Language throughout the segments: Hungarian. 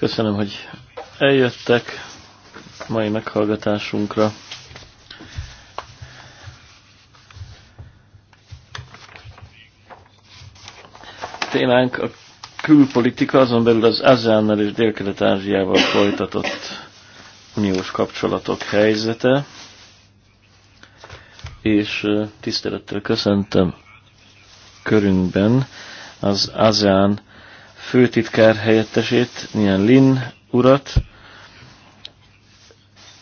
Köszönöm, hogy eljöttek mai meghallgatásunkra. Témánk a külpolitika, azon belül az ASEAN-nal és Dél-Kelet-Ázsiával folytatott uniós kapcsolatok helyzete, és tisztelettel köszöntöm körünkben az ASEAN főtitkár helyettesét, Nian Lin urat,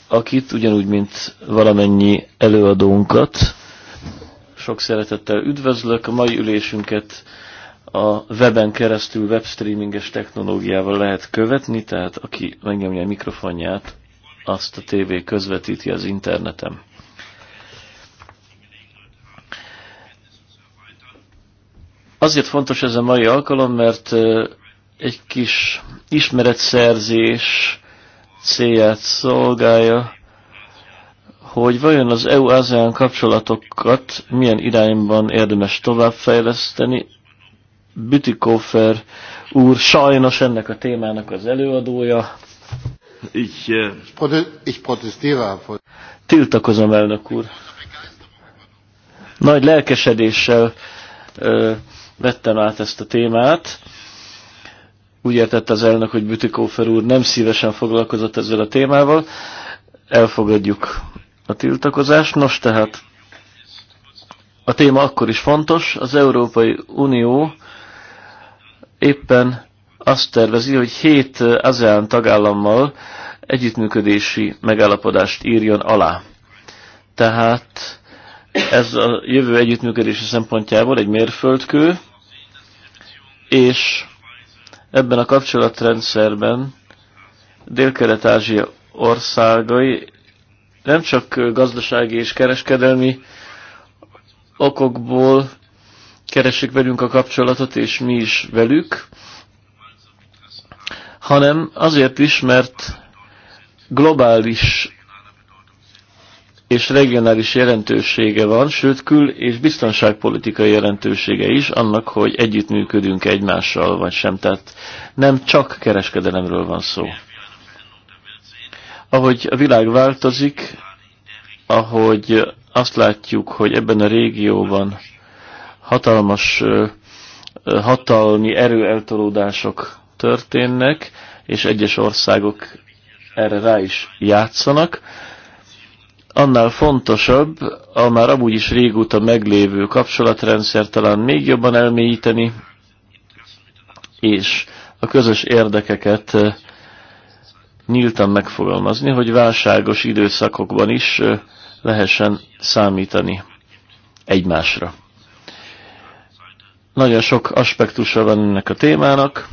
akit ugyanúgy, mint valamennyi előadónkat sok szeretettel üdvözlök. A mai ülésünket a weben keresztül webstreaminges technológiával lehet követni, tehát aki megnyomja a mikrofonját, azt a tévé közvetíti az interneten. Azért fontos ez a mai alkalom, mert egy kis ismeretszerzés célját szolgálja, hogy vajon az EU-ASEAN kapcsolatokat milyen irányban érdemes továbbfejleszteni. Bütikófer úr sajnos ennek a témának az előadója. Ich, uh... ich protestiere. Tiltakozom, elnök úr. Nagy lelkesedéssel uh, vettem át ezt a témát. Úgy értette az elnök, hogy Bütikófer úr nem szívesen foglalkozott ezzel a témával. Elfogadjuk a tiltakozást. Nos, tehát a téma akkor is fontos. Az Európai Unió éppen azt tervezi, hogy hét ASEAN tagállammal együttműködési megállapodást írjon alá. Tehát ez a jövő együttműködési szempontjából egy mérföldkő, és ebben a kapcsolatrendszerben Dél-Kelet-Ázsia országai nem csak gazdasági és kereskedelmi okokból keresik velünk a kapcsolatot, és mi is velük, hanem azért is, mert globális és regionális jelentősége van, sőt kül- és biztonságpolitikai jelentősége is annak, hogy együttműködünk egymással, vagy sem. Tehát nem csak kereskedelemről van szó. Ahogy a világ változik, ahogy azt látjuk, hogy ebben a régióban hatalmas hatalmi erőeltolódások történnek, és egyes országok erre rá is játszanak, annál fontosabb a már amúgy is régóta meglévő kapcsolatrendszer talán még jobban elmélyíteni, és a közös érdekeket eh, nyíltan megfogalmazni, hogy válságos időszakokban is eh, lehessen számítani egymásra. Nagyon sok aspektusa van ennek a témának,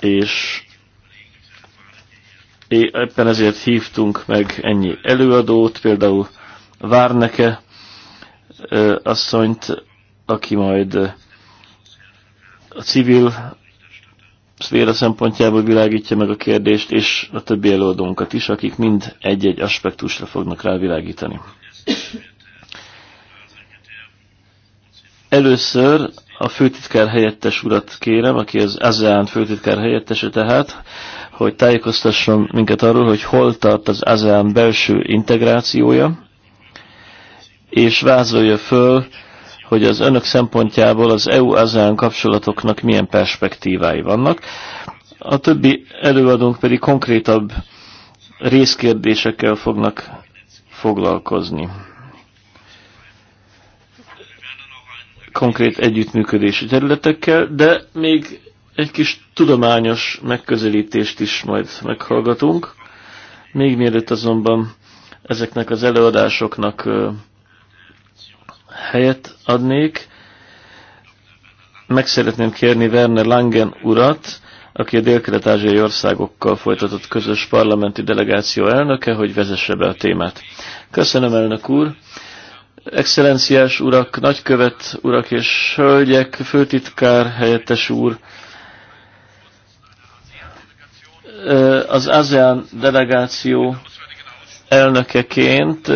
és éppen ezért hívtunk meg ennyi előadót, például Várneke asszonyt, aki majd a civil szféra szempontjából világítja meg a kérdést, és a többi előadónkat is, akik mind egy-egy aspektusra fognak rávilágítani. Először a főtitkár helyettes urat kérem, aki az ASEAN főtitkár helyettese tehát, hogy tájékoztasson minket arról, hogy hol tart az ASEAN belső integrációja, és vázolja föl, hogy az önök szempontjából az EU-ASEAN kapcsolatoknak milyen perspektívái vannak. A többi előadónk pedig konkrétabb részkérdésekkel fognak foglalkozni. konkrét együttműködési területekkel, de még egy kis tudományos megközelítést is majd meghallgatunk. Még mielőtt azonban ezeknek az előadásoknak helyet adnék, meg szeretném kérni Werner Langen urat, aki a dél-kelet-ázsiai országokkal folytatott közös parlamenti delegáció elnöke, hogy vezesse be a témát. Köszönöm, elnök úr! Excellenciás urak, nagykövet urak és hölgyek, főtitkár helyettes úr, az ASEAN delegáció elnökeként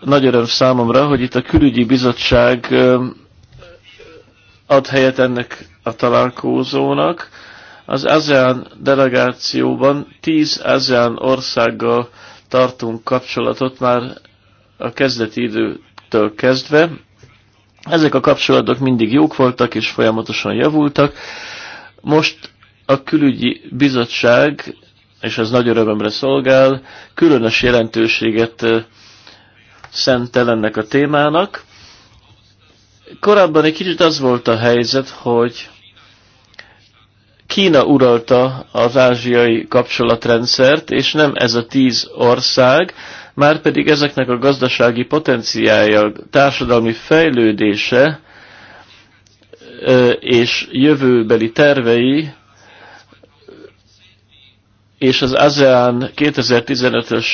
nagy öröm számomra, hogy itt a külügyi bizottság ad helyet ennek a találkozónak. Az ASEAN delegációban tíz ASEAN országgal tartunk kapcsolatot már a kezdeti időtől kezdve. Ezek a kapcsolatok mindig jók voltak és folyamatosan javultak. Most a külügyi bizottság, és ez nagy örömömre szolgál, különös jelentőséget szentel ennek a témának. Korábban egy kicsit az volt a helyzet, hogy Kína uralta az ázsiai kapcsolatrendszert, és nem ez a tíz ország, már pedig ezeknek a gazdasági potenciája, társadalmi fejlődése és jövőbeli tervei és az ASEAN 2015-ös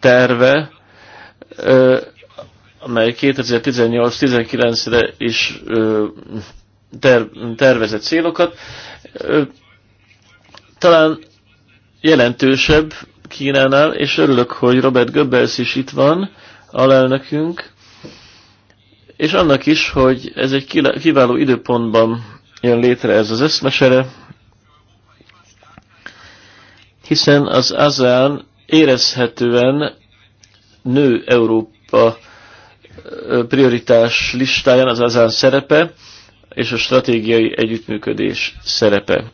terve, amely 2018-19-re is tervezett célokat, talán jelentősebb Kínánál, és örülök, hogy Robert Goebbels is itt van, alelnökünk, és annak is, hogy ez egy kiváló időpontban jön létre ez az eszmesere, hiszen az azán érezhetően nő Európa prioritás listáján az azán szerepe és a stratégiai együttműködés szerepe.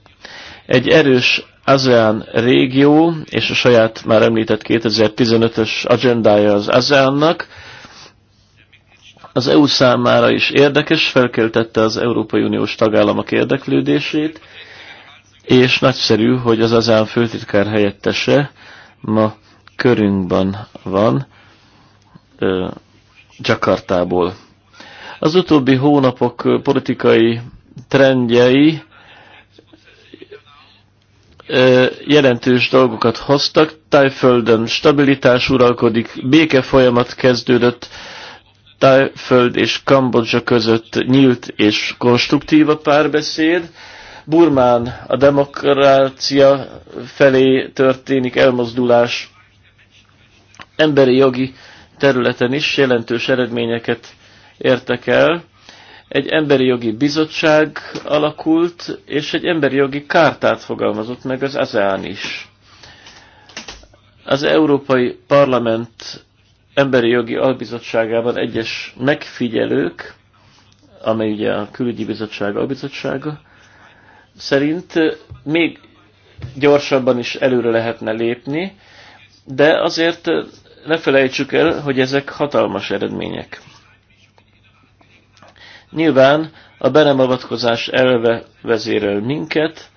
Egy erős ASEAN régió és a saját már említett 2015-ös agendája az ASEAN-nak, az EU számára is érdekes, felkeltette az Európai Uniós tagállamok érdeklődését, és nagyszerű, hogy az ASEAN főtitkár helyettese ma körünkben van, Jakartából. Az utóbbi hónapok politikai trendjei jelentős dolgokat hoztak. Tájföldön stabilitás uralkodik, béke folyamat kezdődött, Tájföld és Kambodzsa között nyílt és konstruktív a párbeszéd. Burmán a demokrácia felé történik elmozdulás emberi jogi területen is jelentős eredményeket értek el egy emberi jogi bizottság alakult, és egy emberi jogi kártát fogalmazott meg az ASEAN is. Az Európai Parlament emberi jogi albizottságában egyes megfigyelők, amely ugye a külügyi bizottság albizottsága, szerint még gyorsabban is előre lehetne lépni, de azért ne felejtsük el, hogy ezek hatalmas eredmények. Nyilván a benemavatkozás elve vezérel minket,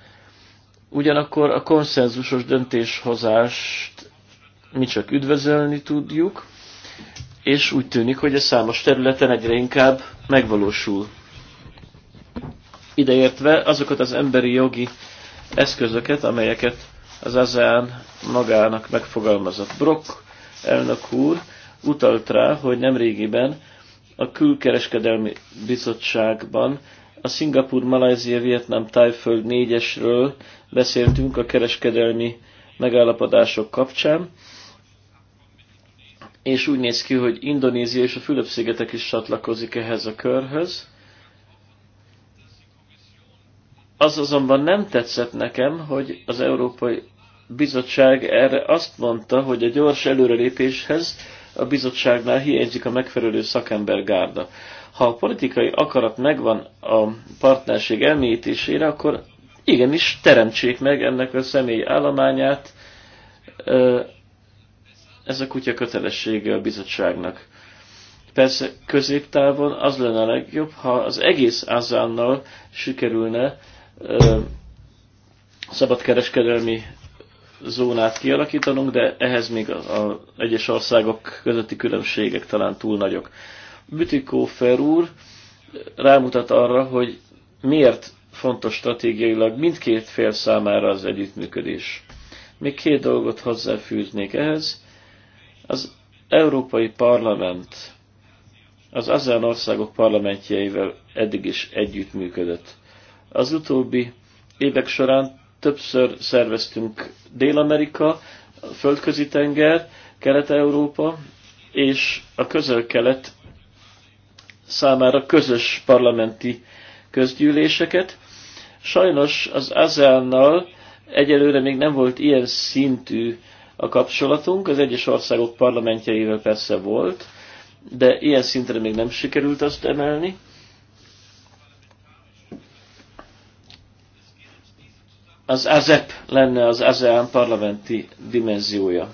ugyanakkor a konszenzusos döntéshozást mi csak üdvözölni tudjuk, és úgy tűnik, hogy a számos területen egyre inkább megvalósul. Ideértve azokat az emberi jogi eszközöket, amelyeket az ASEAN magának megfogalmazott. Brock elnök úr utalt rá, hogy nemrégiben a külkereskedelmi bizottságban a Szingapur, Malajzia, Vietnám, Tájföld négyesről beszéltünk a kereskedelmi megállapodások kapcsán, és úgy néz ki, hogy Indonézia és a Fülöp-szigetek is csatlakozik ehhez a körhöz. Az azonban nem tetszett nekem, hogy az Európai Bizottság erre azt mondta, hogy a gyors előrelépéshez a bizottságnál hiányzik a megfelelő szakembergárda. Ha a politikai akarat megvan a partnerség elmélyítésére, akkor igenis teremtsék meg ennek a személy állományát, ez a kutya kötelessége a bizottságnak. Persze középtávon az lenne a legjobb, ha az egész Azánnal sikerülne szabadkereskedelmi zónát kialakítanunk, de ehhez még az egyes országok közötti különbségek talán túl nagyok. Bütikó Ferúr rámutat arra, hogy miért fontos stratégiailag mindkét fél számára az együttműködés. Még két dolgot hozzáfűznék ehhez. Az Európai Parlament az ASEAN országok parlamentjeivel eddig is együttműködött. Az utóbbi évek során Többször szerveztünk Dél-Amerika, földközi tenger, Kelet-Európa, és a közel-kelet számára közös parlamenti közgyűléseket. Sajnos az ASEAN-nal egyelőre még nem volt ilyen szintű a kapcsolatunk, az egyes országok parlamentjeivel persze volt, de ilyen szintre még nem sikerült azt emelni. az AZEP lenne az ASEAN parlamenti dimenziója.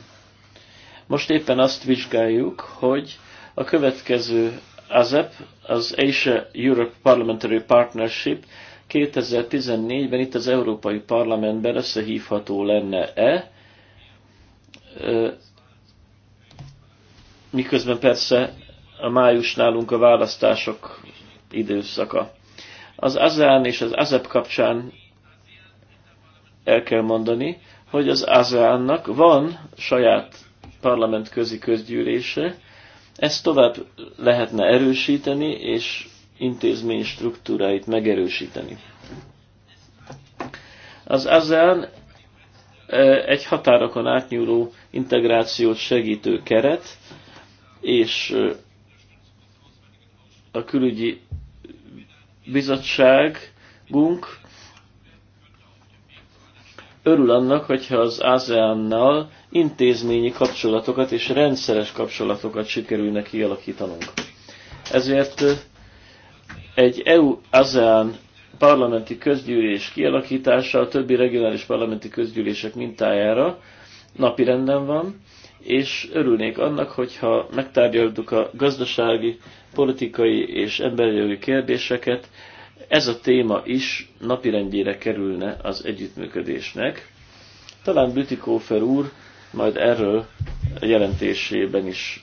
Most éppen azt vizsgáljuk, hogy a következő AZEP, az Asia Europe Parliamentary Partnership 2014-ben itt az Európai Parlamentben összehívható lenne-e, miközben persze a május nálunk a választások időszaka. Az ASEAN és az AZEP kapcsán el kell mondani, hogy az ASEAN-nak van saját parlamentközi közgyűlése, ezt tovább lehetne erősíteni, és intézmény struktúráit megerősíteni. Az ASEAN e, egy határokon átnyúló integrációt segítő keret, és e, a külügyi bizottságunk örül annak, hogyha az ASEAN-nal intézményi kapcsolatokat és rendszeres kapcsolatokat sikerül neki alakítanunk. Ezért egy EU-ASEAN parlamenti közgyűlés kialakítása a többi regionális parlamenti közgyűlések mintájára napi renden van, és örülnék annak, hogyha megtárgyaltuk a gazdasági, politikai és emberi jogi kérdéseket ez a téma is napirendjére kerülne az együttműködésnek. Talán Bütikófer úr majd erről a jelentésében is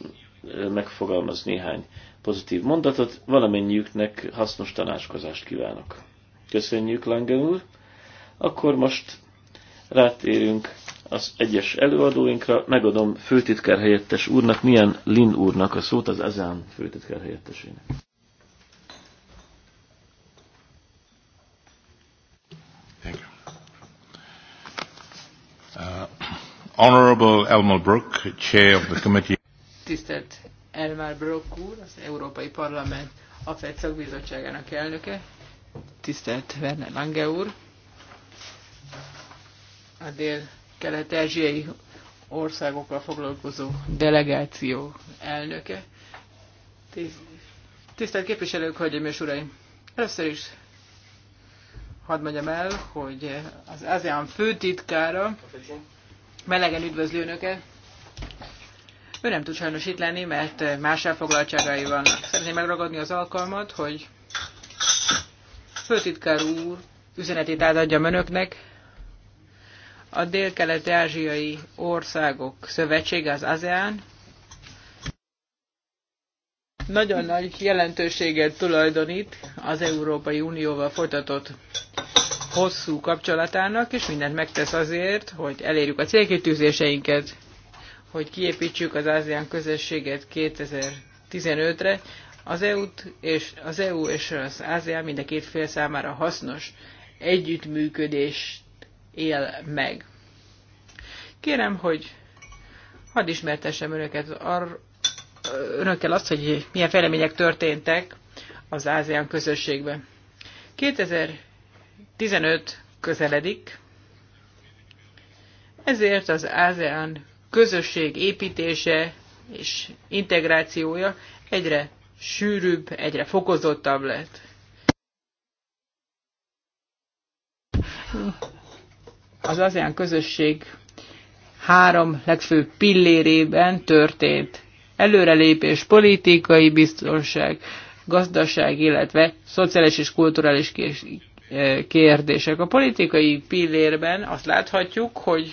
megfogalmaz néhány pozitív mondatot. Valamennyiüknek hasznos tanácskozást kívánok. Köszönjük, Langen úr! Akkor most rátérünk az egyes előadóinkra. Megadom főtitkár helyettes úrnak, milyen Lin úrnak a szót, az ezen főtitkár helyettesének. Uh, tisztelt Elmar Brook úr, az Európai Parlament AFED szakbizottságának elnöke. Tisztelt Werner Lange úr, a dél-kelet-ázsiai országokkal foglalkozó delegáció elnöke. Tisztelt képviselők, hölgyeim és uraim! Először is hadd mondjam el, hogy az ASEAN főtitkára melegen üdvözlő önöket. Ő nem tud sajnos itt lenni, mert más elfoglaltságai vannak. Szeretném megragadni az alkalmat, hogy főtitkár úr üzenetét átadjam önöknek. A dél-kelet-ázsiai országok szövetsége, az ASEAN, nagyon nagy jelentőséget tulajdonít az Európai Unióval folytatott hosszú kapcsolatának, és mindent megtesz azért, hogy elérjük a célkitűzéseinket, hogy kiépítsük az ázián közösséget 2015-re. Az, eu és, az EU és az ASEAN mind a két fél számára hasznos együttműködést él meg. Kérem, hogy hadd ismertessem önöket ar- önökkel azt, hogy milyen fejlemények történtek az ASEAN közösségben. 2015 közeledik, ezért az ASEAN közösség építése és integrációja egyre sűrűbb, egyre fokozottabb lett. Az ASEAN közösség három legfőbb pillérében történt előrelépés, politikai biztonság, gazdaság, illetve szociális és kulturális eh, kérdések. A politikai pillérben azt láthatjuk, hogy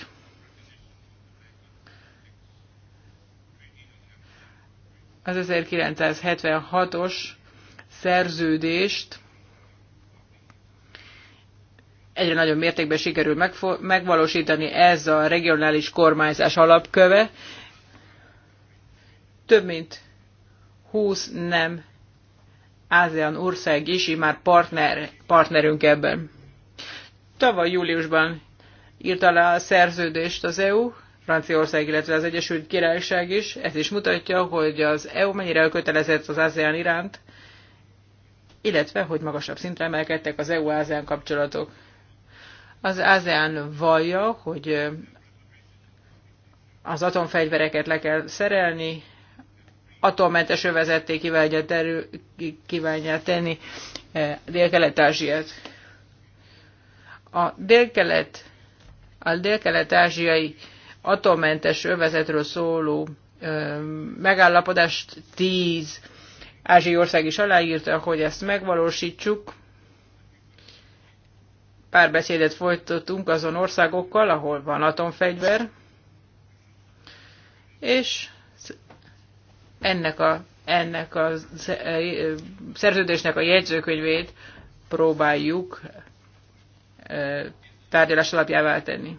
az 1976-os szerződést egyre nagyobb mértékben sikerül megvalósítani ez a regionális kormányzás alapköve, több mint 20 nem ASEAN ország is már partner, partnerünk ebben. Tavaly júliusban írta le a szerződést az EU, Franciaország, illetve az Egyesült Királyság is. Ez is mutatja, hogy az EU mennyire elkötelezett az ASEAN iránt, illetve hogy magasabb szintre emelkedtek az EU-ASEAN kapcsolatok. Az ASEAN vallja, hogy az atomfegyvereket le kell szerelni, atommentes övezetté kívánja, terül, kívánja tenni eh, Dél-Kelet-Ázsiát. A Dél-Kelet a dél-kelet-ázsiai atommentes övezetről szóló ö, eh, megállapodást tíz ázsiai ország is aláírta, hogy ezt megvalósítsuk. Párbeszédet folytatunk azon országokkal, ahol van atomfegyver, és ennek a, ennek a e, e, szerződésnek a jegyzőkönyvét próbáljuk e, tárgyalás alapjává tenni.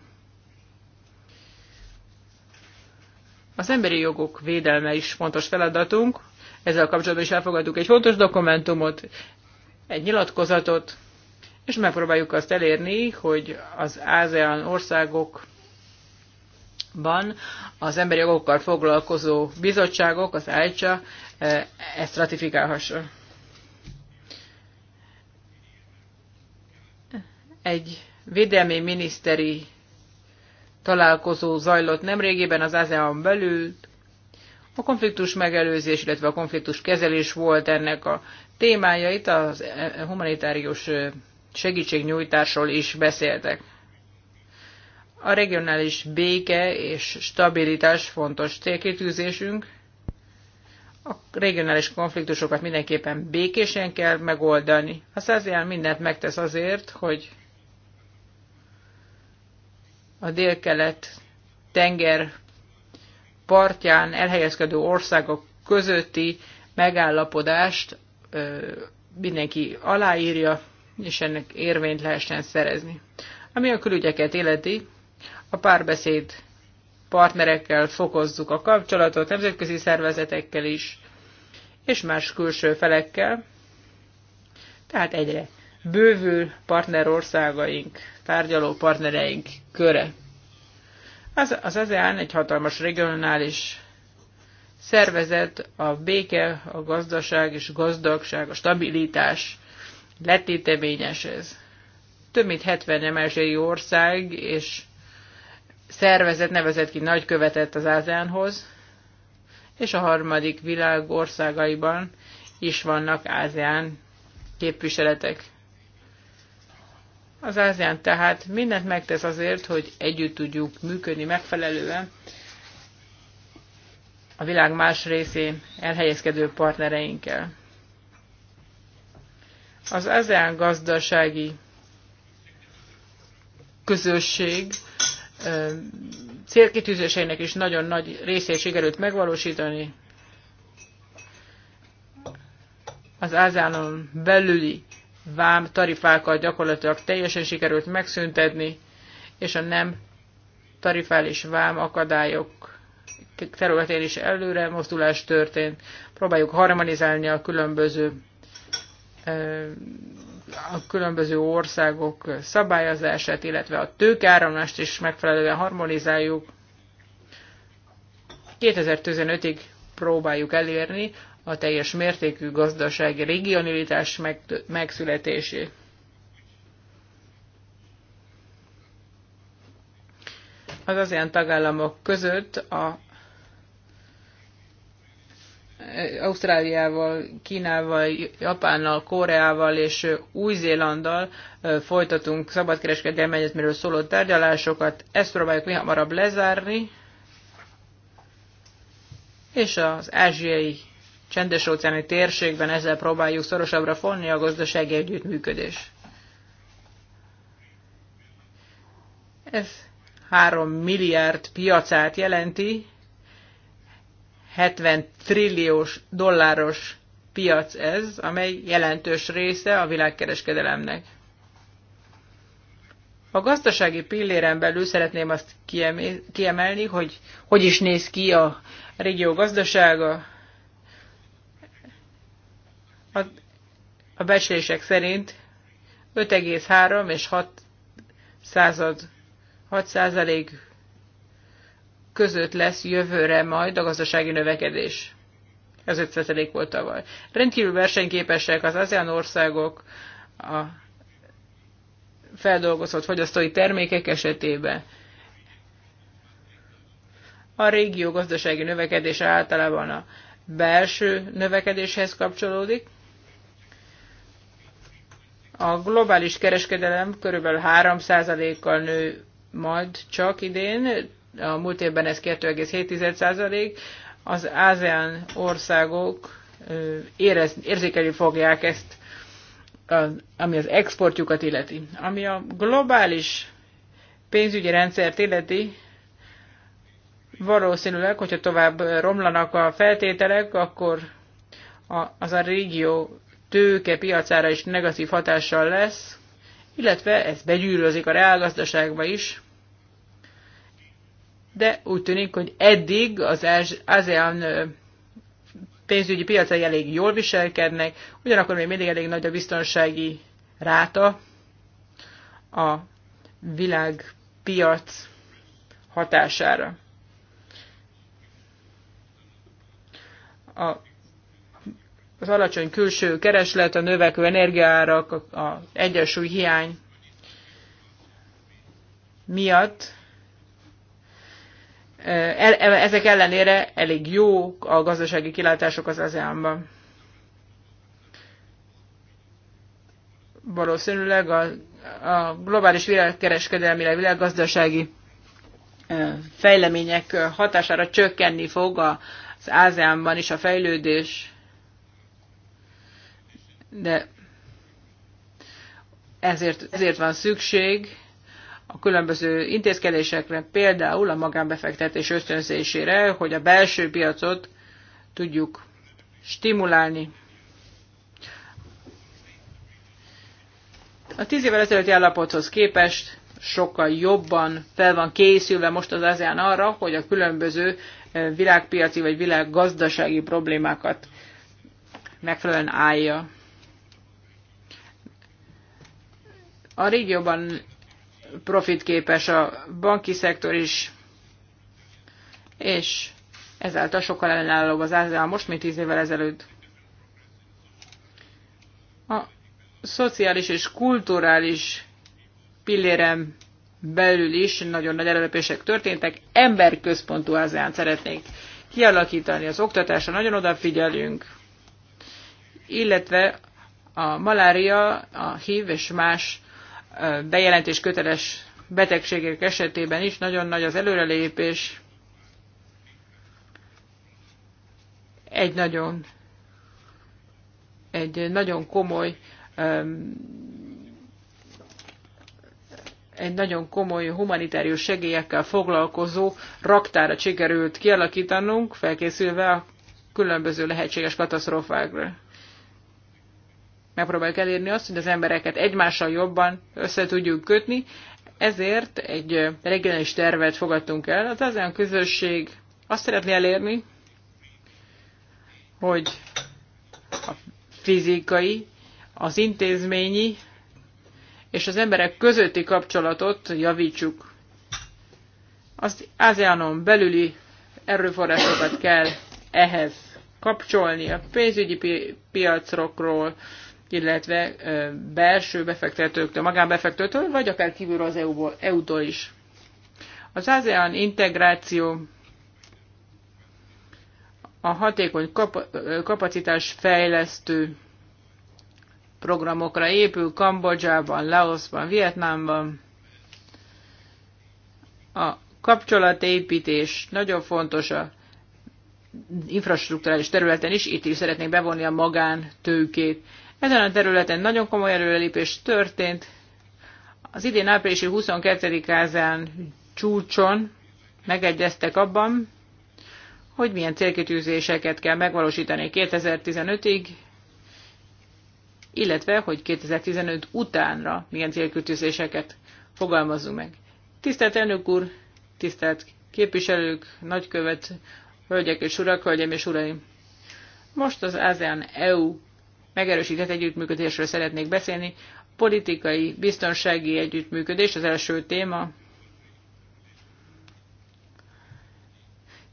Az emberi jogok védelme is fontos feladatunk, ezzel kapcsolatban is elfogadtuk egy fontos dokumentumot, egy nyilatkozatot, és megpróbáljuk azt elérni, hogy az ASEAN országok Ban az emberi jogokkal foglalkozó bizottságok, az elcsa eh, ezt ratifikálhassa. Egy védelmi miniszteri találkozó zajlott nemrégében az ASEAN belül. A konfliktus megelőzés, illetve a konfliktus kezelés volt ennek a témája. Itt a eh, humanitárius eh, segítségnyújtásról is beszéltek. A regionális béke és stabilitás fontos célkitűzésünk. A regionális konfliktusokat mindenképpen békésen kell megoldani. A Százián mindent megtesz azért, hogy a délkelet tenger partján elhelyezkedő országok közötti megállapodást ö, mindenki aláírja, és ennek érvényt lehessen szerezni. Ami a külügyeket illeti, a párbeszéd partnerekkel fokozzuk a kapcsolatot, nemzetközi szervezetekkel is, és más külső felekkel. Tehát egyre bővül partnerországaink, tárgyaló partnereink köre. Az, az ASEAN egy hatalmas regionális szervezet, a béke, a gazdaság és gazdagság, a stabilitás letéteményes ez. Több mint 70 emelségi ország és szervezet nevezett ki nagykövetet az ázeánhoz, és a harmadik világ országaiban is vannak ázeán képviseletek. Az ázeán tehát mindent megtesz azért, hogy együtt tudjuk működni megfelelően a világ más részén elhelyezkedő partnereinkkel. Az ASEAN gazdasági közösség célkitűzéseinek is nagyon nagy részét sikerült megvalósítani. Az ázánon belüli vám tarifákat gyakorlatilag teljesen sikerült megszüntetni, és a nem tarifális vám akadályok területén is előre mozdulás történt. Próbáljuk harmonizálni a különböző a különböző országok szabályozását, illetve a tőkáramlást is megfelelően harmonizáljuk. 2015-ig próbáljuk elérni a teljes mértékű gazdasági regionalitás megszületését. Az azért tagállamok között a Ausztráliával, Kínával, Japánnal, Koreával és Új-Zélanddal folytatunk szabadkereskedelmi egyezményről szóló tárgyalásokat. Ezt próbáljuk mi hamarabb lezárni, és az ázsiai csendes óceáni térségben ezzel próbáljuk szorosabbra fonni a gazdasági együttműködés. Ez 3 milliárd piacát jelenti, 70 trilliós dolláros piac ez, amely jelentős része a világkereskedelemnek. A gazdasági pilléren belül szeretném azt kiemelni, hogy hogy is néz ki a régió gazdasága. A, a becslések szerint 5,3 és 6 század 6 között lesz jövőre majd a gazdasági növekedés. Ez 5% volt tavaly. Rendkívül versenyképesek az ASEAN országok a feldolgozott fogyasztói termékek esetében. A régió gazdasági növekedése általában a belső növekedéshez kapcsolódik. A globális kereskedelem körülbelül 3%-kal nő majd csak idén, a múlt évben ez 2,7%, az ASEAN országok érez, érzékelni fogják ezt, ami az exportjukat illeti. Ami a globális pénzügyi rendszert illeti, valószínűleg, hogyha tovább romlanak a feltételek, akkor az a régió tőke piacára is negatív hatással lesz, illetve ez begyűrözik a reálgazdaságba is, de úgy tűnik, hogy eddig az ASEAN pénzügyi piacai elég jól viselkednek, ugyanakkor még mindig elég nagy a biztonsági ráta a világpiac hatására. A, az alacsony külső kereslet, a növekvő energiárak, az egyensúly hiány miatt E, ezek ellenére elég jó a gazdasági kilátások az ASEAN-ban. Valószínűleg a, a globális világkereskedelmi, világgazdasági e, fejlemények hatására csökkenni fog az ASEAN-ban is a fejlődés, de ezért, ezért van szükség a különböző intézkedésekre, például a magánbefektetés ösztönzésére, hogy a belső piacot tudjuk stimulálni. A tíz évvel ezelőtti állapothoz képest sokkal jobban fel van készülve most az ASEAN arra, hogy a különböző e, világpiaci vagy világgazdasági problémákat megfelelően állja. A régióban profitképes a banki szektor is, és ezáltal sokkal ellenállóbb az ázal most, mint tíz évvel ezelőtt. A szociális és kulturális pillérem belül is nagyon nagy előrepések történtek. Emberközpontú ázeán szeretnék kialakítani az oktatásra, nagyon odafigyelünk, illetve a malária, a HIV és más bejelentés köteles betegségek esetében is nagyon nagy az előrelépés. Egy nagyon, egy nagyon komoly egy nagyon komoly humanitárius segélyekkel foglalkozó raktára sikerült kialakítanunk, felkészülve a különböző lehetséges katasztrófákra megpróbáljuk elérni azt, hogy az embereket egymással jobban össze tudjuk kötni, ezért egy regionális tervet fogadtunk el. Az ASEAN közösség azt szeretné elérni, hogy a fizikai, az intézményi és az emberek közötti kapcsolatot javítsuk. Az ASEANon belüli erőforrásokat kell ehhez kapcsolni, a pénzügyi pi- piacokról, illetve belső befektetőktől, magánbefektetőktől, vagy akár kívülről az EU-ból, EU-tól is. Az ASEAN integráció a hatékony kapacitás fejlesztő programokra épül Kambodzsában, Laoszban, Vietnámban. A kapcsolatépítés nagyon fontos a infrastruktúrális területen is, itt is szeretnék bevonni a magántőkét. Ezen a területen nagyon komoly előrelépés történt. Az idén áprilisi 22-án csúcson megegyeztek abban, hogy milyen célkitűzéseket kell megvalósítani 2015-ig, illetve hogy 2015 utánra milyen célkitűzéseket fogalmazunk meg. Tisztelt elnök úr, tisztelt képviselők, nagykövet, hölgyek és urak, hölgyeim és uraim! Most az ASEAN-EU megerősített együttműködésről szeretnék beszélni. Politikai, biztonsági együttműködés az első téma.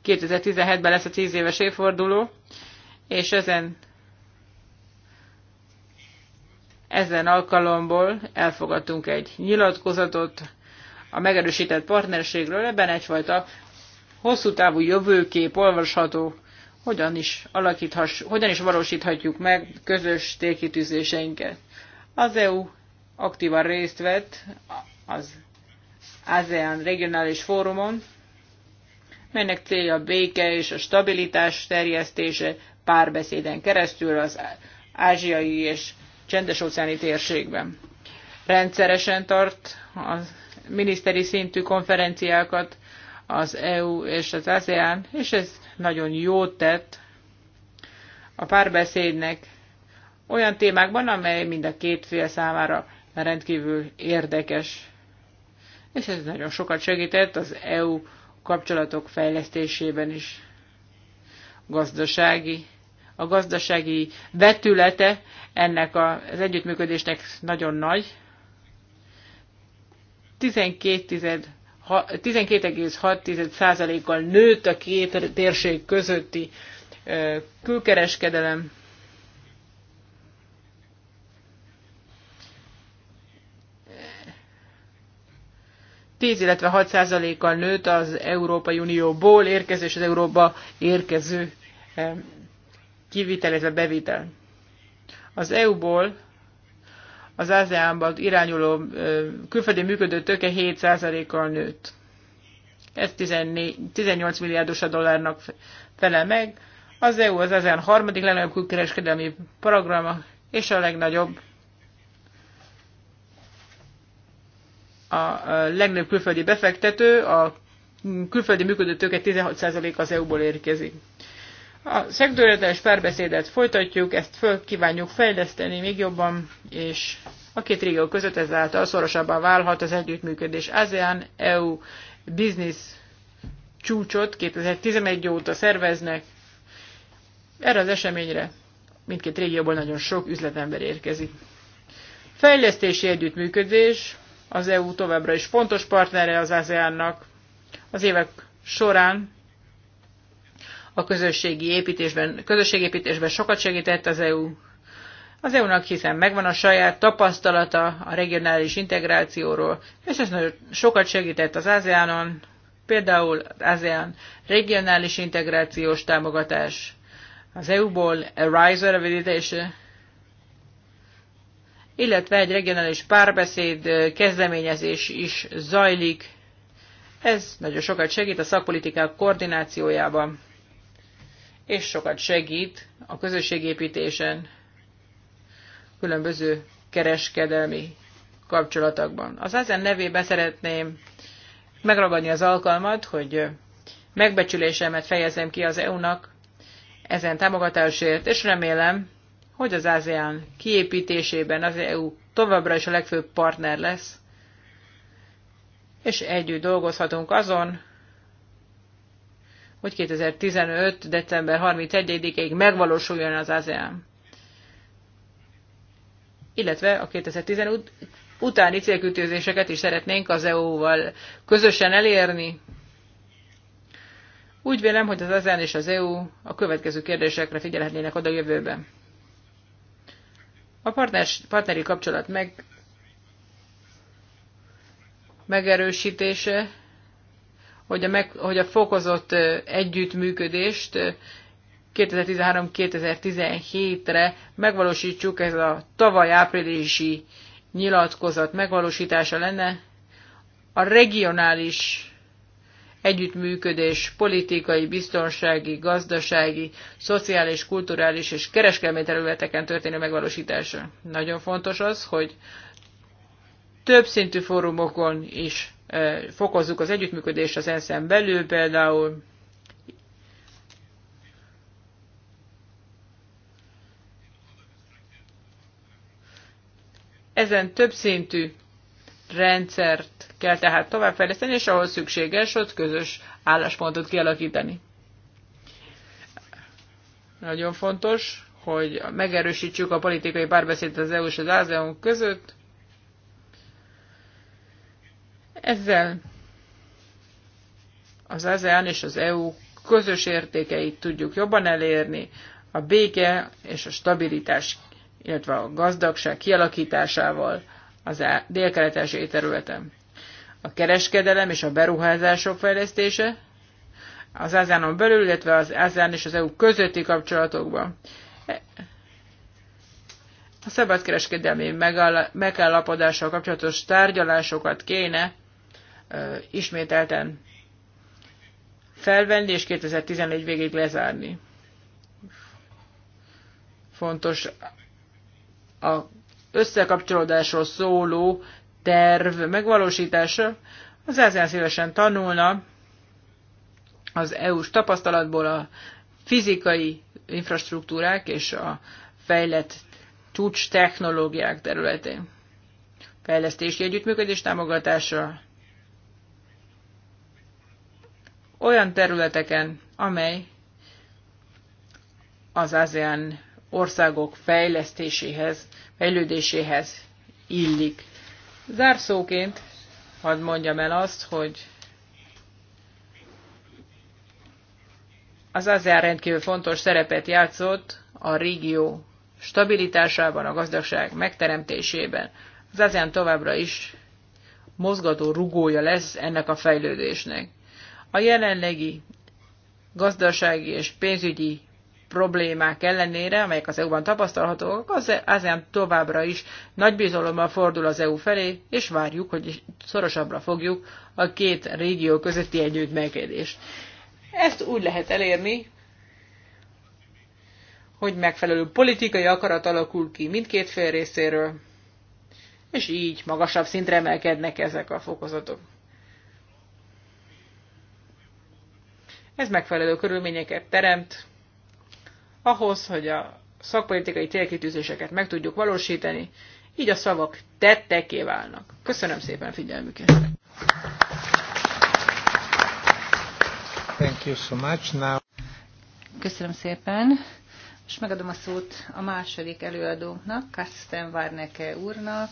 2017-ben lesz a 10 éves évforduló, és ezen ezen alkalomból elfogadtunk egy nyilatkozatot a megerősített partnerségről, ebben egyfajta hosszú távú jövőkép olvasható hogyan is, alakíthass, hogyan is valósíthatjuk meg közös télkitűzéseinket. Az EU aktívan részt vett az ASEAN regionális fórumon, melynek célja a béke és a stabilitás terjesztése párbeszéden keresztül az ázsiai és csendes-óceáni térségben. Rendszeresen tart a miniszteri szintű konferenciákat az EU és az ASEAN, és ez nagyon jót tett a párbeszédnek olyan témákban, amely mind a két fél számára rendkívül érdekes. És ez nagyon sokat segített az EU kapcsolatok fejlesztésében is. Gazdasági, a gazdasági vetülete ennek az együttműködésnek nagyon nagy. 12 12,6%-kal nőtt a két térség közötti külkereskedelem. Tíz, illetve 6 százalékkal nőtt az Európai Unióból érkező és az Európa érkező kivitel, illetve bevitel. Az EU-ból az ASEAN-ban irányuló külföldi működő tőke 7%-kal nőtt. Ez 18 milliárdos a dollárnak fele meg. Az EU az ASEAN harmadik legnagyobb külkereskedelmi programa, és a legnagyobb a legnagyobb külföldi befektető, a külföldi működő tőke 16% az EU-ból érkezik. A szegdőletes párbeszédet folytatjuk, ezt föl kívánjuk fejleszteni még jobban, és a két régió között ezáltal szorosabban válhat az együttműködés. ASEAN-EU Business csúcsot 2011 óta szerveznek. Erre az eseményre mindkét régióból nagyon sok üzletember érkezik. Fejlesztési együttműködés, az EU továbbra is fontos partnere az ASEAN-nak. Az évek során a közösségi építésben, közösségépítésben sokat segített az EU. Az EU-nak hiszen megvan a saját tapasztalata a regionális integrációról, és ez nagyon sokat segített az ASEAN-on, például az ASEAN regionális integrációs támogatás, az EU-ból a RISE rövidítése, illetve egy regionális párbeszéd kezdeményezés is zajlik. Ez nagyon sokat segít a szakpolitikák koordinációjában és sokat segít a közösségépítésen, különböző kereskedelmi kapcsolatokban. Az ezen nevében szeretném megragadni az alkalmat, hogy megbecsülésemet fejezem ki az EU-nak ezen támogatásért, és remélem, hogy az ASEAN kiépítésében az EU továbbra is a legfőbb partner lesz, és együtt dolgozhatunk azon, hogy 2015. december 31-ig megvalósuljon az ASEAN. Illetve a 2015 utáni célkütőzéseket is szeretnénk az EU-val közösen elérni. Úgy vélem, hogy az ASEAN és az EU a következő kérdésekre figyelhetnének oda jövőben. A partners, partneri kapcsolat meg, megerősítése hogy a, meg, hogy a fokozott együttműködést 2013-2017-re megvalósítsuk, ez a tavaly áprilisi nyilatkozat megvalósítása lenne. A regionális együttműködés politikai, biztonsági, gazdasági, szociális, kulturális és kereskedelmi területeken történő megvalósítása. Nagyon fontos az, hogy több szintű fórumokon is fokozzuk az együttműködést az ensz belül, például ezen többszintű rendszert kell tehát továbbfejleszteni, és ahol szükséges, ott közös álláspontot kialakítani. Nagyon fontos, hogy megerősítsük a politikai párbeszédet az EU és az ASEAN között, ezzel az ASEAN és az EU közös értékeit tudjuk jobban elérni, a béke és a stabilitás, illetve a gazdagság kialakításával az dél-kelet-ázsiai területen. A kereskedelem és a beruházások fejlesztése az ASEAN-on belül, illetve az ASEAN és az EU közötti kapcsolatokban. A szabadkereskedelmi megállapodással kapcsolatos tárgyalásokat kéne ismételten felvenni, és 2014 végig lezárni. Fontos a összekapcsolódásról szóló terv megvalósítása. Az ASEAN szívesen tanulna az EU-s tapasztalatból a fizikai infrastruktúrák és a fejlett csúcs technológiák területén. Fejlesztési együttműködés támogatása olyan területeken, amely az ASEAN országok fejlesztéséhez, fejlődéséhez illik. Zárszóként hadd mondjam el azt, hogy az ASEAN rendkívül fontos szerepet játszott a régió stabilitásában, a gazdaság megteremtésében. Az ASEAN továbbra is mozgató rugója lesz ennek a fejlődésnek. A jelenlegi gazdasági és pénzügyi problémák ellenére, amelyek az EU-ban tapasztalhatók, az ASEAN továbbra is nagy bizalommal fordul az EU felé, és várjuk, hogy szorosabbra fogjuk a két régió közötti együttműködést. Ezt úgy lehet elérni, hogy megfelelő politikai akarat alakul ki mindkét fél részéről, és így magasabb szintre emelkednek ezek a fokozatok. Ez megfelelő körülményeket teremt ahhoz, hogy a szakpolitikai célkitűzéseket meg tudjuk valósítani, így a szavak tetteké válnak. Köszönöm szépen figyelmüket! Thank you so much. Now... Köszönöm szépen! Most megadom a szót a második előadónknak, Kasten Várneke úrnak,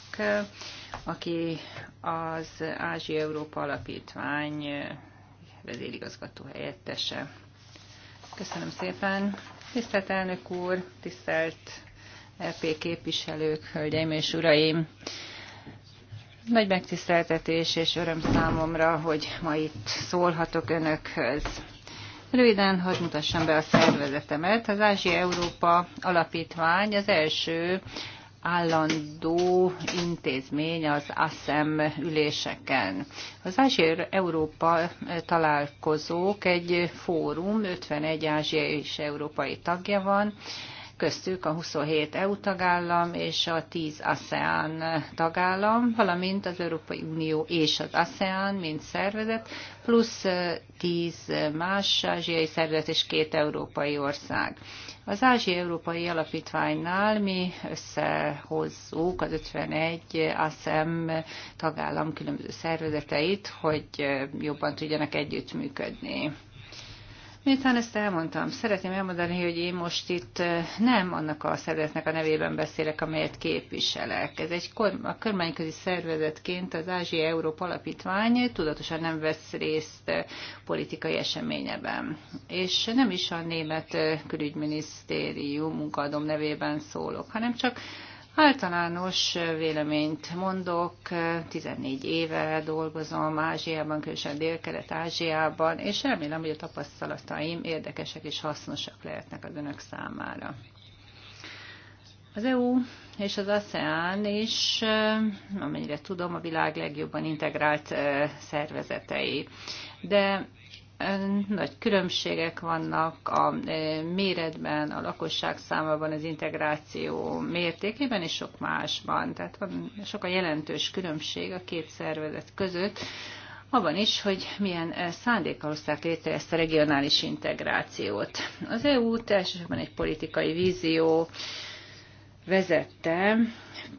aki az Ázsia-Európa Alapítvány vezérigazgató helyettese. Köszönöm szépen. Tisztelt elnök úr, tisztelt LP e képviselők, hölgyeim és uraim! Nagy megtiszteltetés és öröm számomra, hogy ma itt szólhatok önökhöz. Röviden hadd mutassam be a szervezetemet. Az Ázsia Európa Alapítvány az első állandó intézmény az ASEM üléseken. Az Ázsiai Európa találkozók egy fórum, 51 ázsiai és európai tagja van, köztük a 27 EU tagállam és a 10 ASEAN tagállam, valamint az Európai Unió és az ASEAN, mint szervezet, plusz 10 más ázsiai szervezet és két európai ország. Az Ázsiai-Európai Alapítványnál mi összehozzuk az 51 ASEM tagállam különböző szervezeteit, hogy jobban tudjanak együttműködni. Miután ezt elmondtam, szeretném elmondani, hogy én most itt nem annak a szervezetnek a nevében beszélek, amelyet képviselek. Ez egy a kormányközi szervezetként az Ázsia Európa Alapítvány tudatosan nem vesz részt politikai eseményeben. És nem is a német külügyminisztérium munkadom nevében szólok, hanem csak Általános véleményt mondok, 14 éve dolgozom Ázsiában, különösen Dél-Kelet-Ázsiában, és remélem, hogy a tapasztalataim érdekesek és hasznosak lehetnek az önök számára. Az EU és az ASEAN is, amennyire tudom, a világ legjobban integrált eh, szervezetei. De nagy különbségek vannak a e, méretben, a lakosság számában, az integráció mértékében és sok másban. Tehát van sok a jelentős különbség a két szervezet között, abban is, hogy milyen e, szándékkal hozták létre ezt a regionális integrációt. Az EU-t elsősorban egy politikai vízió vezette,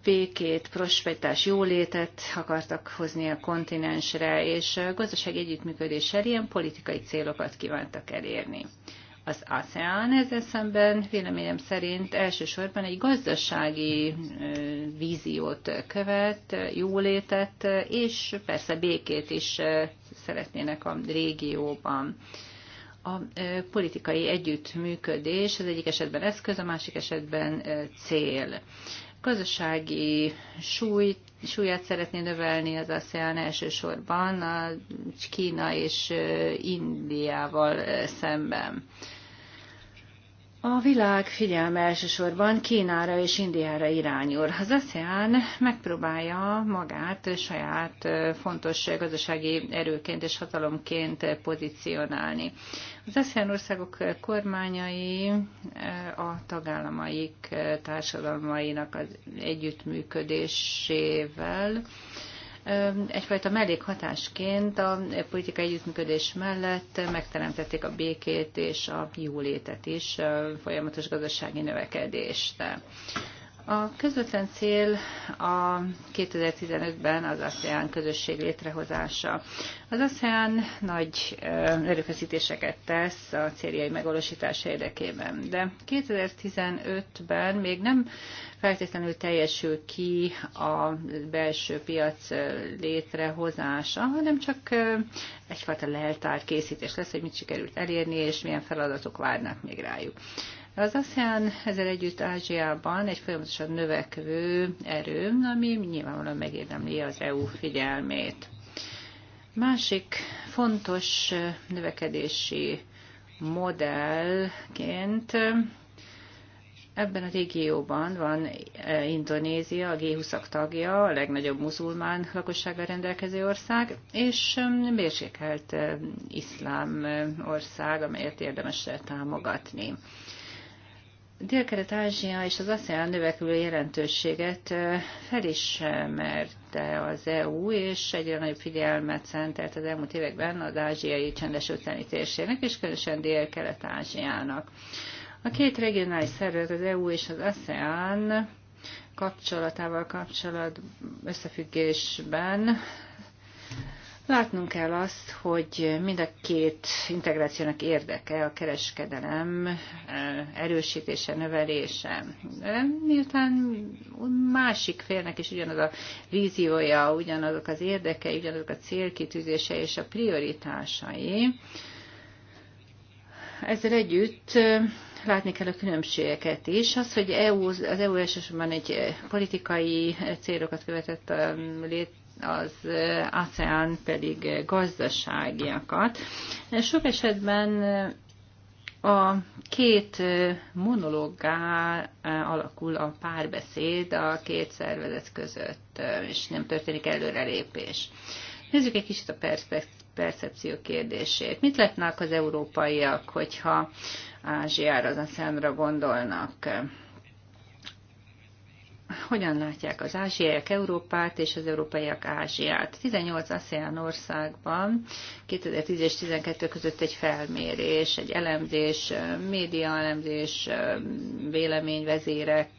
békét, prosperitás, jólétet akartak hozni a kontinensre, és gazdasági együttműködéssel ilyen politikai célokat kívántak elérni. Az ASEAN ezzel szemben véleményem szerint elsősorban egy gazdasági víziót követ, jólétet, és persze békét is szeretnének a régióban. A politikai együttműködés az egyik esetben eszköz, a másik esetben cél gazdasági súly, súlyát szeretné növelni az ASEAN elsősorban a Kína és Indiával szemben. A világ figyelme elsősorban Kínára és Indiára irányul. Az ASEAN megpróbálja magát saját fontos gazdasági erőként és hatalomként pozícionálni. Az ASEAN országok kormányai a tagállamaik társadalmainak az együttműködésével egyfajta mellékhatásként a politikai együttműködés mellett megteremtették a békét és a jólétet is, folyamatos gazdasági növekedést. A közvetlen cél a 2015-ben az ASEAN közösség létrehozása. Az ASEAN nagy erőfeszítéseket tesz a céljai megvalósítása érdekében, de 2015-ben még nem feltétlenül teljesül ki a belső piac létrehozása, hanem csak egyfajta leltár készítés lesz, hogy mit sikerült elérni, és milyen feladatok várnak még rájuk. Az ASEAN ezzel együtt Ázsiában egy folyamatosan növekvő erő, ami nyilvánvalóan megérdemli az EU figyelmét. Másik fontos növekedési modellként Ebben a régióban van e, Indonézia, a G20-ak tagja, a legnagyobb muzulmán lakossággal rendelkező ország, és mérsékelt e, iszlám e, ország, amelyet érdemes támogatni. Dél-Kelet-Ázsia és az ASEAN növekvő jelentőséget felismerte az EU, és egyre nagyobb figyelmet szentelt az elmúlt években az ázsiai csendes utáni térségnek, és különösen Dél-Kelet-Ázsiának. A két regionális szervezet, az EU és az ASEAN kapcsolatával kapcsolat összefüggésben Látnunk kell azt, hogy mind a két integrációnak érdeke a kereskedelem eh, erősítése, növelése. Eh, miután másik félnek is ugyanaz a víziója, ugyanazok az érdekei, ugyanazok a célkitűzése és a prioritásai, ezzel együtt eh, látni kell a különbségeket is. Az, hogy EU, az EU elsősorban egy politikai célokat követett lét, az ASEAN pedig gazdaságiakat. Sok esetben a két monológá alakul a párbeszéd a két szervezet között, és nem történik előrelépés. Nézzük egy kicsit a percepció kérdését. Mit látnák az európaiak, hogyha Ázsiára, az asean gondolnak? hogyan látják az ázsiaiak Európát és az európaiak Ázsiát. 18 ASEAN országban 2010 és 2012 között egy felmérés, egy elemzés, média elemzés, véleményvezérek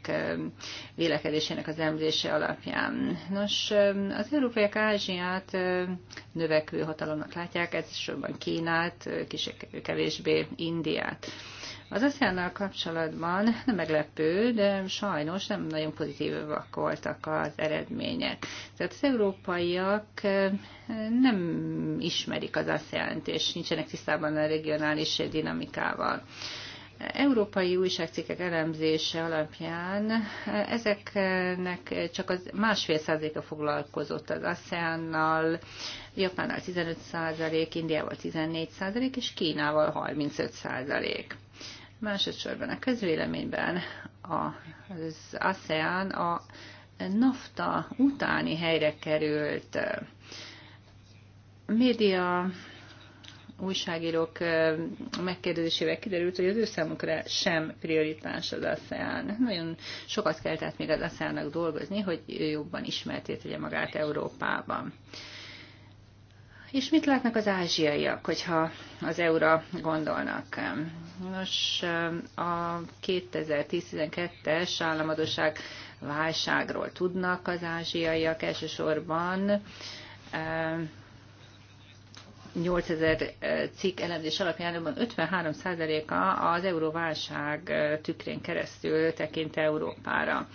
vélekedésének az elemzése alapján. Nos, az európaiak Ázsiát növekvő hatalomnak látják, ez is Kínát, később kevésbé Indiát. Az asean kapcsolatban nem meglepő, de sajnos nem nagyon pozitívak voltak az eredmények. Tehát az európaiak eh, nem ismerik az asean és nincsenek tisztában a regionális dinamikával. Európai újságcikkek elemzése alapján eh, ezeknek csak az másfél százaléka foglalkozott az ASEAN-nal, Japánnal 15 százalék, Indiával 14 százalék és Kínával 35 százalék. Másodszorban a közvéleményben az ASEAN a NAFTA utáni helyre került. Média újságírók megkérdezésével kiderült, hogy az ő számukra sem prioritás az ASEAN. Nagyon sokat kell tehát még az ASEAN-nak dolgozni, hogy jobban ismertét tegye magát Európában. És mit látnak az ázsiaiak, hogyha az eu gondolnak? Nos, a 2010-12-es államadóság válságról tudnak az ázsiaiak elsősorban. 8000 cikk elemzés alapján 53%-a az euróválság tükrén keresztül tekint Európára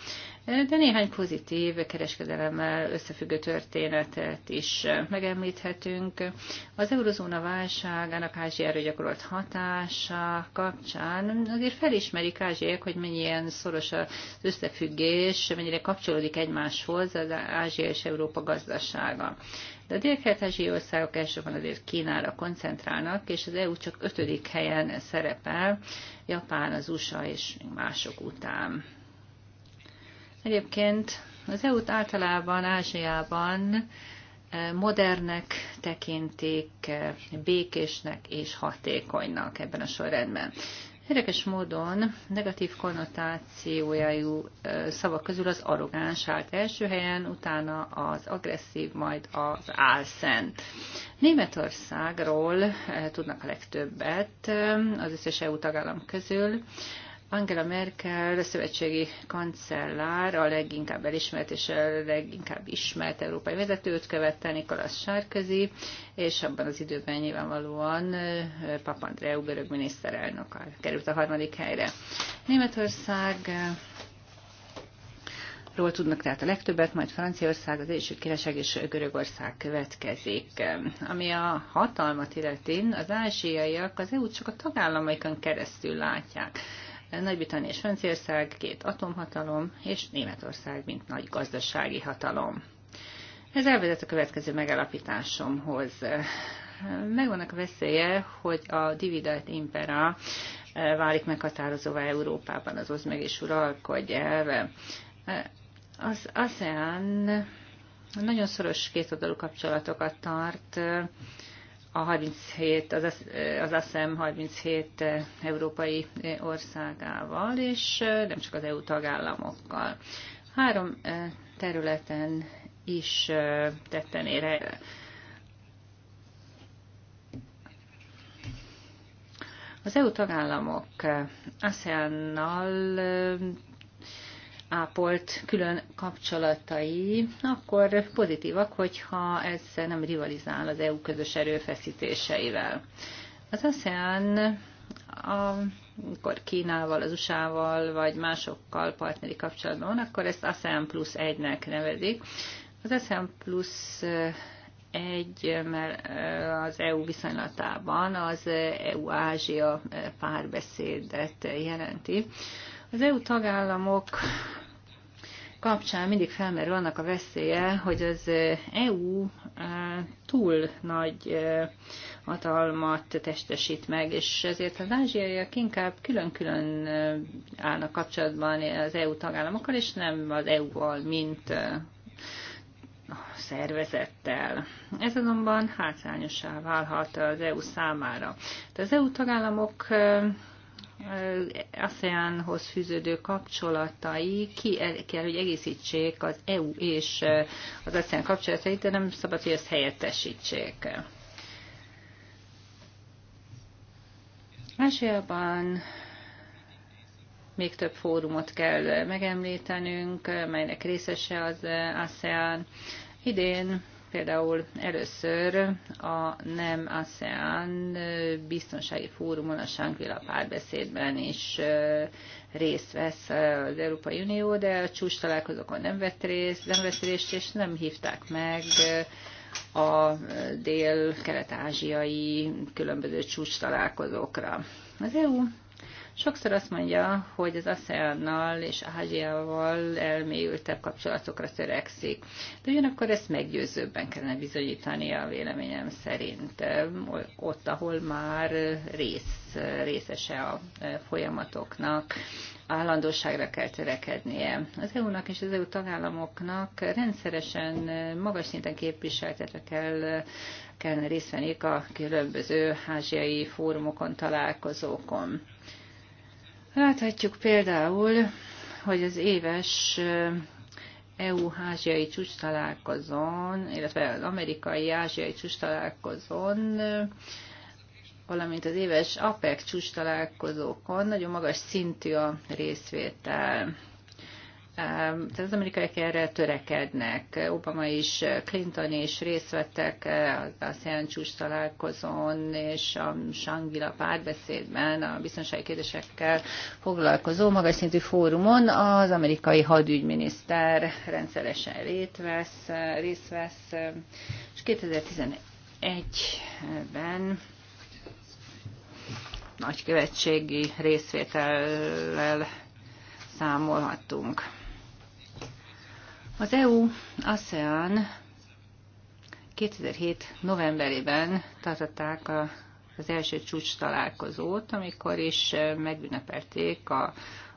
de néhány pozitív kereskedelemmel összefüggő történetet is megemlíthetünk. Az eurozóna válságának Ázsiára gyakorolt hatása kapcsán azért felismerik Ázsiák, hogy mennyien szoros az összefüggés, mennyire kapcsolódik egymáshoz az Ázsia és Európa gazdasága. De a dél-kelet-ázsiai országok elsősorban azért Kínára koncentrálnak, és az EU csak ötödik helyen szerepel, Japán, az USA és mások után. Egyébként az EU-t általában Ázsiában eh, modernek tekintik, eh, békésnek és hatékonynak ebben a sorrendben. Érdekes módon negatív konnotációjú eh, szavak közül az arrogáns állt első helyen, utána az agresszív, majd az álszent. Németországról tudnak a legtöbbet az összes EU tagállam közül. Angela Merkel szövetségi kancellár, a leginkább elismert és a leginkább ismert európai vezetőt követte, Nikolas Sárközi, és abban az időben nyilvánvalóan Papandreou görög miniszterelnök került a harmadik helyre. Németország Ról tudnak tehát a legtöbbet, majd Franciaország, az Egyesült Királyság és Görögország következik. Ami a hatalmat illeti, az ázsiaiak az EU-t csak a tagállamaikon keresztül látják nagy-Britannia és Franciaország, két atomhatalom, és Németország, mint nagy gazdasági hatalom. Ez elvezet a következő megalapításomhoz. Megvannak a veszélye, hogy a dividat impera eh, válik meghatározóvá Európában az oszd meg és uralkodj elve. Eh, az ASEAN nagyon szoros kétoldalú kapcsolatokat tart eh, a 37, az, az ASZEM 37 eh, európai eh, országával, és eh, nem csak az EU tagállamokkal. Három területen is tetten ére. Az EU tagállamok ASEAN-nal ápolt külön kapcsolatai, akkor pozitívak, hogyha ez nem rivalizál az EU közös erőfeszítéseivel. Az ASEAN amikor Kínával, az USA-val, vagy másokkal partneri kapcsolatban van, akkor ezt ASEAN plusz egynek nevezik. Az ASEAN plusz egy, mert eh, az EU viszonylatában az EU-Ázsia eh, párbeszédet jelenti. Az EU tagállamok kapcsán mindig felmerül annak a veszélye, hogy az EU túl nagy hatalmat testesít meg, és ezért az ázsiaiak inkább külön-külön állnak kapcsolatban az EU tagállamokkal, és nem az EU-val, mint szervezettel. Ez azonban hátrányosá válhat az EU számára. De hát az EU tagállamok ASEAN-hoz fűződő kapcsolatai ki kell, hogy egészítsék az EU és az ASEAN kapcsolatait, de nem szabad, hogy ezt helyettesítsék. Ázsiában még több fórumot kell megemlítenünk, melynek részese az ASEAN. Idén Például először a nem ASEAN biztonsági fórumon, a Sánkvila párbeszédben is részt vesz az Európai Unió, de a csúcs találkozókon nem vett részt, nem vett részt, és nem hívták meg a dél-kelet-ázsiai különböző csúcs találkozókra. Az EU Sokszor azt mondja, hogy az ASEAN-nal és Ázsiával elmélyültebb kapcsolatokra törekszik. De ugyanakkor ezt meggyőzőbben kellene bizonyítani a véleményem szerint, ott, ahol már rész, részese a folyamatoknak, állandóságra kell törekednie. Az EU-nak és az EU tagállamoknak rendszeresen magas szinten képviseltetve kell kellene részt a különböző ázsiai fórumokon, találkozókon. Láthatjuk például, hogy az éves EU-ázsiai csúcs találkozón, illetve az amerikai-ázsiai csúcs találkozón, valamint az éves APEC csúcs találkozókon nagyon magas szintű a részvétel tehát az amerikaiak erre törekednek. Obama is, Clinton is részt vettek a Szent találkozón és a Sangila párbeszédben a biztonsági kérdésekkel foglalkozó magas szintű fórumon az amerikai hadügyminiszter rendszeresen részt vesz, és 2011-ben nagykövetségi részvétellel számolhatunk. Az EU-ASEAN 2007. novemberében tartották a, az első csúcs találkozót, amikor is megünnepelték a,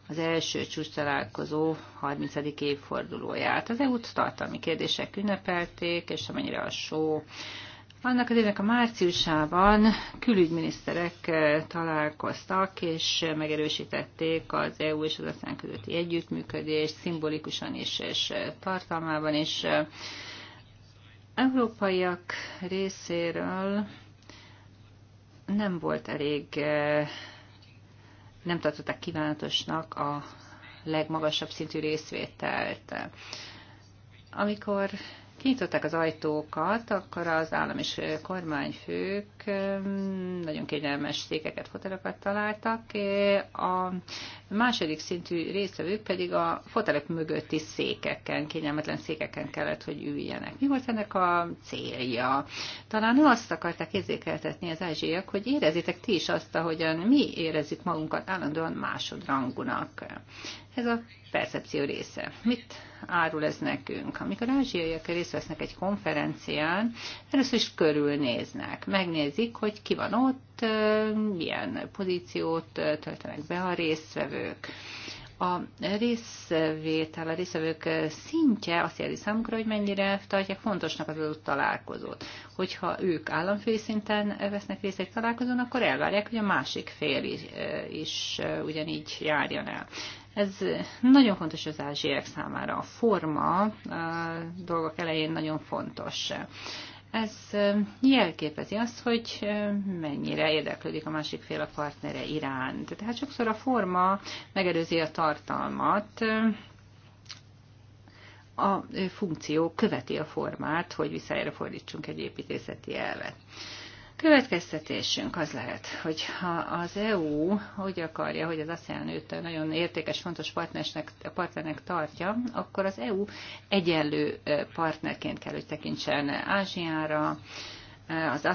az első csúcs találkozó 30. évfordulóját. Az EU-t tartalmi kérdések ünnepelték, és amennyire a só annak az évek a márciusában külügyminiszterek eh, találkoztak, és megerősítették az EU és az ASZÁN közötti együttműködést szimbolikusan is, és eh, tartalmában is. Európaiak részéről nem volt elég, eh, nem tartották kívánatosnak a legmagasabb szintű részvételt. Amikor kinyitották az ajtókat, akkor az állam és kormányfők nagyon kényelmes székeket, fotelokat találtak. E, a második szintű résztvevők pedig a fotelek mögötti székeken, kényelmetlen székeken kellett, hogy üljenek. Mi volt ennek a célja? Talán azt akarták érzékeltetni az ázsiak, hogy érezzétek ti is azt, ahogyan mi érezzük magunkat állandóan másodrangunak. Ez a percepció része. Mit árul ez nekünk? Amikor ázsiaiak részt vesznek egy konferencián, először is körülnéznek, megnézik, hogy ki van ott, milyen pozíciót töltenek be a résztvevők a részvétel, a részvevők szintje azt jelzi számukra, hogy mennyire tartják fontosnak az adott találkozót. Hogyha ők államfői szinten vesznek részt egy találkozón, akkor elvárják, hogy a másik fél is, is ugyanígy járjon el. Ez nagyon fontos az ázsiek számára. A forma a dolgok elején nagyon fontos. Ez jelképezi azt, hogy mennyire érdeklődik a másik fél a partnere iránt. Tehát sokszor a forma megelőzi a tartalmat, a funkció követi a formát, hogy visszaerre fordítsunk egy építészeti elvet. Következtetésünk az lehet, hogy ha az EU hogy akarja, hogy az ASEAN őt nagyon értékes, fontos partnernek, partnernek tartja, akkor az EU egyenlő partnerként kell, hogy tekintsen Ázsiára, az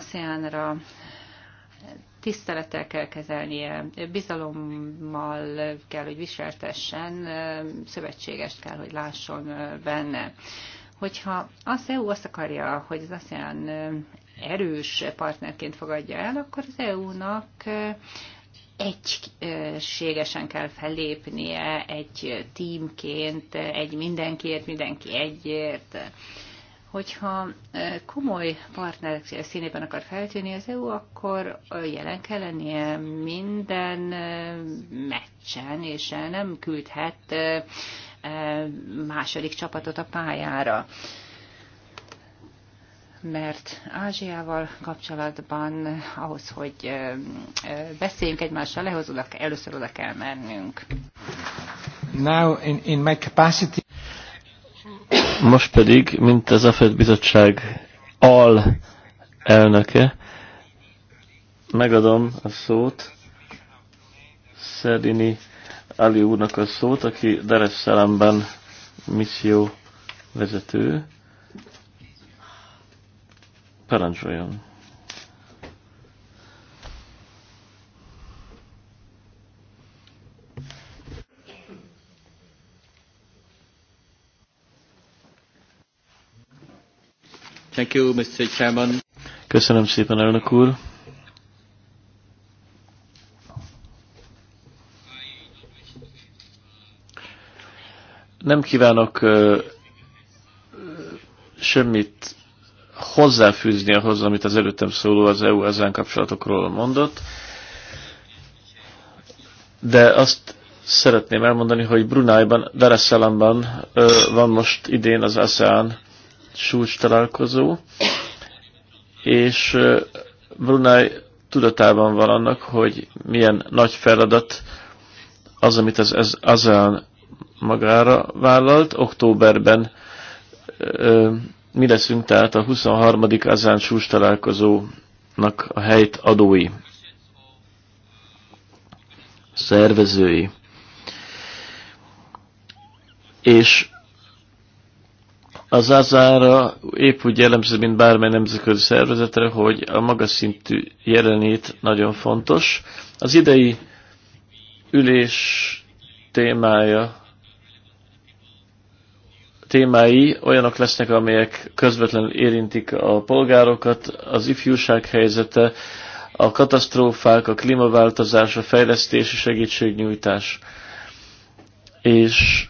ra tisztelettel kell kezelnie, bizalommal kell, hogy viseltessen, szövetségest kell, hogy lásson benne hogyha az EU azt akarja, hogy az ASEAN erős partnerként fogadja el, akkor az EU-nak egységesen kell fellépnie egy tímként, egy mindenkiért, mindenki egyért. Hogyha komoly partnerek színében akar feltűnni az EU, akkor jelen kell lennie minden meccsen, és nem küldhet második csapatot a pályára mert Ázsiával kapcsolatban ahhoz, hogy beszéljünk egymással, lehoz oda, először oda kell mennünk. Now in, in my capacity... Most pedig, mint az AFED bizottság al elnöke, megadom a szót Szerini Ali úrnak a szót, aki Dereszelemben misszió vezető. Parancsoljon! Thank you, Mr. Chairman. Köszönöm szépen, elnök úr! Nem kívánok uh, semmit hozzáfűzni ahhoz, amit az előttem szóló az EU ezen kapcsolatokról mondott, de azt szeretném elmondani, hogy Brunájban, Dereszelemben van most idén az ASEAN csúcs találkozó, és Brunei tudatában van annak, hogy milyen nagy feladat az, amit az ASEAN magára vállalt. Októberben mi leszünk tehát a 23. Azán Sús találkozónak a helyt adói, szervezői. És az Azára épp úgy jellemző, mint bármely nemzetközi szervezetre, hogy a magas szintű jelenét nagyon fontos. Az idei ülés témája témái olyanok lesznek, amelyek közvetlenül érintik a polgárokat, az ifjúság helyzete, a katasztrófák, a klímaváltozás, a fejlesztési segítségnyújtás. És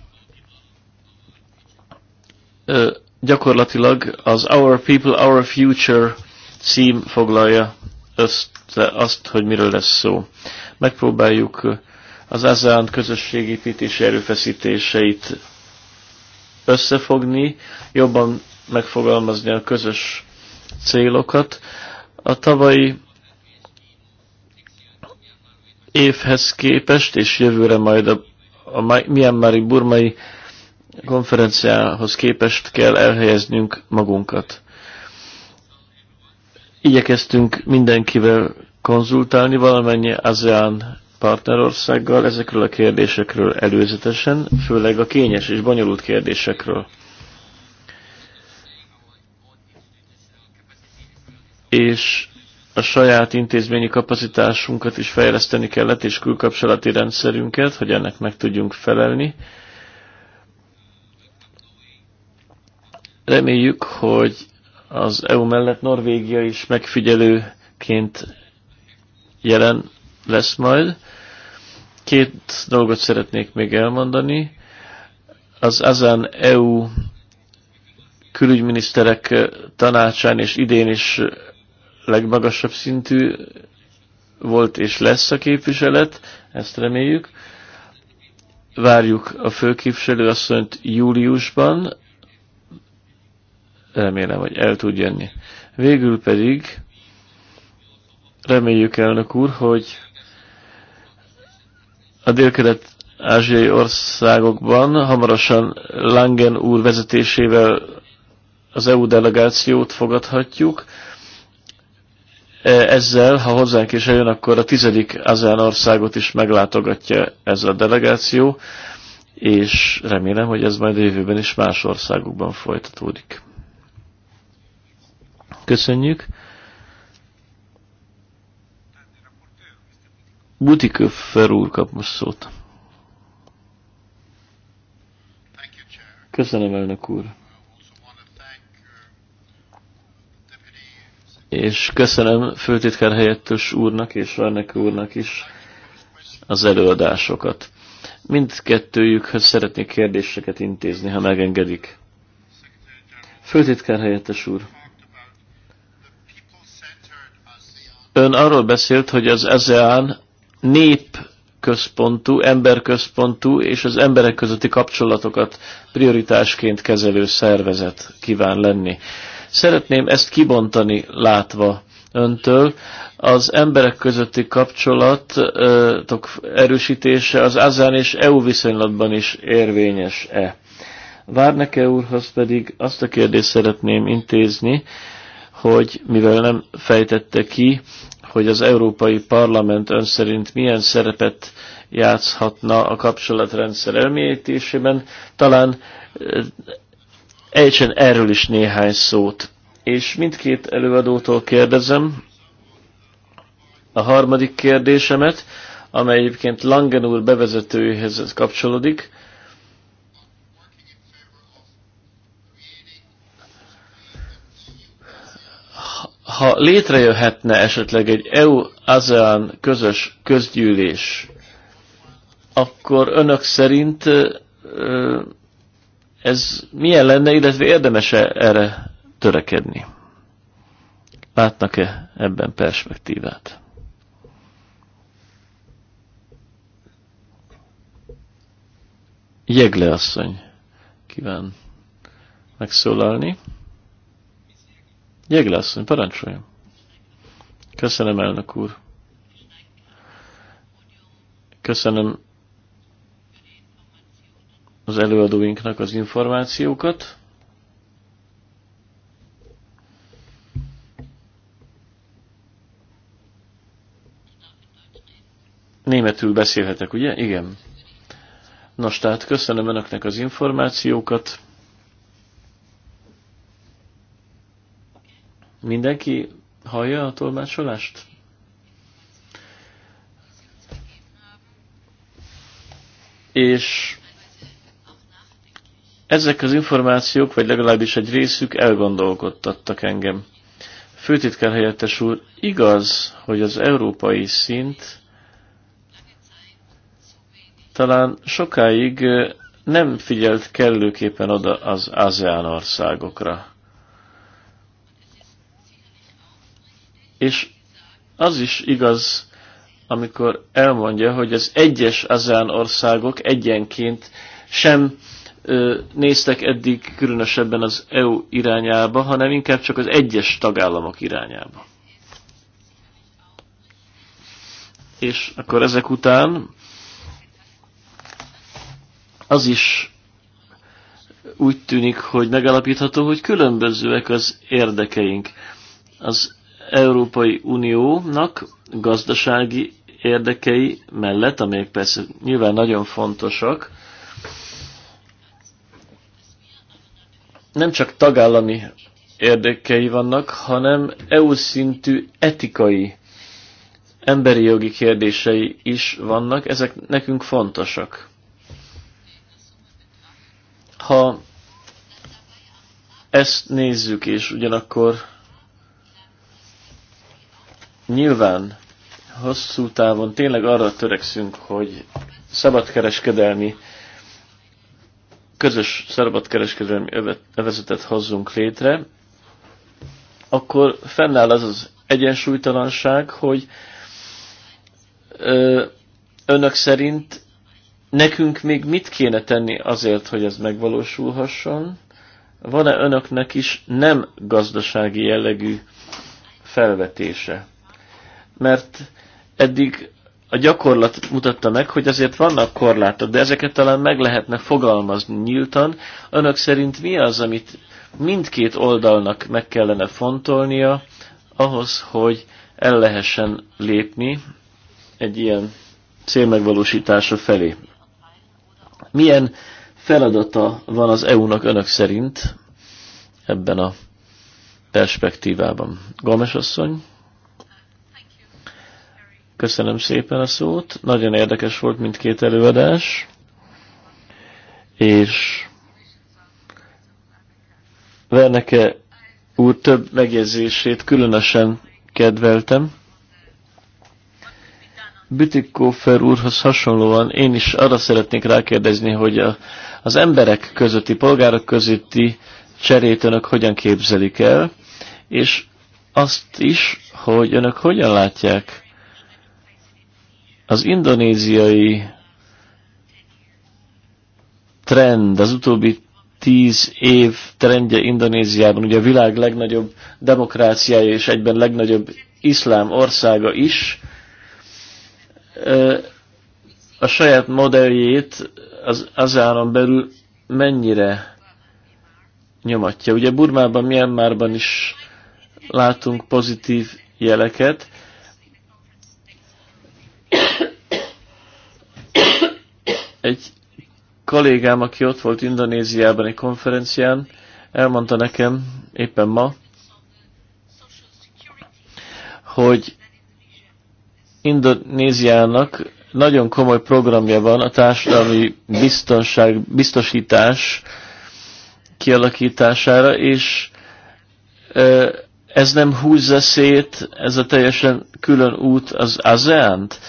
gyakorlatilag az Our People, Our Future cím foglalja össze azt, hogy miről lesz szó. Megpróbáljuk az ASEAN közösségépítési erőfeszítéseit összefogni, jobban megfogalmazni a közös célokat. A tavalyi évhez képest, és jövőre majd a, a Myanmari burmai konferenciához képest kell elhelyeznünk magunkat. Igyekeztünk mindenkivel konzultálni, valamennyi ASEAN partnerországgal ezekről a kérdésekről előzetesen, főleg a kényes és bonyolult kérdésekről. És a saját intézményi kapacitásunkat is fejleszteni kellett, és külkapcsolati rendszerünket, hogy ennek meg tudjunk felelni. Reméljük, hogy az EU mellett Norvégia is megfigyelőként jelen lesz majd. Két dolgot szeretnék még elmondani. Az ezen EU külügyminiszterek tanácsán és idén is legmagasabb szintű volt és lesz a képviselet, ezt reméljük. Várjuk a főképviselő asszonyt júliusban, remélem, hogy el tud jönni. Végül pedig reméljük, elnök úr, hogy a délkelet ázsiai országokban. Hamarosan Langen úr vezetésével az EU delegációt fogadhatjuk. E, ezzel, ha hozzánk is eljön, akkor a tizedik ASEAN országot is meglátogatja ez a delegáció, és remélem, hogy ez majd a jövőben is más országokban folytatódik. Köszönjük! Butiköffer úr kap most szót. Köszönöm, elnök úr. És köszönöm főtitkár helyettes úrnak és Várnek úrnak is az előadásokat. Mindkettőjükhöz szeretnék kérdéseket intézni, ha megengedik. Főtitkár helyettes úr, ön arról beszélt, hogy az ASEAN népközpontú, emberközpontú és az emberek közötti kapcsolatokat prioritásként kezelő szervezet kíván lenni. Szeretném ezt kibontani látva öntől. Az emberek közötti kapcsolatok erősítése az Azán és EU viszonylatban is érvényes-e? Várneke úrhoz pedig azt a kérdést szeretném intézni, hogy mivel nem fejtette ki hogy az Európai Parlament ön szerint milyen szerepet játszhatna a kapcsolatrendszer elmélyítésében, talán egyszerűen eh, erről is néhány szót. És mindkét előadótól kérdezem a harmadik kérdésemet, amely egyébként Langen úr bevezetőjéhez kapcsolódik, ha létrejöhetne esetleg egy EU-ASEAN közös közgyűlés, akkor önök szerint ez milyen lenne, illetve érdemese erre törekedni? Látnak-e ebben perspektívát? Jegle asszony kíván megszólalni. Jeglászony, parancsoljon. Köszönöm, elnök úr. Köszönöm az előadóinknak az információkat. Németül beszélhetek, ugye? Igen. Nos, tehát köszönöm Önöknek az információkat. Mindenki hallja a tolmácsolást? És ezek az információk, vagy legalábbis egy részük elgondolkodtattak engem. Főtitkár helyettes úr, igaz, hogy az európai szint talán sokáig nem figyelt kellőképpen oda az ASEAN országokra. És az is igaz, amikor elmondja, hogy az egyes azán országok egyenként sem ö, néztek eddig különösebben az EU irányába, hanem inkább csak az egyes tagállamok irányába. És akkor ezek után az is úgy tűnik, hogy megalapítható, hogy különbözőek az érdekeink. Az Európai Uniónak gazdasági érdekei mellett, amelyek persze nyilván nagyon fontosak, nem csak tagállami érdekei vannak, hanem EU szintű etikai, emberi jogi kérdései is vannak, ezek nekünk fontosak. Ha ezt nézzük, és ugyanakkor Nyilván hosszú távon tényleg arra törekszünk, hogy szabadkereskedelmi, közös szabadkereskedelmi övezetet hozzunk létre, akkor fennáll az az egyensúlytalanság, hogy ö, önök szerint nekünk még mit kéne tenni azért, hogy ez megvalósulhasson? Van-e önöknek is nem gazdasági jellegű felvetése? mert eddig a gyakorlat mutatta meg, hogy azért vannak korlátok, de ezeket talán meg lehetne fogalmazni nyíltan. Önök szerint mi az, amit mindkét oldalnak meg kellene fontolnia ahhoz, hogy el lehessen lépni egy ilyen célmegvalósítása felé? Milyen feladata van az EU-nak önök szerint ebben a perspektívában? Gomes asszony? Köszönöm szépen a szót. Nagyon érdekes volt mindkét előadás, és Verneke úr több megjegyzését különösen kedveltem. Bütikófer úrhoz hasonlóan én is arra szeretnék rákérdezni, hogy a, az emberek közötti, polgárok közötti cserét önök hogyan képzelik el, és azt is, hogy önök hogyan látják az indonéziai trend, az utóbbi tíz év trendje Indonéziában, ugye a világ legnagyobb demokráciája és egyben legnagyobb iszlám országa is, a saját modelljét az, az belül mennyire nyomatja. Ugye Burmában, Myanmarban is látunk pozitív jeleket, Egy kollégám, aki ott volt Indonéziában egy konferencián, elmondta nekem éppen ma, hogy Indonéziának nagyon komoly programja van a társadalmi biztonság, biztosítás kialakítására, és ez nem húzza szét, ez a teljesen külön út az ASEAN-t.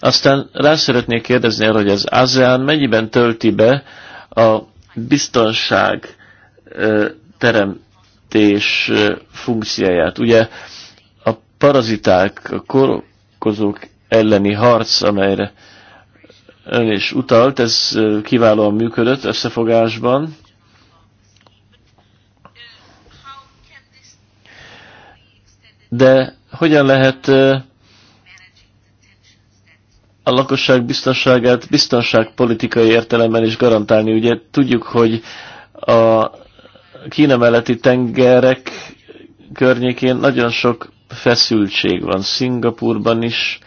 Aztán rá szeretnék kérdezni arra, hogy az ASEAN mennyiben tölti be a biztonság teremtés funkcióját. Ugye a paraziták, a korokozók elleni harc, amelyre ön is utalt, ez kiválóan működött összefogásban. De hogyan lehet a lakosság biztonságát biztonságpolitikai értelemben is garantálni. Ugye tudjuk, hogy a Kína melletti tengerek környékén nagyon sok feszültség van. Szingapurban is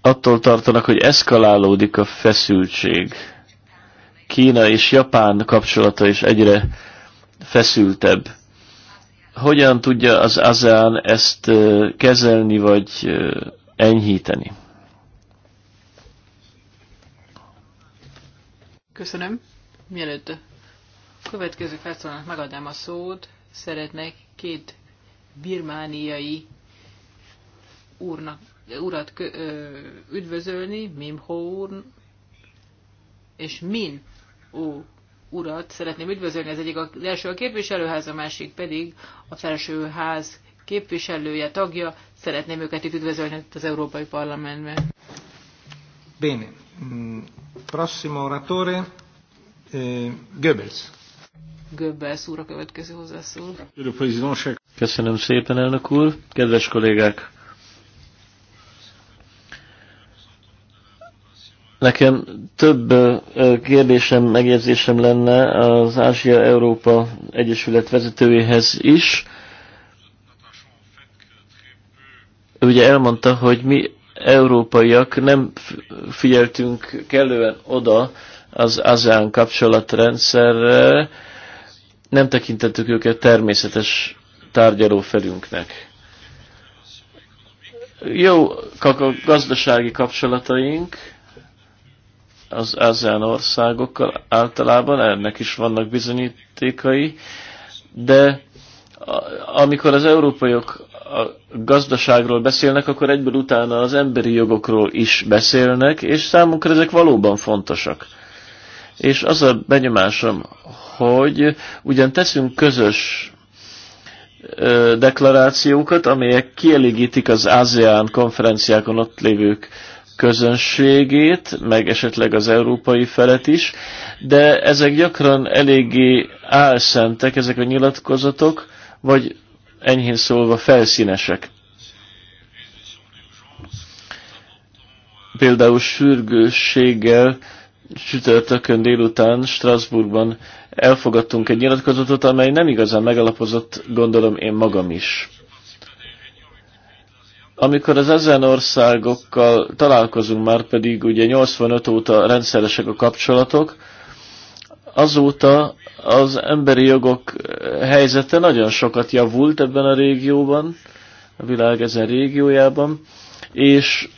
attól tartanak, hogy eszkalálódik a feszültség. Kína és Japán kapcsolata is egyre feszültebb. Hogyan tudja az ASEAN ezt kezelni vagy enyhíteni? Köszönöm. Mielőtt a következő felszólalnak megadnám a szót, szeretnék két birmániai úrnak, urat kö, ö, üdvözölni, Mimho úr és Min ó urat szeretném üdvözölni, ez egyik az első a képviselőház, a másik pedig a felsőház képviselője, tagja. Szeretném őket itt üdvözölni az Európai Parlamentben. Bene. Mm, prossimo oratore, eh, Goebbels. Goebbels úr a következő hozzászól. Köszönöm szépen, elnök úr. Kedves kollégák, Nekem több kérdésem, megjegyzésem lenne az Ázsia-Európa Egyesület vezetőjéhez is. Ugye elmondta, hogy mi európaiak nem figyeltünk kellően oda az ASEAN kapcsolatrendszerre, nem tekintettük őket természetes tárgyalófelünknek. Jó a gazdasági kapcsolataink, az ASEAN országokkal általában, ennek is vannak bizonyítékai, de amikor az európaiok a gazdaságról beszélnek, akkor egyből utána az emberi jogokról is beszélnek, és számunkra ezek valóban fontosak. És az a benyomásom, hogy ugyan teszünk közös deklarációkat, amelyek kielégítik az ASEAN konferenciákon ott lévők közönségét, meg esetleg az európai felet is, de ezek gyakran eléggé álszentek, ezek a nyilatkozatok, vagy enyhén szólva felszínesek. Például sürgősséggel csütörtökön délután Strasbourgban elfogadtunk egy nyilatkozatot, amely nem igazán megalapozott, gondolom én magam is. Amikor az ezen országokkal találkozunk, már pedig ugye 85 óta rendszeresek a kapcsolatok, azóta az emberi jogok helyzete nagyon sokat javult ebben a régióban, a világ ezen régiójában, és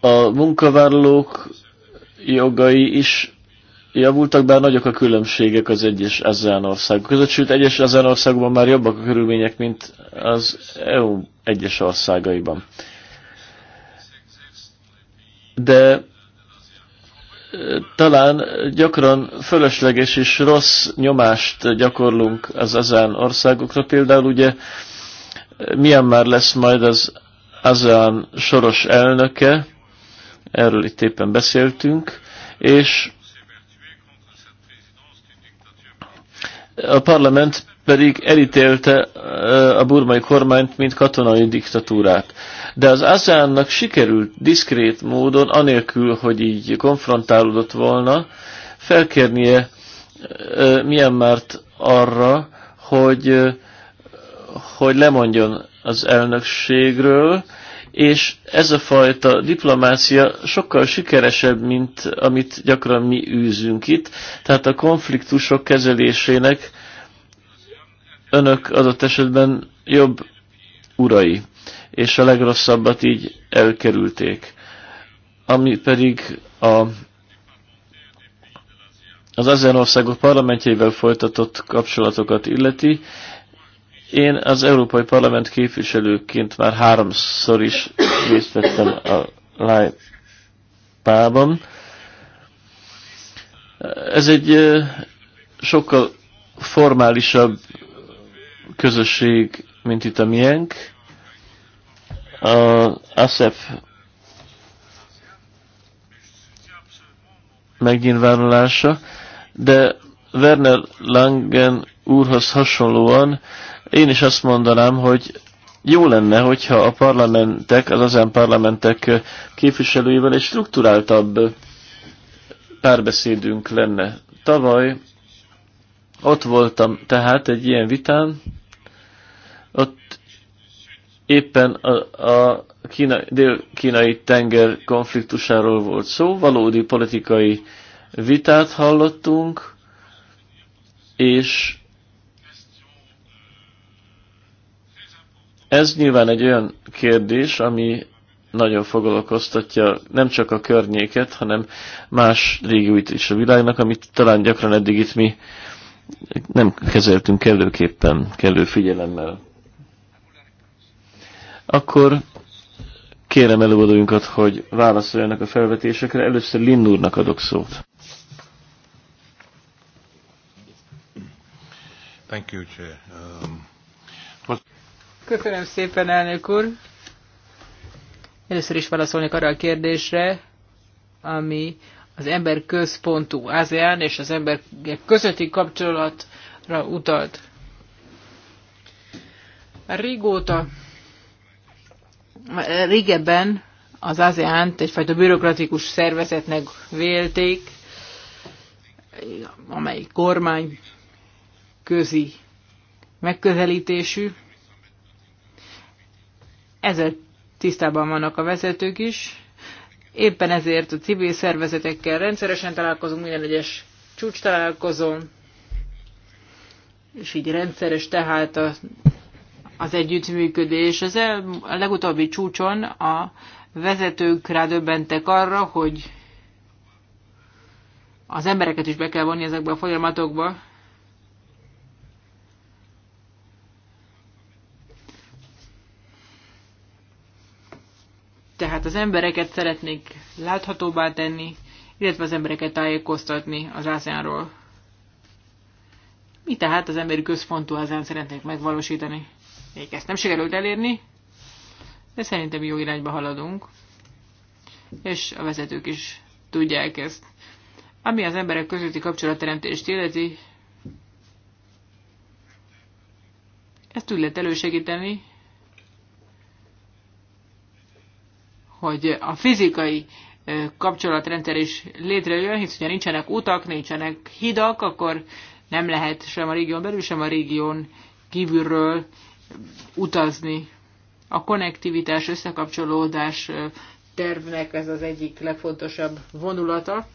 a munkavállalók jogai is javultak, bár nagyok a különbségek az egyes ezen országok között, sőt egyes ezen országokban már jobbak a körülmények, mint az EU egyes országaiban. De talán gyakran fölösleges és rossz nyomást gyakorlunk az ASEAN országokra. Például ugye milyen már lesz majd az ASEAN soros elnöke, erről itt éppen beszéltünk, és A parlament pedig elítélte a burmai kormányt, mint katonai diktatúrát. De az ASEAN-nak sikerült diszkrét módon, anélkül, hogy így konfrontálódott volna, felkérnie Myanmart arra, hogy, hogy lemondjon az elnökségről, és ez a fajta diplomácia sokkal sikeresebb, mint amit gyakran mi űzünk itt. Tehát a konfliktusok kezelésének önök adott esetben jobb urai, és a legrosszabbat így elkerülték. Ami pedig a, az ezen országok parlamentjeivel folytatott kapcsolatokat illeti, én az Európai Parlament képviselőként már háromszor is részt vettem a lájpában. Ez egy sokkal formálisabb közösség, mint itt a miénk. A ASEF megnyilvánulása, de Werner Langen úrhoz hasonlóan én is azt mondanám, hogy jó lenne, hogyha a parlamentek, az azán parlamentek képviselőivel egy struktúráltabb párbeszédünk lenne. Tavaly ott voltam tehát egy ilyen vitán, ott éppen a, a Kína, dél-kínai tenger konfliktusáról volt szó, valódi politikai vitát hallottunk, és Ez nyilván egy olyan kérdés, ami nagyon foglalkoztatja nem csak a környéket, hanem más régióit is a világnak, amit talán gyakran eddig itt mi nem kezeltünk kellőképpen, kellő figyelemmel. Akkor kérem előadóinkat, hogy válaszoljanak a felvetésekre. Először Linn úrnak adok szót. Thank you, Chair. Um... Köszönöm szépen, elnök úr. Először is válaszolnék arra a kérdésre, ami az ember központú ASEAN és az ember közötti kapcsolatra utalt. Régóta, régebben az ASEAN-t egyfajta bürokratikus szervezetnek vélték, amely kormány közi megközelítésű, ezzel tisztában vannak a vezetők is. Éppen ezért a civil szervezetekkel rendszeresen találkozunk minden egyes csúcs találkozón, és így rendszeres tehát a, az együttműködés. Az el, a legutóbbi csúcson a vezetők rádöbbentek arra, hogy az embereket is be kell vonni ezekbe a folyamatokba, tehát az embereket szeretnék láthatóbbá tenni, illetve az embereket tájékoztatni az ASEAN-ról. Mi tehát az emberi központú ASEAN szeretnék megvalósítani? Még ezt nem sikerült elérni, de szerintem jó irányba haladunk, és a vezetők is tudják ezt. Ami az emberek közötti kapcsolatteremtést illeti, ezt úgy lehet elősegíteni, hogy a fizikai kapcsolatrendszer is létrejön, hisz ugye nincsenek utak, nincsenek hidak, akkor nem lehet sem a régión belül, sem a régión kívülről utazni. A konnektivitás, összekapcsolódás tervnek ez az egyik legfontosabb vonulata.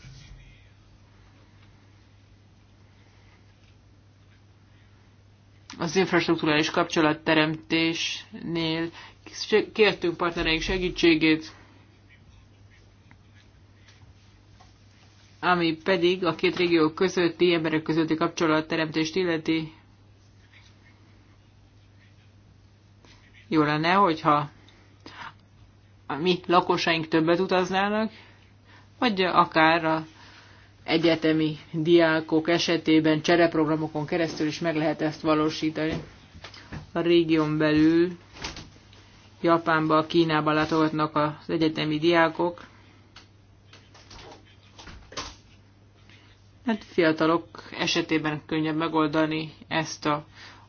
az infrastruktúrális kapcsolatteremtésnél kértünk partnereink segítségét, ami pedig a két régió közötti, emberek közötti kapcsolatteremtést illeti. Jó lenne, hogyha a mi lakosaink többet utaznának, vagy akár a egyetemi diákok esetében csereprogramokon keresztül is meg lehet ezt valósítani. A régión belül Japánba, Kínába látogatnak az egyetemi diákok. Hát fiatalok esetében könnyebb megoldani ezt a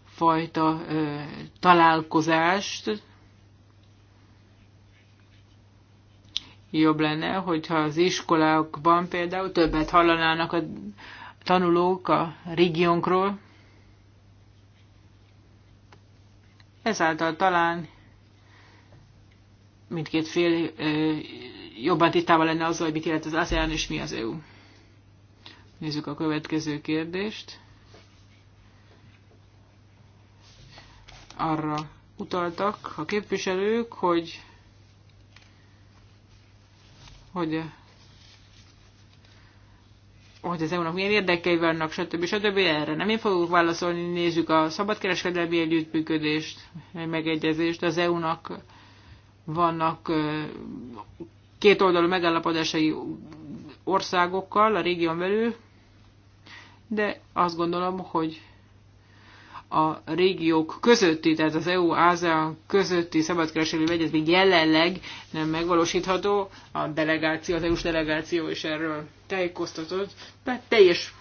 fajta ö, találkozást, jobb lenne, hogyha az iskolákban például többet hallanának a tanulók a régiónkról. Ezáltal talán mindkét fél jobban tisztában lenne azzal, hogy mit jelent az ASEAN és mi az EU. Nézzük a következő kérdést. Arra utaltak a képviselők, hogy hogy hogy az EU-nak milyen érdekei vannak, stb. stb. Erre nem én fogok válaszolni, nézzük a szabadkereskedelmi együttműködést, megegyezést. Az EU-nak vannak oldalú megállapodásai országokkal a régión belül, de azt gondolom, hogy a régiók közötti, tehát az EU-ASEAN közötti szabadkereskedelmi még jelenleg nem megvalósítható. A delegáció, az EU-s delegáció is erről tájékoztatott, tehát teljes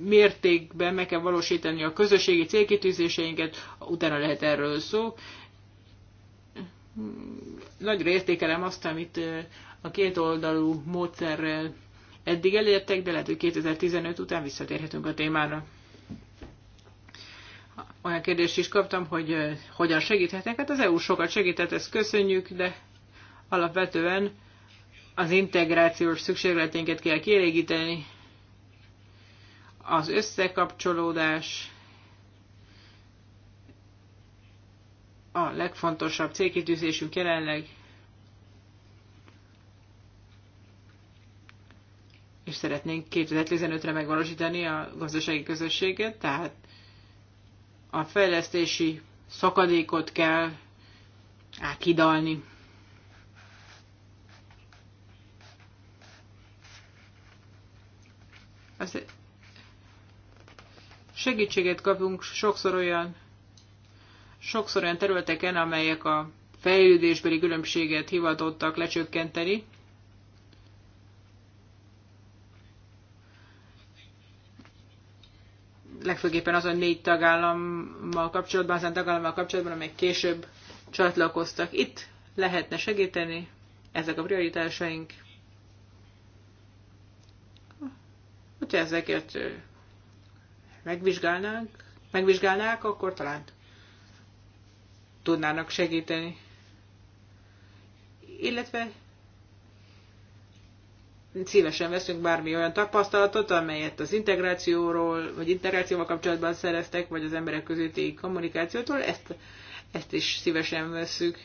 mértékben meg kell valósítani a közösségi célkitűzéseinket, utána lehet erről szó. Nagyra értékelem azt, amit a kétoldalú módszerrel eddig elértek, de lehet, hogy 2015 után visszatérhetünk a témára olyan kérdést is kaptam, hogy hogyan segíthetnek. Hát az EU sokat segített, ezt köszönjük, de alapvetően az integrációs szükségleténket kell kielégíteni, az összekapcsolódás a legfontosabb célkitűzésünk jelenleg, és szeretnénk 2015-re megvalósítani a gazdasági közösséget, tehát a fejlesztési szakadékot kell kidalni. segítséget kapunk sokszor olyan, sokszor olyan területeken, amelyek a fejlődésbeli különbséget hivatottak lecsökkenteni, legfőképpen azon négy tagállammal kapcsolatban, a tagállammal kapcsolatban, amelyek később csatlakoztak. Itt lehetne segíteni, ezek a prioritásaink. Hogyha ezeket megvizsgálnánk, megvizsgálnák, akkor talán tudnának segíteni. Illetve szívesen veszünk bármi olyan tapasztalatot, amelyet az integrációról, vagy integrációval kapcsolatban szereztek, vagy az emberek közötti kommunikációtól, ezt, ezt is szívesen veszük.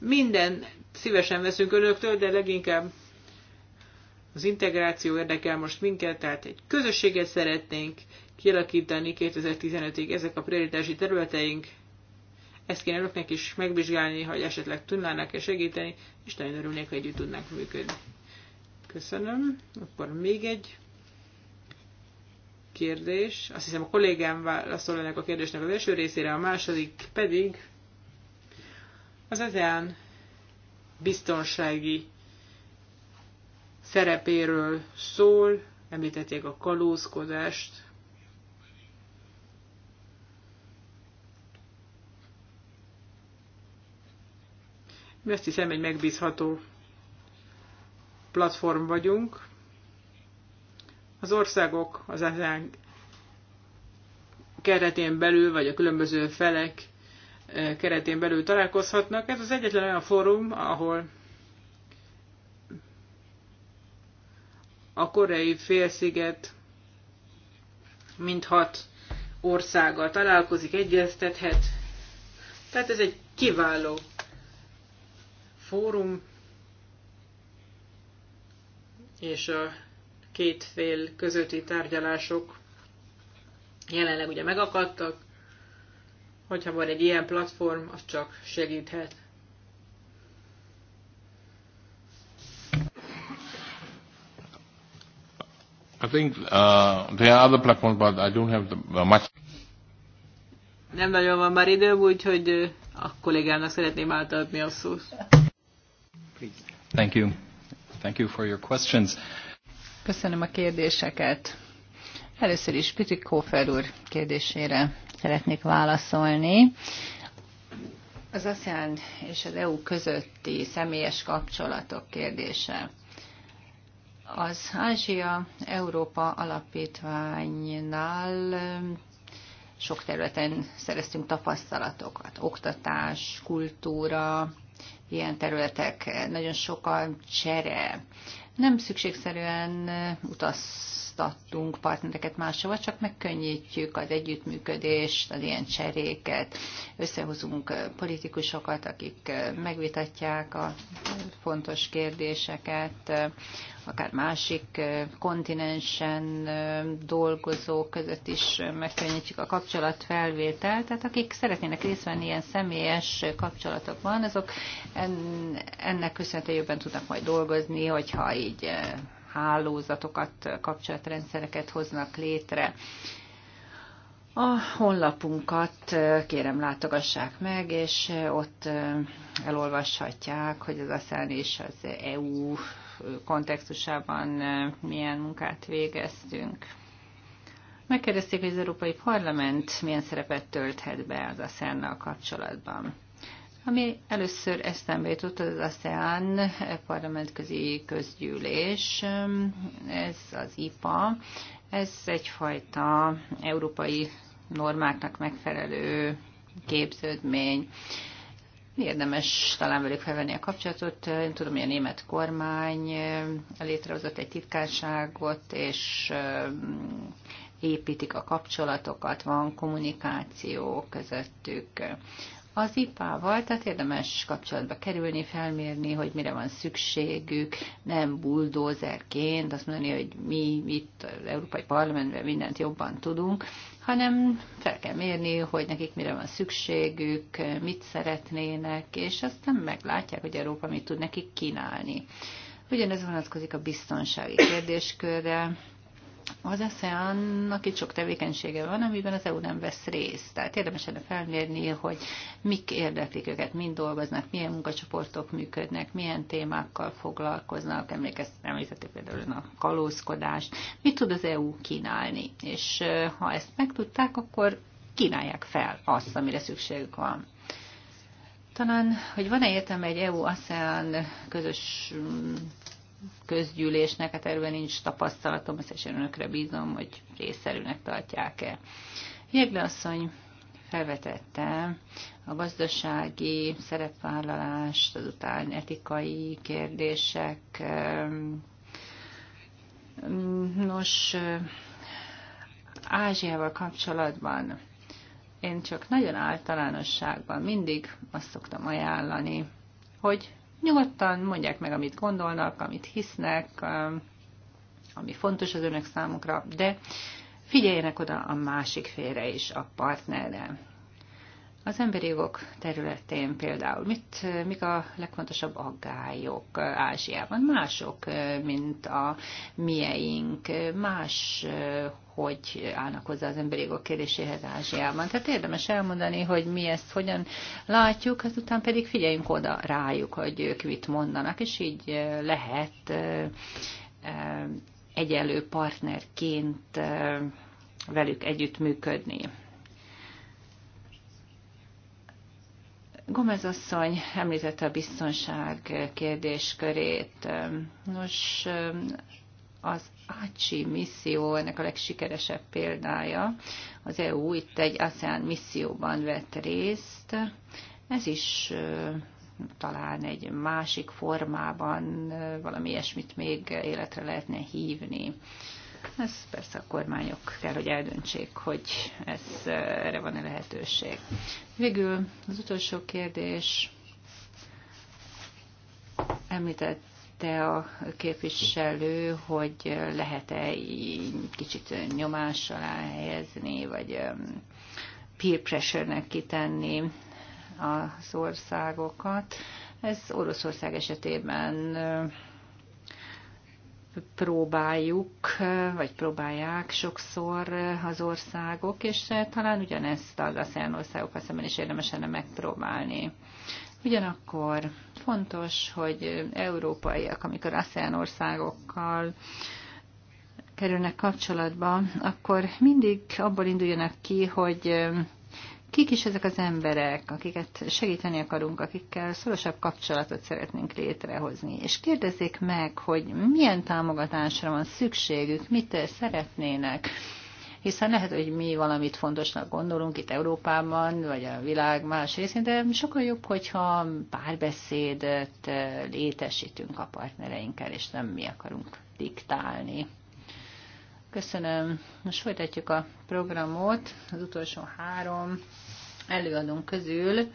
Minden szívesen veszünk önöktől, de leginkább az integráció érdekel most minket, tehát egy közösséget szeretnénk kialakítani 2015-ig, ezek a prioritási területeink, ezt kéne önöknek is megvizsgálni, hogy esetleg tudnának-e segíteni, és nagyon örülnék, hogy együtt tudnánk működni. Köszönöm. Akkor még egy kérdés. Azt hiszem a kollégám válaszol ennek a kérdésnek az első részére, a második pedig az ezen biztonsági szerepéről szól, említették a kalózkodást. Mi azt hiszem egy megbízható platform vagyunk. Az országok az ezen keretén belül, vagy a különböző felek e, keretén belül találkozhatnak. Ez az egyetlen olyan fórum, ahol a koreai félsziget mint hat országgal találkozik, egyeztethet. Tehát ez egy kiváló fórum, és a két fél közötti tárgyalások jelenleg ugye megakadtak, hogyha van egy ilyen platform, az csak segíthet. I think uh, there are other platforms, but I don't have the, uh, much. Nem nagyon van már időm, úgyhogy uh, a kollégának szeretném átadni a szót. Thank you. Thank you for your questions. Köszönöm a kérdéseket. Először is Pitik Kófer úr kérdésére szeretnék válaszolni. Az ASEAN és az EU közötti személyes kapcsolatok kérdése. Az Ázsia-Európa alapítványnál um, sok területen szereztünk tapasztalatokat. Oktatás, kultúra, ilyen területek, nagyon sokan csere. Nem szükségszerűen utaz választattunk partnereket máshova, csak megkönnyítjük az együttműködést, az ilyen cseréket, összehozunk politikusokat, akik megvitatják a fontos kérdéseket, akár másik kontinensen dolgozók között is megkönnyítjük a kapcsolatfelvételt, tehát akik szeretnének részt venni ilyen személyes kapcsolatokban, azok ennek köszönhetően jobban tudnak majd dolgozni, hogyha így hálózatokat, kapcsolatrendszereket hoznak létre. A honlapunkat kérem látogassák meg, és ott elolvashatják, hogy az ASZÁN és az EU kontextusában milyen munkát végeztünk. Megkérdezték, hogy az Európai Parlament milyen szerepet tölthet be az ASZÁN-nal kapcsolatban ami először eszembe jutott az ASEAN parlamentközi közgyűlés, ez az IPA, ez egyfajta európai normáknak megfelelő képződmény. Érdemes talán velük felvenni a kapcsolatot. Én tudom, hogy a német kormány létrehozott egy titkárságot, és hm, építik a kapcsolatokat, van kommunikáció közöttük az IPA-val, tehát érdemes kapcsolatba kerülni, felmérni, hogy mire van szükségük, nem buldózerként azt mondani, hogy mi itt az Európai Parlamentben mindent jobban tudunk, hanem fel kell mérni, hogy nekik mire van szükségük, mit szeretnének, és aztán meglátják, hogy Európa mit tud nekik kínálni. Ugyanez vonatkozik a biztonsági kérdéskörre. Az ASEAN-nak itt sok tevékenysége van, amiben az EU nem vesz részt. Tehát érdemes lenne felmérni, hogy mik érdeklik őket, mind dolgoznak, milyen munkacsoportok működnek, milyen témákkal foglalkoznak, említették például a kalózkodást, mit tud az EU kínálni. És ha ezt megtudták, akkor kínálják fel azt, amire szükségük van. Talán, hogy van-e értelme egy EU-ASEAN közös közgyűlésnek, hát erről nincs tapasztalatom, összesen önökre bízom, hogy részszerűnek tartják-e. Jégle asszony felvetette a gazdasági szerepvállalást, azután etikai kérdések. Ehm, nos, Ázsiával kapcsolatban én csak nagyon általánosságban mindig azt szoktam ajánlani, hogy Nyugodtan mondják meg, amit gondolnak, amit hisznek, um, ami fontos az önök számukra, de figyeljenek oda a másik félre is, a partnerre. Az emberi jogok területén például mit, mik a legfontosabb aggályok Ázsiában? Mások, mint a mieink, más hogy állnak hozzá az emberi jogok kérdéséhez Ázsiában. Tehát érdemes elmondani, hogy mi ezt hogyan látjuk, utána pedig figyeljünk oda rájuk, hogy ők mit mondanak, és így lehet eh, egyenlő partnerként eh, velük együttműködni. Gomez asszony említette a biztonság kérdéskörét. Nos, az ACSI misszió ennek a legsikeresebb példája. Az EU itt egy ASEAN misszióban vett részt. Ez is talán egy másik formában valami ilyesmit még életre lehetne hívni. Ez persze a kormányok kell, hogy eldöntsék, hogy ez, eh, erre van-e lehetőség. Végül az utolsó kérdés. Említett említette a képviselő, hogy lehet-e kicsit nyomás alá helyezni, vagy peer pressure-nek kitenni az országokat. Ez Oroszország esetében próbáljuk, vagy próbálják sokszor az országok, és talán ugyanezt az ASEAN országokkal szemben is érdemes lenne megpróbálni. Ugyanakkor fontos, hogy európaiak, amikor ASEAN országokkal kerülnek kapcsolatba, akkor mindig abból induljanak ki, hogy Kik is ezek az emberek, akiket segíteni akarunk, akikkel szorosabb kapcsolatot szeretnénk létrehozni, és kérdezzék meg, hogy milyen támogatásra van szükségük, mit szeretnének hiszen lehet, hogy mi valamit fontosnak gondolunk itt Európában, vagy a világ más részén, de sokkal jobb, hogyha párbeszédet eh, létesítünk a partnereinkkel, és nem mi akarunk diktálni. Köszönöm. Most folytatjuk a programot. Az utolsó három előadónk közül.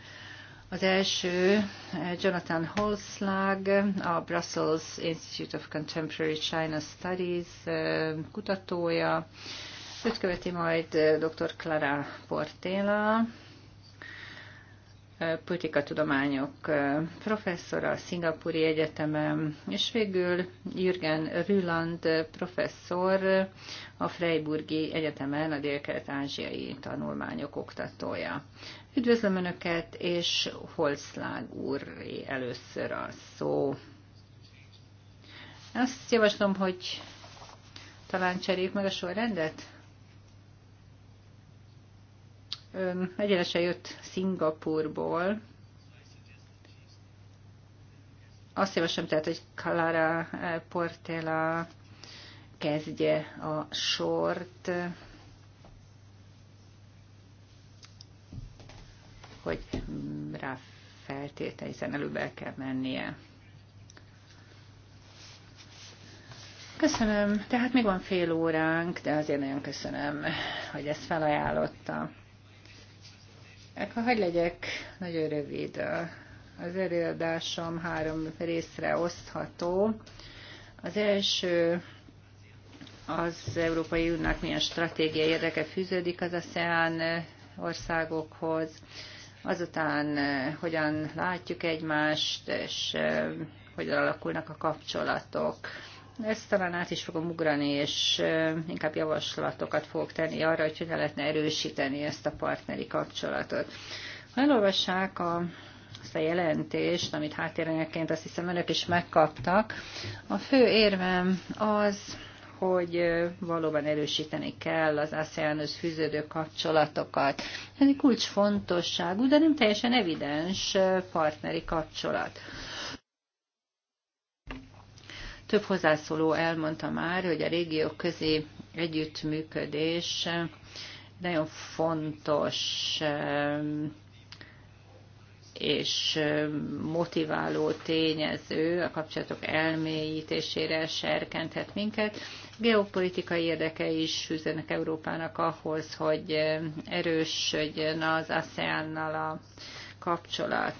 Az első eh, Jonathan Holzlag, a Brussels Institute of Contemporary China Studies eh, kutatója. Őt követi majd eh, dr. Clara Portela, politikatudományok professzora a Szingapúri Egyetemen, és végül Jürgen Rüland professzor, a Freiburgi Egyetemen a dél-kelet-ázsiai tanulmányok oktatója. Üdvözlöm Önöket, és Holszlág úr először a szó. Azt javaslom, hogy talán cseréljük meg a sorrendet. Ön egyenesen jött Szingapurból. Azt javaslom tehát, hogy Clara Portela kezdje a sort, hogy rá feltétel, hiszen előbb el kell mennie. Köszönöm. Tehát még van fél óránk, de azért nagyon köszönöm, hogy ezt felajánlotta. Akkor hagyj legyek nagyon rövid. Az előadásom három részre osztható. Az első az Európai Uniónak milyen stratégiai érdeke fűződik az ASEAN országokhoz, azután eh, hogyan látjuk egymást, és eh, hogyan alakulnak a kapcsolatok. Ezt talán át is fogom ugrani, és eh, inkább javaslatokat fogok tenni arra, hogy hogyan lehetne erősíteni ezt a partneri kapcsolatot. Ha elolvassák a azt a jelentést, amit háttéranyagként azt hiszem önök is megkaptak. A fő érvem az, hogy valóban erősíteni kell az ASEAN-hoz fűződő kapcsolatokat. Ez egy kulcsfontosságú, de nem teljesen evidens partneri kapcsolat. Több hozzászóló elmondta már, hogy a régió közé együttműködés nagyon fontos és motiváló tényező a kapcsolatok elmélyítésére serkenthet minket, geopolitikai érdeke is fűzőnek Európának ahhoz, hogy eh, erősödjön az ASEAN-nal a kapcsolat.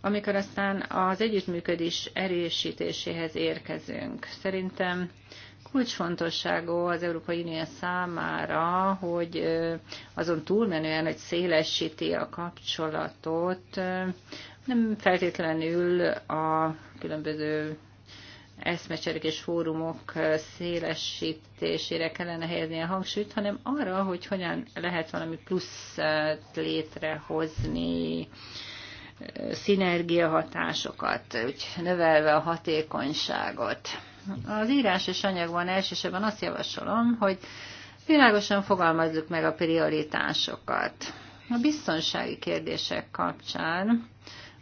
Amikor aztán az együttműködés erősítéséhez érkezünk, szerintem kulcsfontosságú az Európai Unió számára, hogy eh, azon túlmenően, hogy szélesíti a kapcsolatot, eh, nem feltétlenül a különböző eszmecserek és fórumok szélesítésére kellene helyezni a hangsúlyt, hanem arra, hogy hogyan lehet valami plusz létrehozni, szinergiahatásokat, úgy növelve a hatékonyságot. Az és anyagban elsősorban azt javasolom, hogy világosan fogalmazzuk meg a prioritásokat. A biztonsági kérdések kapcsán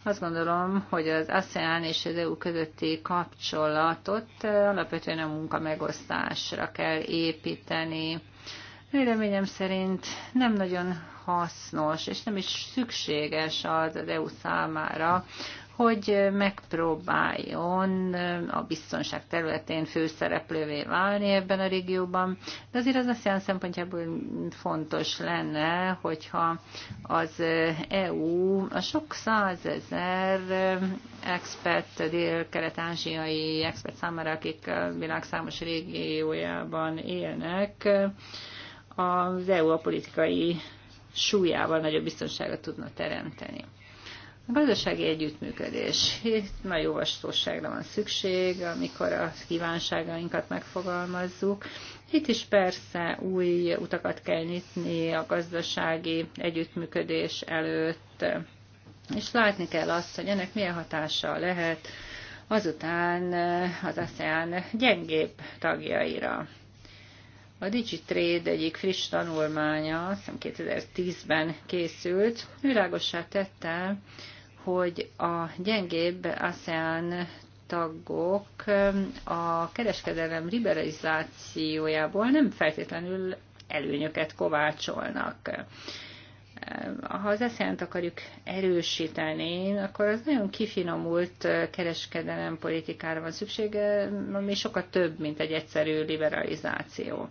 azt gondolom, hogy az ASEAN és az EU közötti kapcsolatot eh, alapvetően a munka megosztásra kell építeni. Véleményem szerint nem nagyon hasznos, és nem is szükséges az, az e EU számára, hogy megpróbáljon a biztonság területén főszereplővé válni ebben a régióban. De azért az ASEAN szempontjából fontos lenne, hogyha az EU a sok százezer expert, dél-kelet-ázsiai expert számára, akik a világ számos régiójában élnek, az EU a politikai súlyával nagyobb biztonságot tudna teremteni. A gazdasági együttműködés. Itt nagy olvastóságra van szükség, amikor a kívánságainkat megfogalmazzuk. Itt is persze új utakat kell nyitni a gazdasági együttműködés előtt, és látni kell azt, hogy ennek milyen hatása lehet azután eh, az ASEAN gyengébb tagjaira. A DigiTrade egyik friss tanulmánya, azt 2010-ben készült, világosá tette, hogy a gyengébb ASEAN tagok a kereskedelem liberalizációjából nem feltétlenül előnyöket kovácsolnak. Ha az asean akarjuk erősíteni, akkor az nagyon kifinomult kereskedelem politikára van szüksége, ami sokkal több, mint egy egyszerű liberalizáció.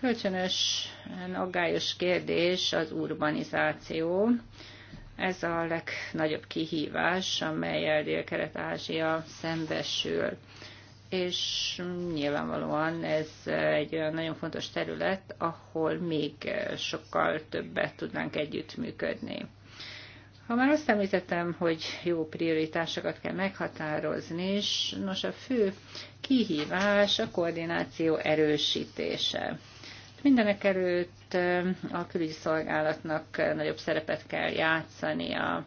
Kölcsönös aggályos kérdés az urbanizáció. Ez a legnagyobb kihívás, amelyel Dél-Kelet-Ázsia szembesül. És nyilvánvalóan ez egy olyan nagyon fontos terület, ahol még sokkal többet tudnánk együttműködni. Ha már azt említettem, hogy jó prioritásokat kell meghatározni, és nos a fő kihívás a koordináció erősítése. Mindenek előtt a külügyi szolgálatnak nagyobb szerepet kell játszani a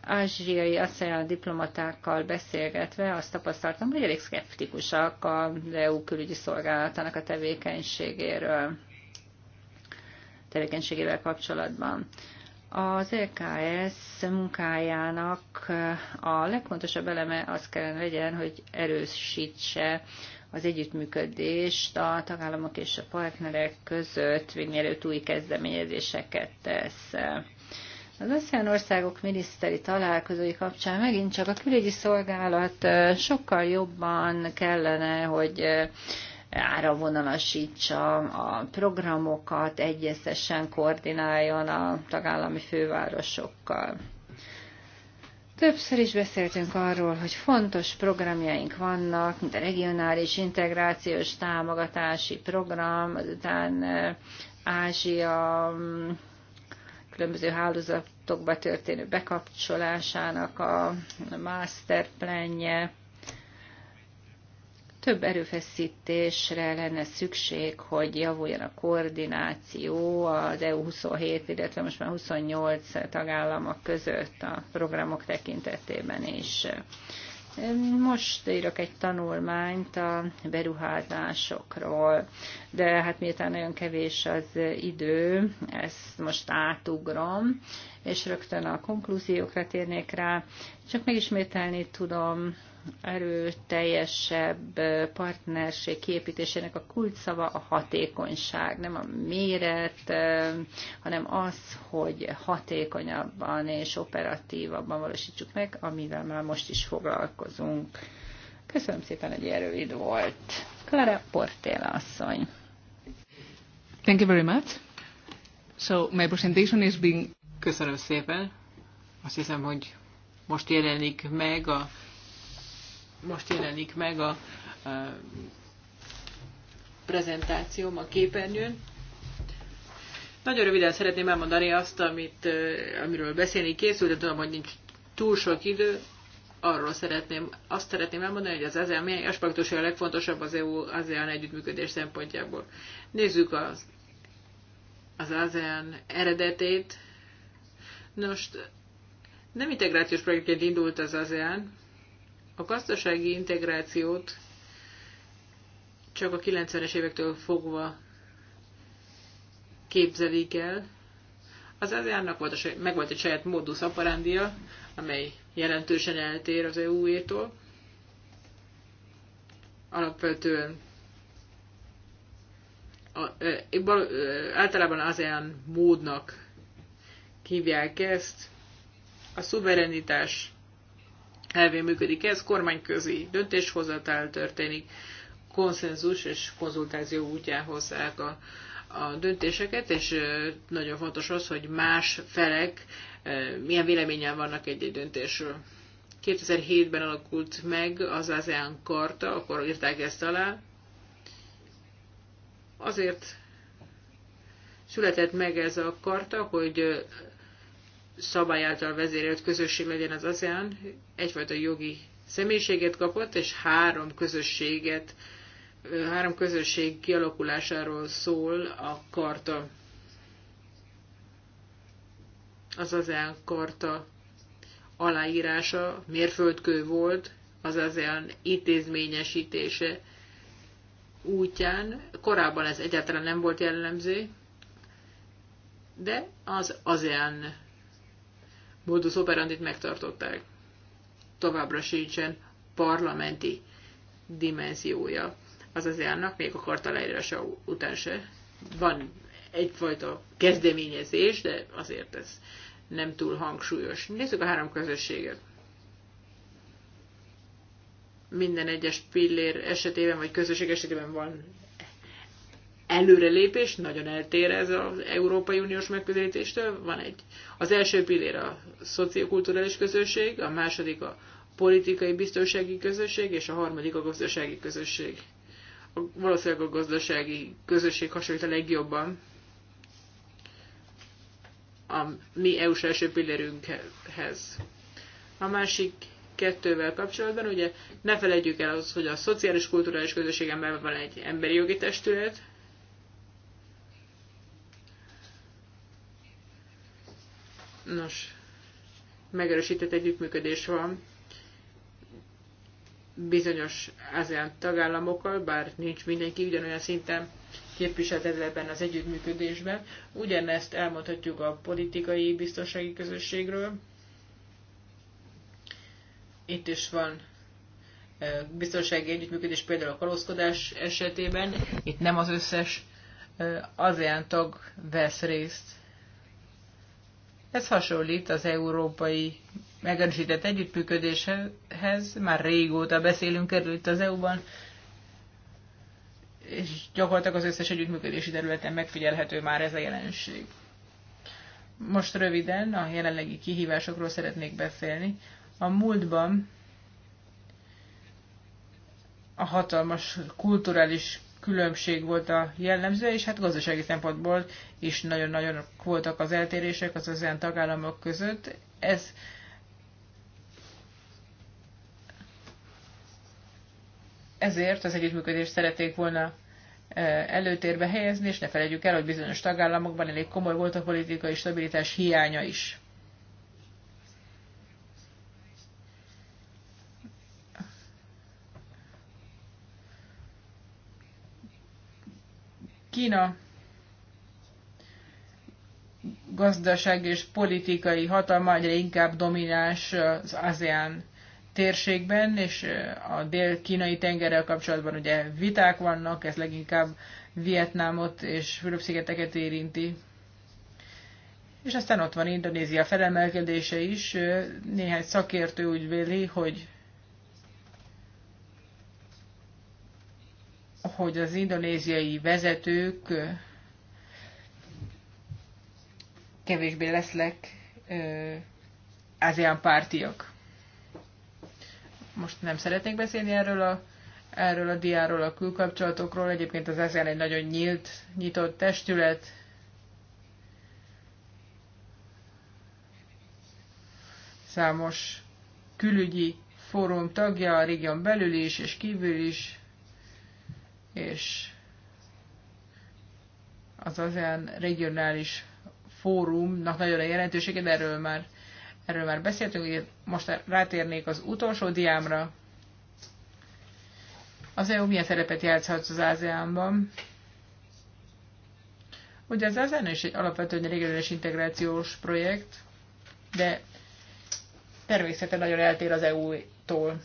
Ázsiai ASEAN diplomatákkal beszélgetve azt tapasztaltam, hogy elég szkeptikusak a EU külügyi szolgálatának a tevékenységéről, tevékenységével kapcsolatban. Az LKS e munkájának a legfontosabb eleme az kellene legyen, hogy erősítse az együttműködést a tagállamok és a partnerek között, még mielőtt új kezdeményezéseket tesz. Az ASEAN országok miniszteri találkozói kapcsán megint csak a külügyi szolgálat sokkal jobban kellene, hogy áravonalasítsa a programokat, egyeztessen, koordináljon a tagállami fővárosokkal. Többször is beszéltünk arról, hogy fontos programjaink vannak, mint a regionális integrációs támogatási program, azután Ázsia mm, különböző hálózatokba történő bekapcsolásának a masterplanje, több erőfeszítésre lenne szükség, hogy javuljon a koordináció az EU27, illetve most már 28 tagállamok között a programok tekintetében is. Most írok egy tanulmányt a beruházásokról, de hát miután nagyon kevés az idő, ezt most átugrom, és rögtön a konklúziókra térnék rá. Csak megismételni tudom, erőteljesebb partnerség kiépítésének a kulcsszava a hatékonyság, nem a méret, hanem az, hogy hatékonyabban és operatívabban valósítsuk meg, amivel már most is foglalkozunk. Köszönöm szépen, hogy ilyen rövid volt. Clara Portéla asszony. Thank you very much. So my presentation is being... Köszönöm szépen. Azt hiszem, hogy most jelenik meg a most jelenik meg a, a prezentációm a képernyőn. Nagyon röviden szeretném elmondani azt, amit, amiről beszélni készült, de tudom, hogy nincs túl sok idő. Arról szeretném, azt szeretném elmondani, hogy az ASEAN milyen aspektusa a legfontosabb az EU-ASEAN együttműködés szempontjából. Nézzük az, az ASEAN eredetét. Nos, nem integrációs projektként indult az ASEAN, a gazdasági integrációt csak a 90-es évektől fogva képzelik el. Az ASEAN-nak volt meg volt egy saját modus operandia, amely jelentősen eltér az EU-étól. Alapvetően a, ö, ö, általában ASEAN módnak hívják ezt. A szuverenitás elvén működik ez, kormányközi döntéshozatal történik, konszenzus és konzultáció útján hozzák a, a döntéseket, és nagyon fontos az, hogy más felek milyen véleményen vannak egy-egy döntésről. 2007-ben alakult meg az ASEAN karta, akkor írták ezt alá. Azért született meg ez a karta, hogy szabály által vezérelt közösség legyen az ASEAN, egyfajta jogi személyiséget kapott, és három közösséget, három közösség kialakulásáról szól a karta. Az ASEAN karta aláírása mérföldkő volt az ASEAN intézményesítése útján. Korábban ez egyáltalán nem volt jellemző, de az ASEAN modus operandit megtartották. Továbbra sincsen parlamenti dimenziója. Az az elnök még a leírása után se. Van egyfajta kezdeményezés, de azért ez nem túl hangsúlyos. Nézzük a három közösséget. Minden egyes pillér esetében, vagy közösség esetében van előrelépés, nagyon eltér ez az Európai Uniós megközelítéstől. Van egy, az első pillér a szociokulturális közösség, a második a politikai biztonsági közösség, és a harmadik a gazdasági közösség. A, valószínűleg a gazdasági közösség hasonlít a legjobban a mi EU-s első pillérünkhez. A másik kettővel kapcsolatban, ugye ne felejtjük el az, hogy a szociális kulturális közösségemben van egy emberi jogi testület, Nos, megerősített együttműködés van bizonyos ASEAN tagállamokkal, bár nincs mindenki ugyanolyan szinten képviselt ebben az együttműködésben. Ugyanezt elmondhatjuk a politikai biztonsági közösségről. Itt is van biztonsági együttműködés például a kalózkodás esetében. Itt nem az összes ASEAN tag vesz részt ez hasonlít az európai megerősített együttműködéshez, már régóta beszélünk erről itt az EU-ban, és gyakorlatilag az összes együttműködési területen megfigyelhető már ez a jelenség. Most röviden a jelenlegi kihívásokról szeretnék beszélni. A múltban a hatalmas kulturális különbség volt a jellemző, és hát gazdasági szempontból is nagyon-nagyon voltak az eltérések az olyan tagállamok között. Ez ezért az együttműködést szerették volna e, előtérbe helyezni, és ne felejtjük el, hogy bizonyos tagállamokban elég komoly volt a politikai stabilitás hiánya is. Kína gazdaság és politikai hatalma egyre inkább domináns az ASEAN térségben, és a dél-kínai tengerrel kapcsolatban ugye viták vannak, ez leginkább Vietnámot és Fülöp-szigeteket érinti. És aztán ott van Indonézia felemelkedése is. Néhány szakértő úgy véli, hogy hogy az indonéziai vezetők kevésbé lesznek ASEAN pártiak. Most nem szeretnék beszélni erről a, erről a diáról, a külkapcsolatokról. Egyébként az ASEAN egy nagyon nyílt, nyitott testület. Számos külügyi fórum tagja a régión belül is és kívül is és az olyan regionális fórumnak nagyon a jelentősége, de erről már, erről már beszéltünk, ugye most rátérnék az utolsó diámra. Az EU milyen szerepet játszhat az ASEAN-ban? Ugye az ASEAN is egy alapvetően regionális integrációs projekt, de természetesen nagyon eltér az EU-tól.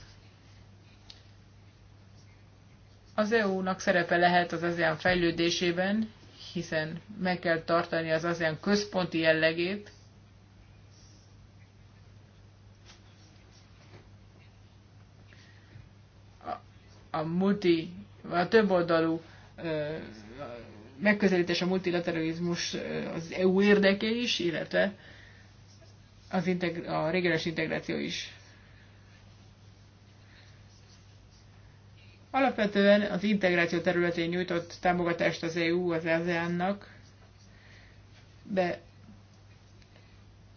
Az EU-nak szerepe lehet az ASEAN fejlődésében, hiszen meg kell tartani az ASEAN központi jellegét, a multi, a többoldalú megközelítés a multilateralizmus az EU érdeke is, illetve az integ- a regionális integráció is. Alapvetően az integráció területén nyújtott támogatást az EU az ASEAN-nak, de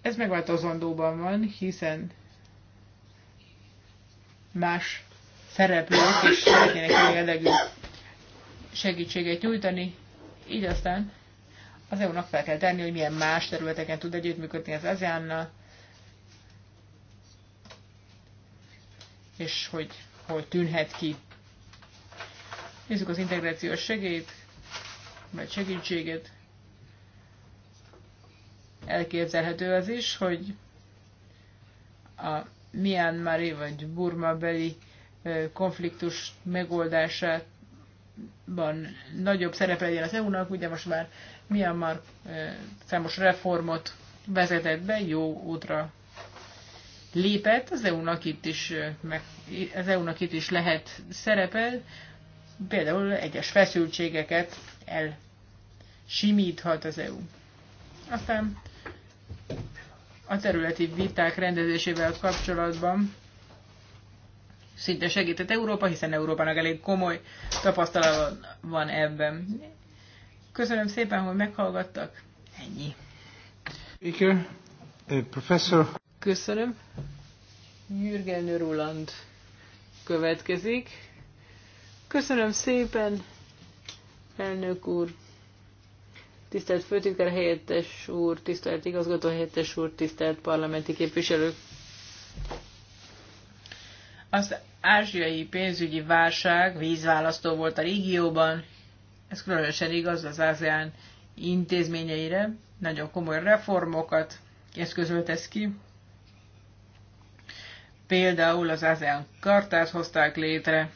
ez megváltozandóban van, hiszen más szereplők is szeretnének jellegű segítséget nyújtani, így aztán az EU-nak fel kell tenni, hogy milyen más területeken tud együttműködni az ASEAN-nal, és hogy, hogy tűnhet ki Nézzük az integrációs segélyt, vagy segítséget. Elképzelhető az is, hogy a Myanmari vagy Burma-beli konfliktus megoldásában nagyobb szerepe legyen az EU-nak, ugye most már Myanmar számos reformot vezetett be, jó útra lépett, az EU-nak itt eu itt is lehet szerepel, például egyes feszültségeket elsimíthat az EU. Aztán a területi viták rendezésével kapcsolatban szinte segített Európa, hiszen Európának elég komoly tapasztalat van ebben. Köszönöm szépen, hogy meghallgattak. Ennyi. Speaker, uh, professor. Köszönöm. Jürgen Roland következik. Köszönöm szépen, elnök úr, tisztelt főtitkár helyettes úr, tisztelt igazgató helyettes úr, tisztelt parlamenti képviselők. Az ázsiai pénzügyi válság vízválasztó volt a régióban, ez különösen igaz az ASEAN intézményeire, nagyon komoly reformokat eszközölt ez ki. Például az ASEAN kartát hozták létre,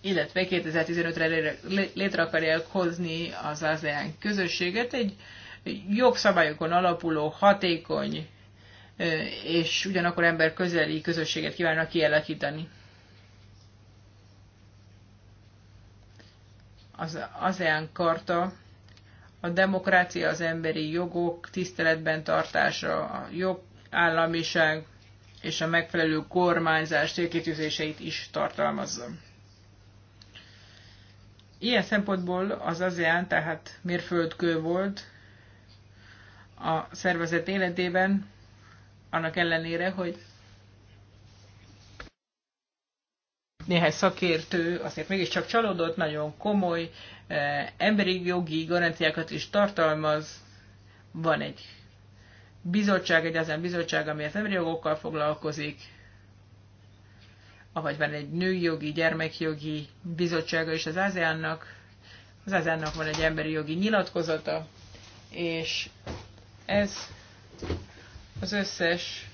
illetve 2015-re létre akarják hozni az ASEAN közösséget, egy jogszabályokon alapuló, hatékony és ugyanakkor ember közeli közösséget kívánnak kialakítani. Az ASEAN karta a demokrácia, az emberi jogok tiszteletben tartása, a jogállamiság és a megfelelő kormányzás célkitűzéseit is tartalmazza. Ilyen szempontból az ASEAN tehát mérföldkő volt a szervezet életében, annak ellenére, hogy néhány szakértő azért mégiscsak csalódott, nagyon komoly eh, emberi jogi garanciákat is tartalmaz. Van egy bizottság, egy ezen bizottság, ami az emberi jogokkal foglalkozik, vagy van egy nőjogi, gyermekjogi bizottsága is az ASEAN-nak, az ASEAN-nak van egy emberi jogi nyilatkozata, és ez az összes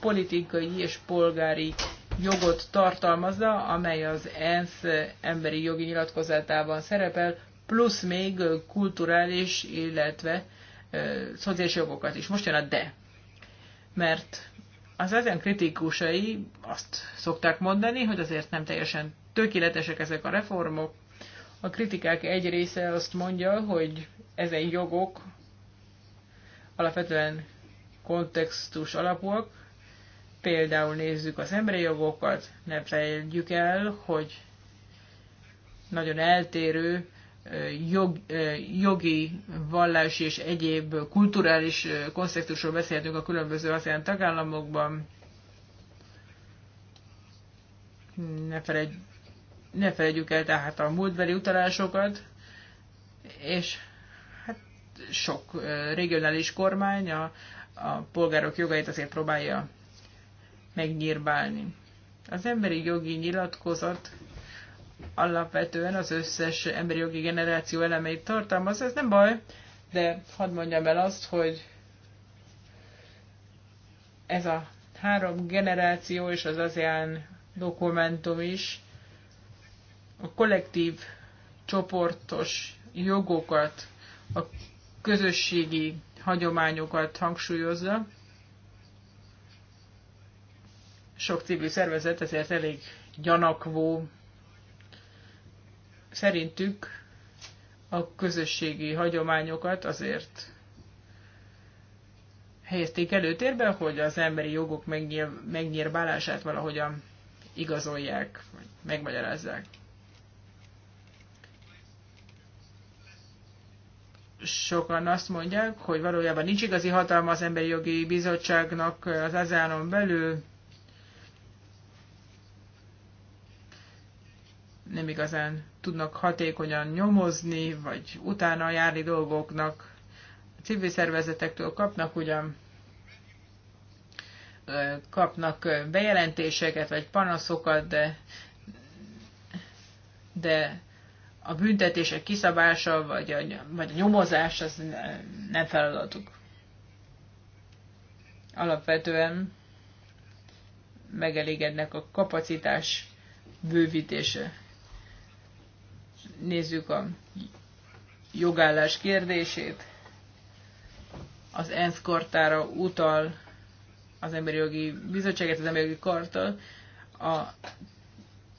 politikai és polgári jogot tartalmazza, amely az ENSZ emberi jogi nyilatkozatában szerepel, plusz még kulturális, illetve szociális jogokat is. Most jön a de. Mert az ezen kritikusai azt szokták mondani, hogy azért nem teljesen tökéletesek ezek a reformok. A kritikák egy része azt mondja, hogy ezen jogok alapvetően kontextus alapúak. Például nézzük az emberi jogokat, ne fejljük el, hogy nagyon eltérő jog, jogi, vallási és egyéb kulturális konszektusról beszélhetünk a különböző ASEAN tagállamokban. Ne, felejt, ne felejtjük el tehát a múltbeli utalásokat, és hát sok regionális kormány a, a polgárok jogait azért próbálja megnyírbálni. Az emberi jogi nyilatkozat alapvetően az összes emberi jogi generáció elemeit tartalmaz, ez nem baj, de hadd mondjam el azt, hogy ez a három generáció és az ASEAN dokumentum is a kollektív csoportos jogokat, a közösségi hagyományokat hangsúlyozza. Sok civil szervezet ezért elég gyanakvó szerintük a közösségi hagyományokat azért helyezték előtérbe, hogy az emberi jogok megnyír, megnyírbálását valahogyan igazolják, vagy megmagyarázzák. Sokan azt mondják, hogy valójában nincs igazi hatalma az Emberi Jogi Bizottságnak az azánon belül, nem igazán tudnak hatékonyan nyomozni, vagy utána járni dolgoknak. A civil szervezetektől kapnak ugyan kapnak bejelentéseket, vagy panaszokat, de, de a büntetések kiszabása, vagy a, vagy a nyomozás, az nem feladatuk. Alapvetően megelégednek a kapacitás bővítése nézzük a jogállás kérdését, az ENSZ kortára utal az Emberi Jogi Bizottságet, az Emberi Jogi kartal, a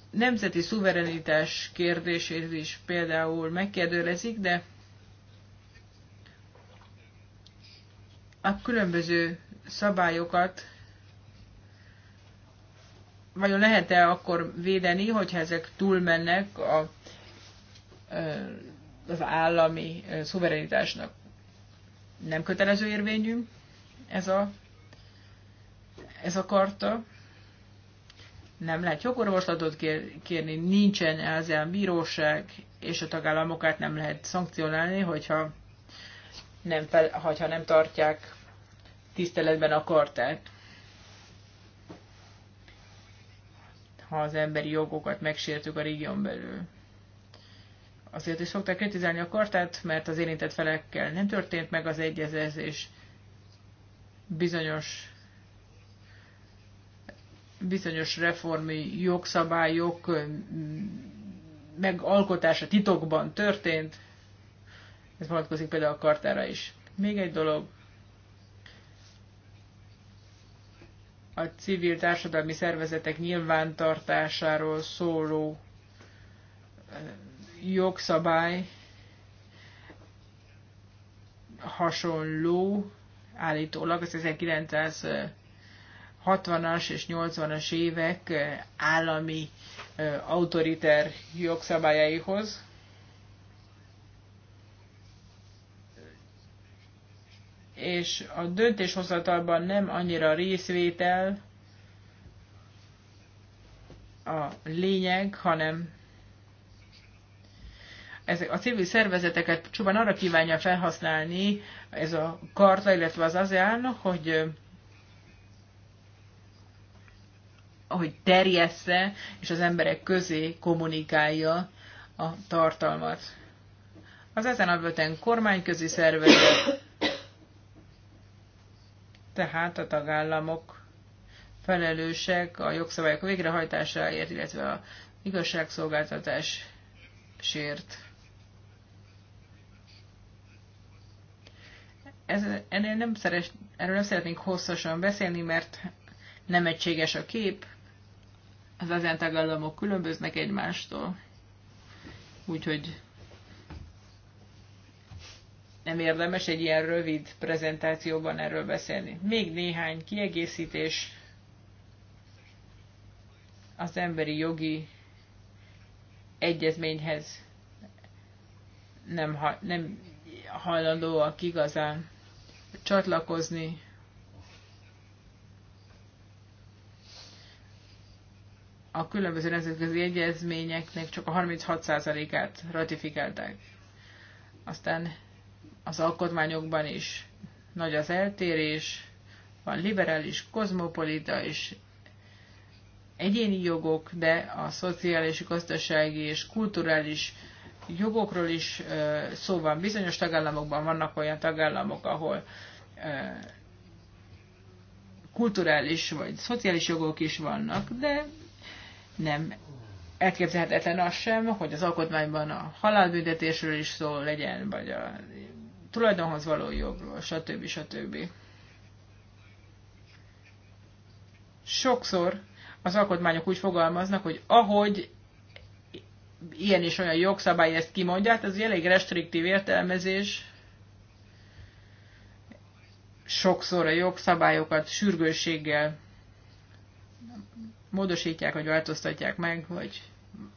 nemzeti szuverenitás kérdését is például megkérdőlezik, de a különböző szabályokat vajon lehet-e akkor védeni, hogyha ezek túlmennek a az állami szuverenitásnak nem kötelező érvényű ez a, ez a karta. Nem lehet jogorvoslatot kér, kérni, nincsen ezen bíróság, és a tagállamokat nem lehet szankcionálni, hogyha nem, fel, hogyha nem tartják tiszteletben a kartát. Ha az emberi jogokat megsértük a régión belül azért is szokták kritizálni a kartát, mert az érintett felekkel nem történt meg az egyezés, bizonyos bizonyos reformi jogszabályok mm, megalkotása titokban történt. Ez vonatkozik például a kartára is. Még egy dolog. A civil társadalmi szervezetek nyilvántartásáról szóló jogszabály hasonló, állítólag az 1960-as és 80-as évek állami autoriter jogszabályaihoz. És a döntéshozatalban nem annyira részvétel a lényeg, hanem ez a civil szervezeteket csupán arra kívánja felhasználni ez a karta, illetve az ASEAN, hogy hogy terjessze, és az emberek közé kommunikálja a tartalmat. Az ezen alapvetően kormányközi szervezet, tehát a tagállamok felelősek a jogszabályok végrehajtásáért, illetve a igazságszolgáltatásért. ez, ennél nem szeres, erről nem szeretnénk hosszasan beszélni, mert nem egységes a kép, az azen tagállamok különböznek egymástól, úgyhogy nem érdemes egy ilyen rövid prezentációban erről beszélni. Még néhány kiegészítés az emberi jogi egyezményhez nem, ha, nem hajlandóak igazán csatlakozni a különböző nemzetközi egyezményeknek csak a 36%-át ratifikálták. Aztán az alkotmányokban is nagy az eltérés, van liberális, kozmopolita és egyéni jogok, de a szociális, gazdasági és kulturális jogokról is szó van. Bizonyos tagállamokban vannak olyan tagállamok, ahol kulturális vagy szociális jogok is vannak, de nem elképzelhetetlen az sem, hogy az alkotmányban a halálbüntetésről is szó legyen, vagy a tulajdonhoz való jogról, stb. stb. Sokszor az alkotmányok úgy fogalmaznak, hogy ahogy ilyen és olyan jogszabály ezt kimondja, hát ez egy elég restriktív értelmezés. Sokszor a jogszabályokat sürgősséggel módosítják, vagy változtatják meg, vagy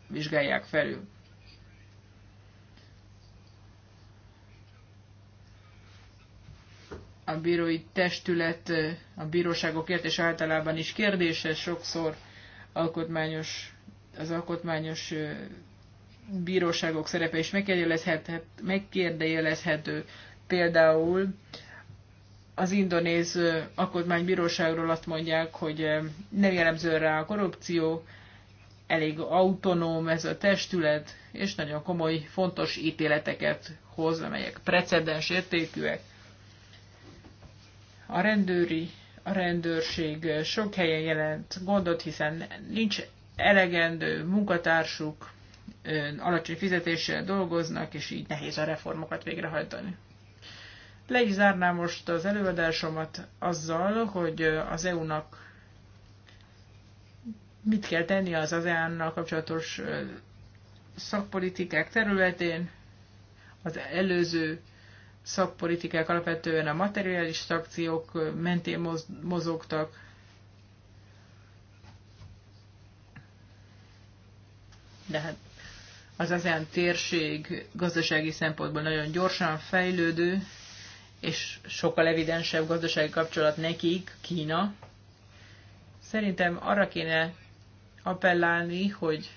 vizsgálják felül. A bírói testület a bíróságok és általában is kérdéses sokszor alkotmányos, az alkotmányos bíróságok szerepe is megkérdőjelezhető. Például az indonéz alkotmánybíróságról azt mondják, hogy eh, nem jellemző rá a korrupció, elég autonóm ez a testület, és nagyon komoly, fontos ítéleteket hoz, amelyek precedens értékűek. A rendőri, a rendőrség sok helyen jelent gondot, hiszen nincs elegendő munkatársuk, alacsony fizetéssel dolgoznak, és így nehéz a reformokat végrehajtani. Le is zárnám most az előadásomat azzal, hogy az EU-nak mit kell tenni az ASEAN-nal kapcsolatos szakpolitikák területén. Az előző szakpolitikák alapvetően a materiális szakciók mentén mozogtak. De hát az ASEAN térség gazdasági szempontból nagyon gyorsan fejlődő, és sokkal evidensebb gazdasági kapcsolat nekik, Kína. Szerintem arra kéne appellálni, hogy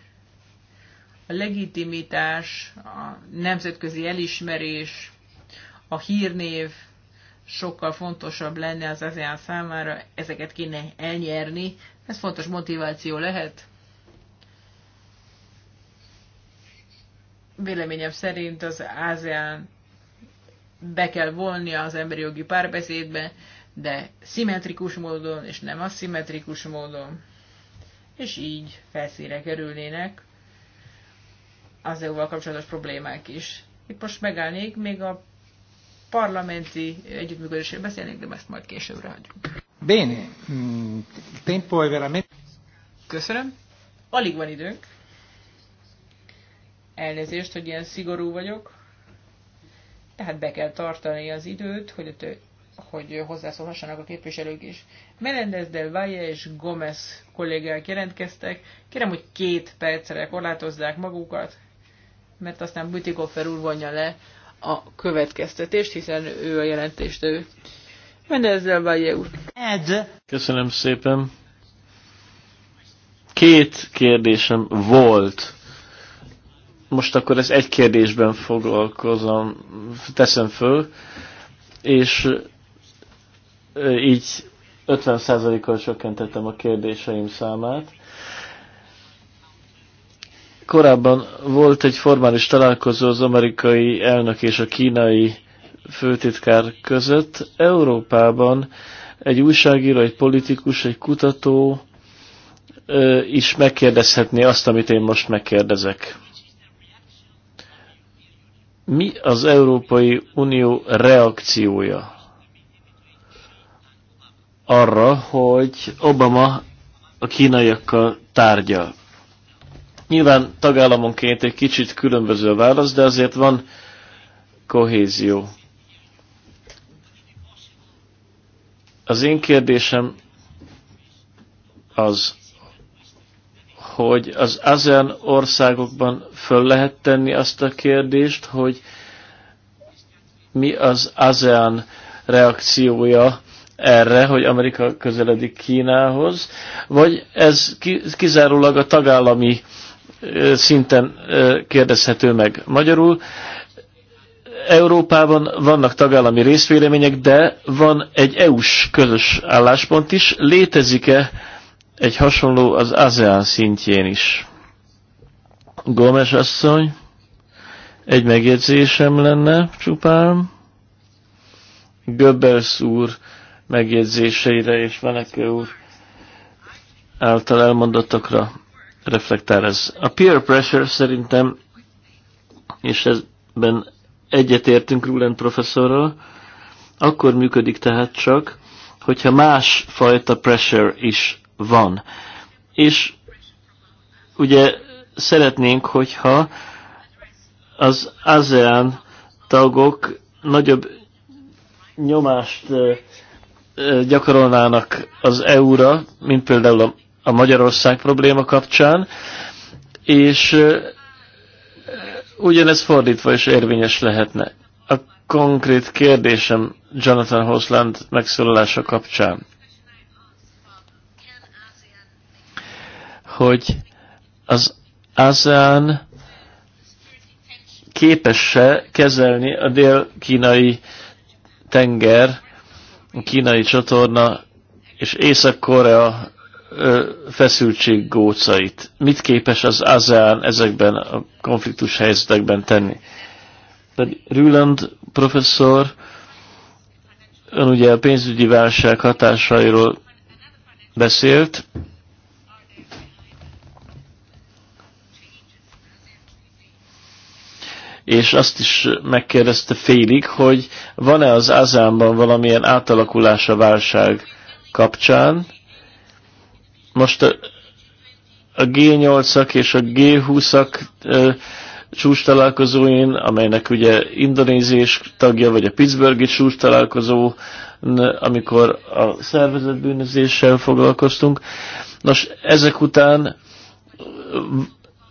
a legitimitás, a nemzetközi elismerés, a hírnév sokkal fontosabb lenne az ASEAN számára, ezeket kéne elnyerni. Ez fontos motiváció lehet. Véleményem szerint az ASEAN be kell vonnia az emberi jogi párbeszédbe, de szimmetrikus módon, és nem aszimmetrikus módon, és így felszínre kerülnének az EU-val kapcsolatos problémák is. Itt most megállnék, még a parlamenti együttműködésről beszélnék, de ezt majd későbbre hagyjuk. Bene, mm, tempo è veramente... Köszönöm. Alig van időnk. Elnézést, hogy ilyen szigorú vagyok. Tehát be kell tartani az időt, hogy, tő, hogy hozzászólhassanak a képviselők is. Melendez del Valle és Gomez kollégák jelentkeztek. Kérem, hogy két percre korlátozzák magukat, mert aztán Butikoffer úr vonja le a következtetést, hiszen ő a Melendez del Valle úr. Ed. Köszönöm szépen. Két kérdésem volt most akkor ezt egy kérdésben foglalkozom, teszem föl, és így 50%-kal csökkentettem a kérdéseim számát. Korábban volt egy formális találkozó az amerikai elnök és a kínai főtitkár között. Európában egy újságíró, egy politikus, egy kutató is megkérdezhetné azt, amit én most megkérdezek mi az Európai Unió reakciója arra, hogy Obama a kínaiakkal tárgyal. Nyilván tagállamonként egy kicsit különböző a válasz, de azért van kohézió. Az én kérdésem az, hogy az ASEAN országokban föl lehet tenni azt a kérdést, hogy mi az ASEAN reakciója erre, hogy Amerika közeledik Kínához, vagy ez kizárólag a tagállami szinten kérdezhető meg. Magyarul Európában vannak tagállami részvélemények, de van egy EU-s közös álláspont is. Létezik-e egy hasonló az ASEAN szintjén is. Gómez asszony, egy megjegyzésem lenne csupán. Göbbels úr megjegyzéseire és Veneke úr által elmondottakra reflektál ez. A peer pressure szerintem, és ebben egyetértünk Rulent professzorral, akkor működik tehát csak, hogyha más fajta pressure is van. És ugye szeretnénk, hogyha az ASEAN tagok nagyobb nyomást gyakorolnának az EU-ra, mint például a Magyarország probléma kapcsán, és ugyanez fordítva is érvényes lehetne. A konkrét kérdésem Jonathan Hosland megszólalása kapcsán. hogy az ASEAN képes-e kezelni a dél-kínai tenger, a kínai csatorna és Észak-Korea feszültség gócait. Mit képes az ASEAN ezekben a konfliktus helyzetekben tenni? Rüland professzor ön ugye a pénzügyi válság hatásairól beszélt, és azt is megkérdezte félig, hogy van-e az Azánban valamilyen átalakulás a válság kapcsán. Most a, a G8-ak és a G20-ak csúcs találkozóin, amelynek ugye indonézés tagja, vagy a Pittsburghi csúcs találkozó, amikor a szervezetbűnözéssel foglalkoztunk. Nos, ezek után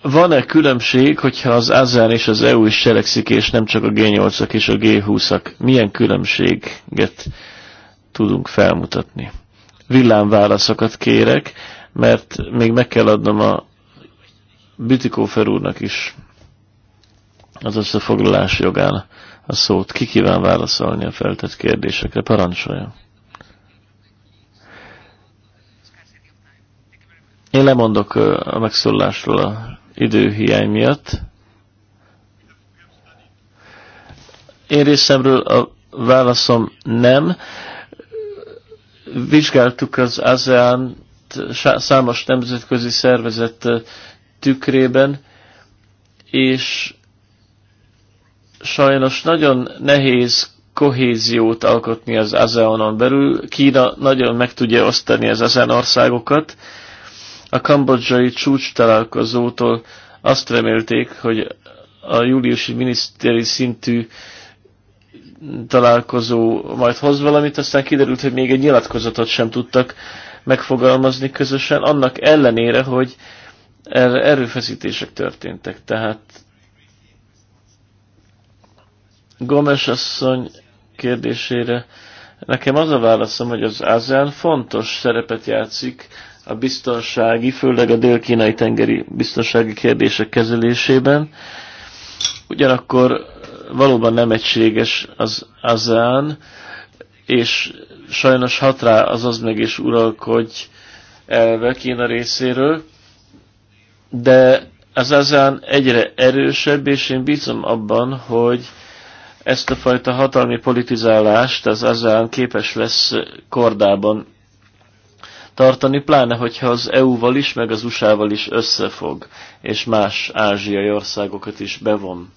van-e különbség, hogyha az ASEAN és az EU is cselekszik, és nem csak a G8-ak és a G20-ak? Milyen különbséget tudunk felmutatni? Villámválaszokat kérek, mert még meg kell adnom a Bütikófer úrnak is az összefoglalás jogán a szót. Ki kíván válaszolni a feltett kérdésekre? parancsolja. Én lemondok a megszólásról a időhiány miatt. Én részemről a válaszom nem. Vizsgáltuk az ASEAN számos nemzetközi szervezet tükrében, és sajnos nagyon nehéz kohéziót alkotni az ASEAN-on belül. Kína nagyon meg tudja osztani az ASEAN országokat, a kambodzsai csúcs találkozótól azt remélték, hogy a júliusi miniszteri szintű találkozó majd hoz valamit, aztán kiderült, hogy még egy nyilatkozatot sem tudtak megfogalmazni közösen, annak ellenére, hogy erre erőfeszítések történtek. Tehát Gomes asszony kérdésére nekem az a válaszom, hogy az ASEAN fontos szerepet játszik a biztonsági, főleg a dél-kínai tengeri biztonsági kérdések kezelésében. Ugyanakkor valóban nem egységes az azán, és sajnos hat rá az az meg is uralkodj elve Kína részéről, de az azán egyre erősebb, és én bízom abban, hogy ezt a fajta hatalmi politizálást az azán képes lesz kordában tartani, pláne hogyha az EU-val is, meg az USA-val is összefog, és más ázsiai országokat is bevon.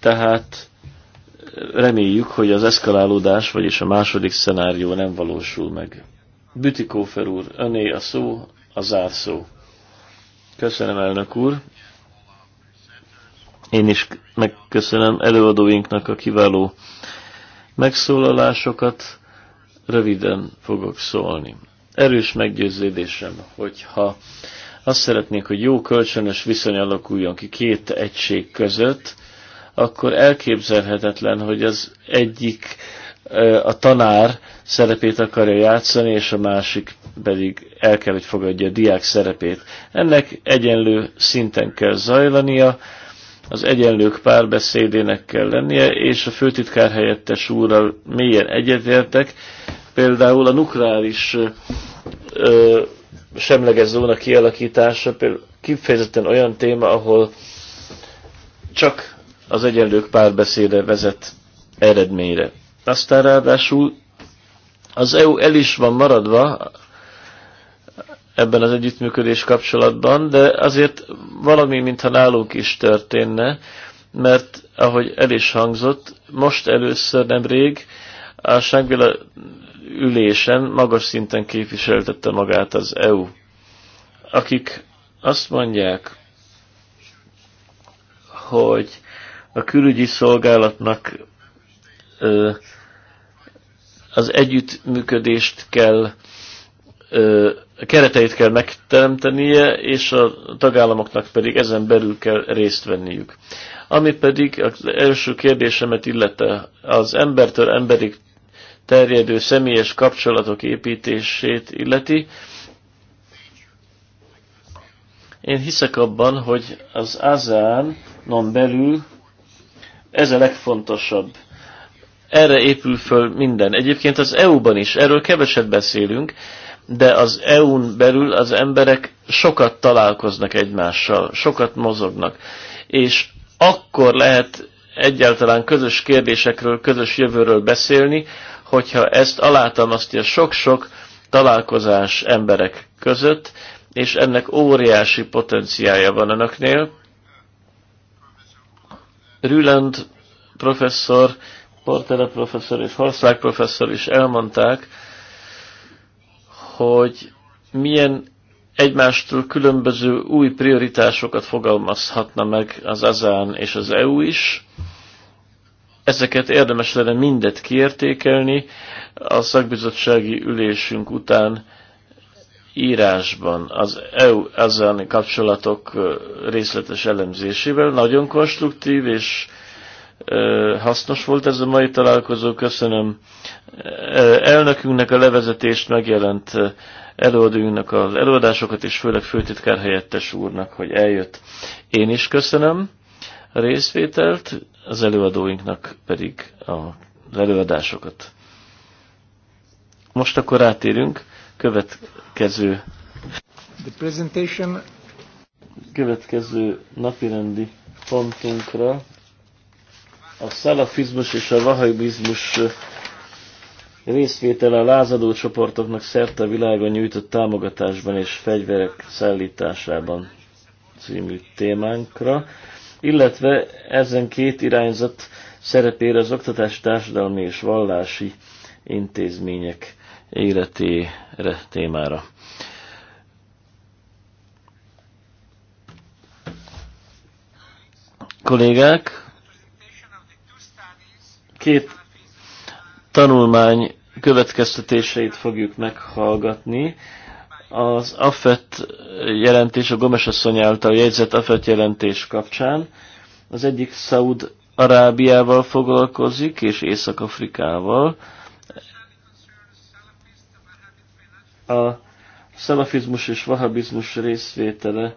Tehát eh, reméljük, hogy az eszkalálódás, vagyis a második szenárió nem valósul meg. Bütikófer úr, öné a szó, a zárszó. Köszönöm, elnök úr. Én is megköszönöm előadóinknak a kiváló megszólalásokat röviden fogok szólni. Erős meggyőződésem, hogyha azt szeretnénk, hogy jó kölcsönös viszony alakuljon ki két egység között, akkor elképzelhetetlen, hogy az egyik a tanár szerepét akarja játszani, és a másik pedig el kell, hogy fogadja a diák szerepét. Ennek egyenlő szinten kell zajlania, az egyenlők párbeszédének kell lennie, és a főtitkár helyettes úrral mélyen egyetértek, Például a nukleáris ö, semleges zóna kialakítása például kifejezetten olyan téma, ahol csak az egyenlők párbeszéde vezet eredményre. Aztán ráadásul az EU el is van maradva ebben az együttműködés kapcsolatban, de azért valami, mintha nálunk is történne, mert ahogy el is hangzott, most először nemrég a Sángvila ülésen magas szinten képviseltette magát az EU. Akik azt mondják, hogy a külügyi szolgálatnak ö, az együttműködést kell, ö, kereteit kell megteremtenie, és a tagállamoknak pedig ezen belül kell részt venniük. Ami pedig az első kérdésemet illete, az embertől emberig terjedő személyes kapcsolatok építését illeti. Én hiszek abban, hogy az azánon belül ez a legfontosabb. Erre épül föl minden. Egyébként az EU-ban is, erről keveset beszélünk, de az EU-n belül az emberek sokat találkoznak egymással, sokat mozognak, és akkor lehet egyáltalán közös kérdésekről, közös jövőről beszélni, hogyha ezt alátámasztja sok-sok találkozás emberek között, és ennek óriási potenciája van önöknél. Rüland professzor, Portele professzor és Horszlák professzor is elmondták, hogy milyen egymástól különböző új prioritásokat fogalmazhatna meg az Azán és az EU is, Ezeket érdemes lenne mindet kiértékelni a szakbizottsági ülésünk után írásban az EU ezen kapcsolatok részletes elemzésével. Nagyon konstruktív és hasznos volt ez a mai találkozó. Köszönöm elnökünknek a levezetést, megjelent előadóinknak az előadásokat, és főleg főtitkár helyettes úrnak, hogy eljött. Én is köszönöm a részvételt, az előadóinknak pedig az előadásokat. Most akkor rátérünk következő The presentation következő napirendi pontunkra a szalafizmus és a vahaibizmus részvétele a lázadó csoportoknak szerte a világon nyújtott támogatásban és fegyverek szállításában című témánkra illetve ezen két irányzat szerepére az oktatás társadalmi és vallási intézmények életére témára. Kollégák, két tanulmány következtetéseit fogjuk meghallgatni. Az AFET jelentés, a Gomes asszony által jegyzett AFET jelentés kapcsán az egyik Szaúd Arábiával foglalkozik, és Észak-Afrikával. A szalafizmus és vahabizmus részvétele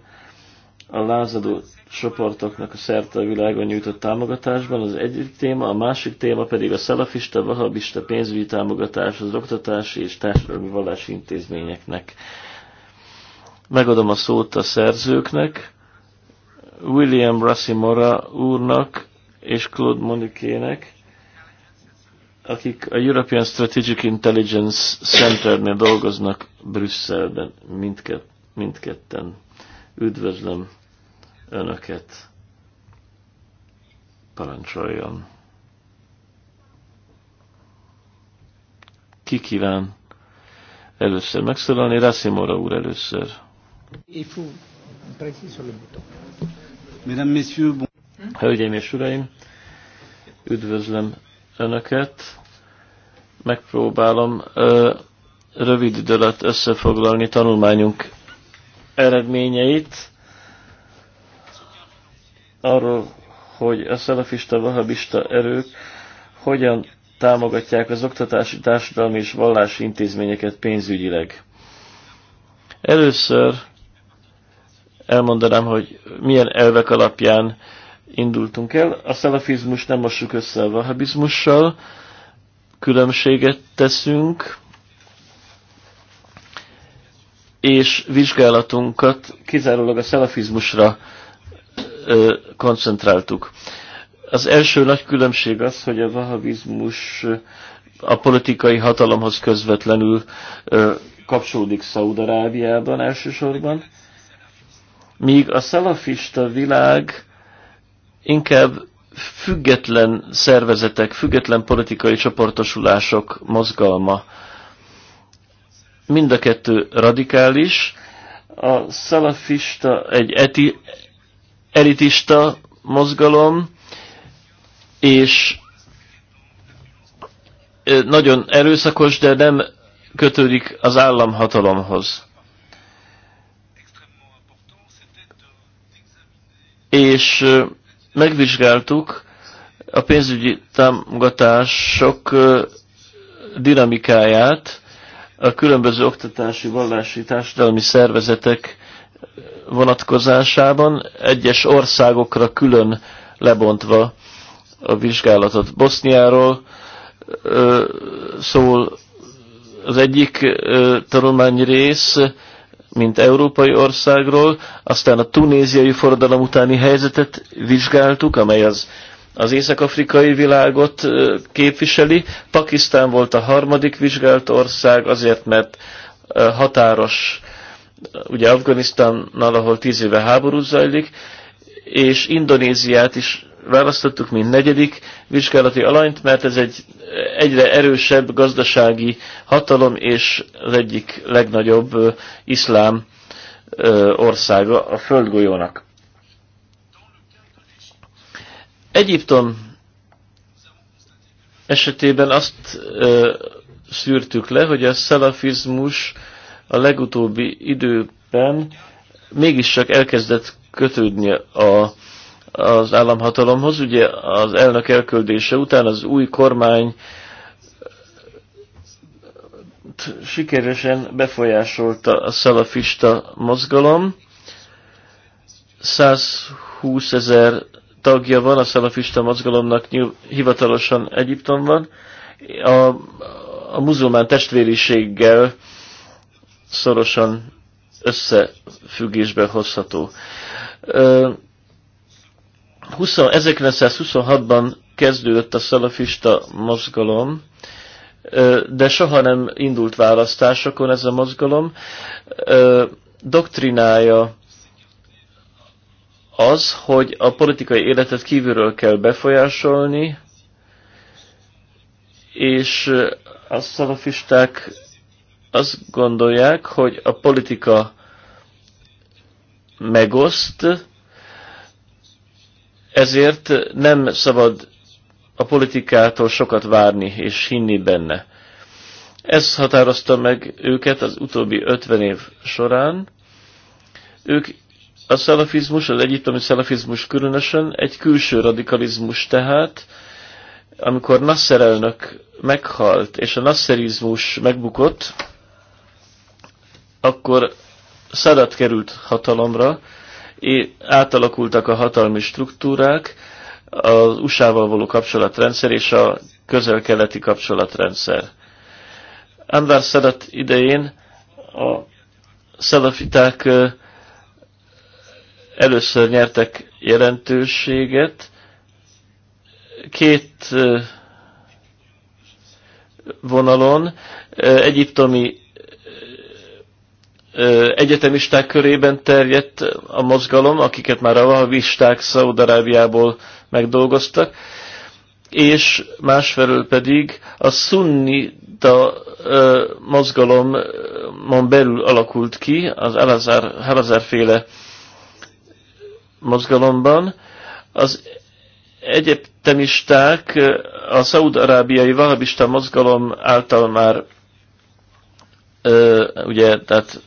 a lázadó csoportoknak a szerte a világon nyújtott támogatásban, az egyik téma, a másik téma pedig a szalafista, vahabista pénzügyi támogatás az oktatási és társadalmi vallási intézményeknek. Megadom a szót a szerzőknek, William Rassimora úrnak és Claude Monikének, akik a European Strategic Intelligence Centernél dolgoznak Brüsszelben mindket, mindketten. Üdvözlöm önöket. Parancsoljon. Ki kíván először megszólalni? Rászimóra úr először. Hölgyeim és uraim, üdvözlöm önöket. Megpróbálom ö, rövid idő alatt összefoglalni tanulmányunk eredményeit arról, hogy a szalafista, vahabista erők hogyan támogatják az oktatási, társadalmi és vallási intézményeket pénzügyileg. Először elmondanám, hogy milyen elvek alapján indultunk el. A szalafizmus nem mossuk össze a vahabizmussal, különbséget teszünk, és vizsgálatunkat kizárólag a szalafizmusra ö, koncentráltuk. Az első nagy különbség az, hogy a vahavizmus a politikai hatalomhoz közvetlenül ö, kapcsolódik Szaudarábiában elsősorban, míg a szalafista világ inkább független szervezetek, független politikai csoportosulások mozgalma. Mind a kettő radikális. A szalafista egy eti, elitista mozgalom, és nagyon erőszakos, de nem kötődik az államhatalomhoz. És megvizsgáltuk a pénzügyi támogatások dinamikáját a különböző oktatási, vallási, társadalmi szervezetek vonatkozásában, egyes országokra külön lebontva a vizsgálatot. Boszniáról szól az egyik tanulmány rész, mint európai országról, aztán a tunéziai forradalom utáni helyzetet vizsgáltuk, amely az, az észak-afrikai világot képviseli. Pakisztán volt a harmadik vizsgált ország, azért mert határos ugye Afganisztánnal, ahol tíz éve háború zajlik, és Indonéziát is választottuk, mint negyedik vizsgálati alanyt, mert ez egy egyre erősebb gazdasági hatalom, és az egyik legnagyobb iszlám országa a földgolyónak. Egyiptom esetében azt szűrtük le, hogy a szalafizmus a legutóbbi időben mégiscsak elkezdett kötődni a, az államhatalomhoz. Ugye az elnök elköldése után az új kormány sikeresen befolyásolta a szalafista mozgalom. 120 ezer tagja van a szalafista mozgalomnak hivatalosan Egyiptomban. A, a muzulmán testvériséggel szorosan összefüggésbe hozható. 20, 1926-ban kezdődött a szalafista mozgalom, de soha nem indult választásokon ez a mozgalom. Doktrinája az, hogy a politikai életet kívülről kell befolyásolni, és a szalafisták azt gondolják, hogy a politika megoszt, ezért nem szabad a politikától sokat várni és hinni benne. Ez határozta meg őket az utóbbi 50 év során. Ők a szalafizmus, az egyiptomi szalafizmus különösen egy külső radikalizmus tehát, amikor Nasser elnök meghalt, és a nasserizmus megbukott, akkor Szadat került hatalomra, és átalakultak a hatalmi struktúrák, az USA-val való kapcsolatrendszer és a közel-keleti kapcsolatrendszer. Anwar Szadat idején a szalafiták először nyertek jelentőséget. Két vonalon egyiptomi egyetemisták körében terjedt a mozgalom, akiket már a vahavisták Szaudarábiából megdolgoztak, és másfelől pedig a szunnita mozgalomon belül alakult ki, az Elazar féle mozgalomban. Az egyetemisták a szaudarábiai vahabista mozgalom által már ugye, tehát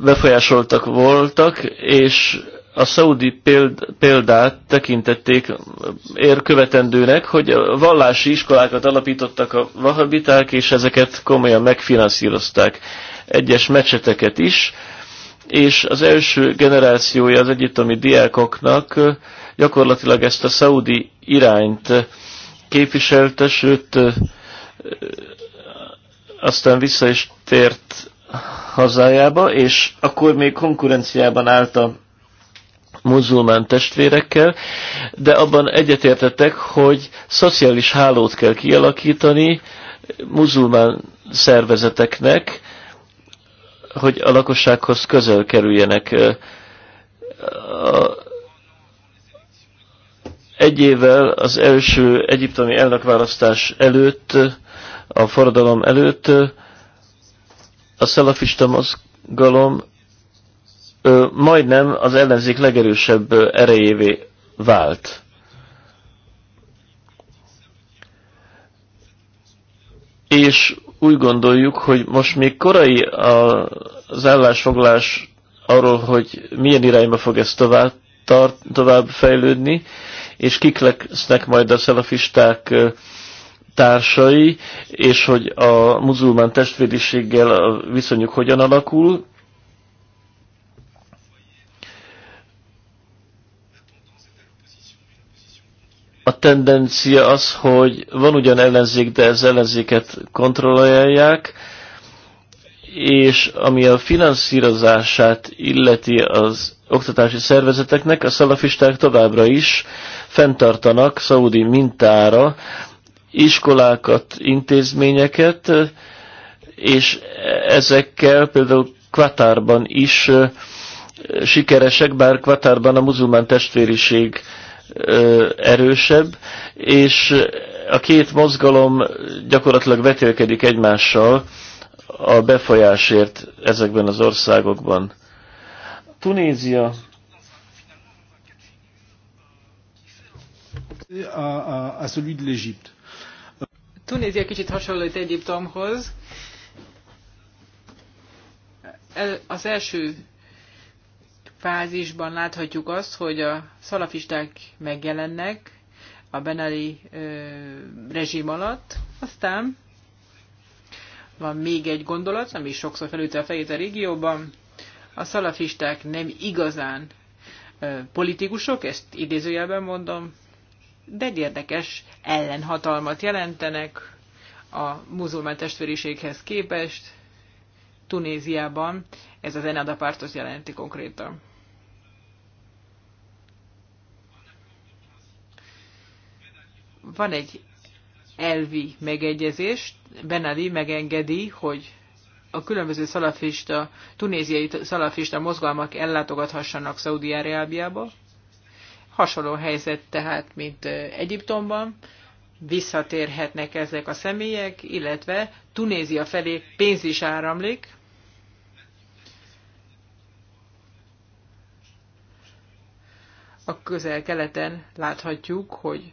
befolyásoltak voltak, és a szaudi példát tekintették érkövetendőnek, hogy vallási iskolákat alapítottak a vahabiták, és ezeket komolyan megfinanszírozták egyes mecseteket is, és az első generációja az egyiptomi diákoknak gyakorlatilag ezt a szaudi irányt képviselte, sőt aztán vissza is tért hazájába, és akkor még konkurenciában állt a muzulmán testvérekkel, de abban egyetértettek, hogy szociális hálót kell kialakítani muzulmán szervezeteknek, hogy a lakossághoz közel kerüljenek. Egy évvel az első egyiptomi elnökválasztás előtt, a forradalom előtt a szalafista mozgalom ö, majdnem az ellenzék legerősebb erejévé vált. És úgy gondoljuk, hogy most még korai az állásfoglás arról, hogy milyen irányba fog ez tovább, tart, tovább fejlődni, és kik lesznek majd a szalafisták társai, és hogy a muzulmán testvériséggel a viszonyuk hogyan alakul. A tendencia az, hogy van ugyan ellenzék, de ez ellenzéket kontrollálják, és ami a finanszírozását illeti az oktatási szervezeteknek, a szalafisták továbbra is fenntartanak szaudi mintára iskolákat, intézményeket, és ezekkel például Kvatárban is sikeresek, bár Kvatárban a muzulmán testvériség erősebb, és a két mozgalom gyakorlatilag vetélkedik egymással a befolyásért ezekben az országokban. Tunézia. a a a celui de l'Égypte. Tunézia kicsit hasonlít Egyiptomhoz. Az első fázisban láthatjuk azt, hogy a szalafisták megjelennek a Benali ö, rezsim alatt, aztán van még egy gondolat, ami sokszor felült a fejét a régióban. A szalafisták nem igazán ö, politikusok, ezt idézőjelben mondom, de egy érdekes ellenhatalmat jelentenek a muzulmán testvériséghez képest. Tunéziában ez az Enada pártot jelenti konkrétan. Van egy elvi megegyezés, Ben Ali megengedi, hogy a különböző szalafista, tunéziai szalafista mozgalmak ellátogathassanak Szaudi-Arábiába, Hasonló helyzet tehát, mint Egyiptomban, visszatérhetnek ezek a személyek, illetve Tunézia felé pénz is áramlik. A közel-keleten láthatjuk, hogy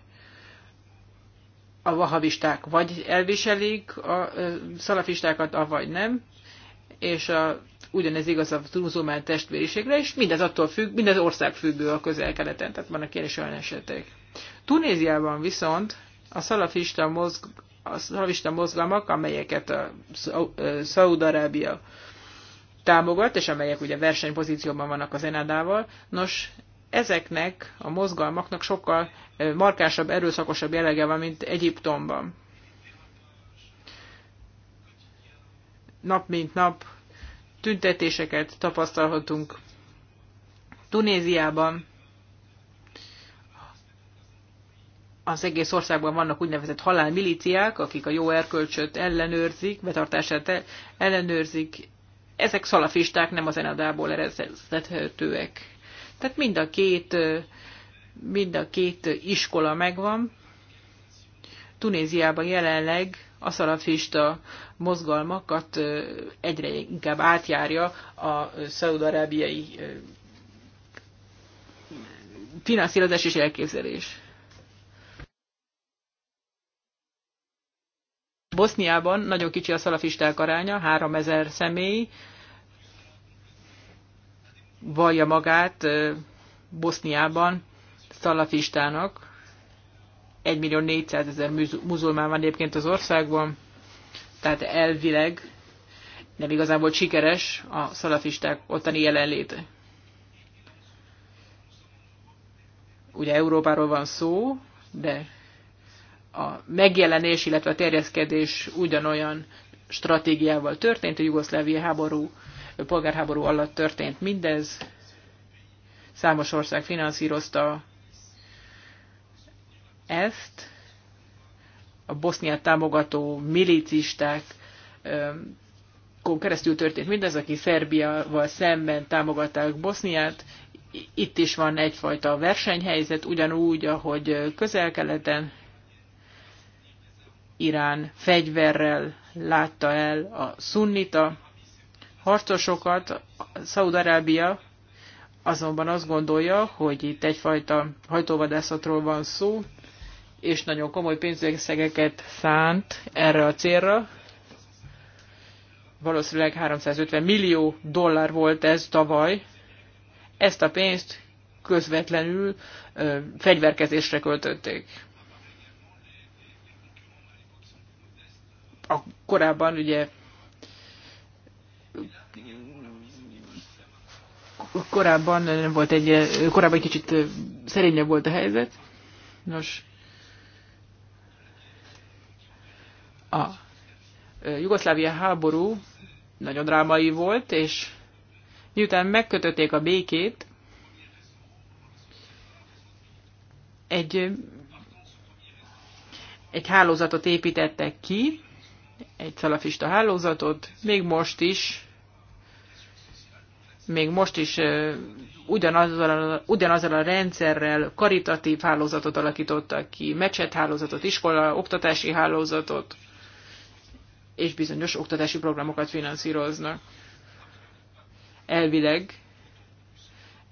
a vahavisták vagy elviselik a szalafistákat, avagy nem, és a ugyanez igaz a muzulmán testvériségre, és mindez attól függ, mindez ország függő a közel-keleten, tehát vannak ilyen is olyan esetek. Tunéziában viszont a szalafista, mozg, a szalafista mozgalmak, amelyeket a Szaúd-Arábia támogat, és amelyek ugye versenypozícióban vannak az Enádával, nos, ezeknek a mozgalmaknak sokkal markásabb, erőszakosabb jellege van, mint Egyiptomban. Nap mint nap tüntetéseket tapasztalhatunk Tunéziában. Az egész országban vannak úgynevezett halálmilíciák, akik a jó erkölcsöt ellenőrzik, betartását ellenőrzik. Ezek szalafisták, nem az enadából eredethetőek. Tehát mind a két, mind a két iskola megvan. Tunéziában jelenleg a szalafista mozgalmakat egyre inkább átjárja a szaudarábiai finanszírozás és elképzelés. Boszniában nagyon kicsi a szalafisták aránya, 3000 személy vallja magát Boszniában szalafistának, 1 millió 400 ezer muzulmán van egyébként az országban, tehát elvileg nem igazából sikeres a szalafisták ottani jelenléte. Ugye Európáról van szó, de a megjelenés, illetve a terjeszkedés ugyanolyan stratégiával történt, a jugoszlávia háború, a polgárháború alatt történt mindez. Számos ország finanszírozta ezt a Boszniát támogató milicisták keresztül történt mindez, aki Szerbiával szemben támogatták Boszniát. Itt is van egyfajta versenyhelyzet, ugyanúgy, ahogy közel-keleten Irán fegyverrel látta el a szunnita harcosokat. Szaudarábia azonban azt gondolja, hogy itt egyfajta hajtóvadászatról van szó, és nagyon komoly pénzösszegeket szánt erre a célra. Valószínűleg 350 millió dollár volt ez tavaly. Ezt a pénzt közvetlenül ö, fegyverkezésre költötték. A korábban ugye korábban nem volt egy, korábban egy kicsit szerényebb volt a helyzet. Nos, A Jugoszlávia háború nagyon drámai volt, és miután megkötötték a békét, egy, egy hálózatot építettek ki, egy szalafista hálózatot, még most is, még most is ugyanazzal, ugyanazzal a rendszerrel karitatív hálózatot alakítottak ki, mecset hálózatot, iskola, oktatási hálózatot, és bizonyos oktatási programokat finanszíroznak. Elvileg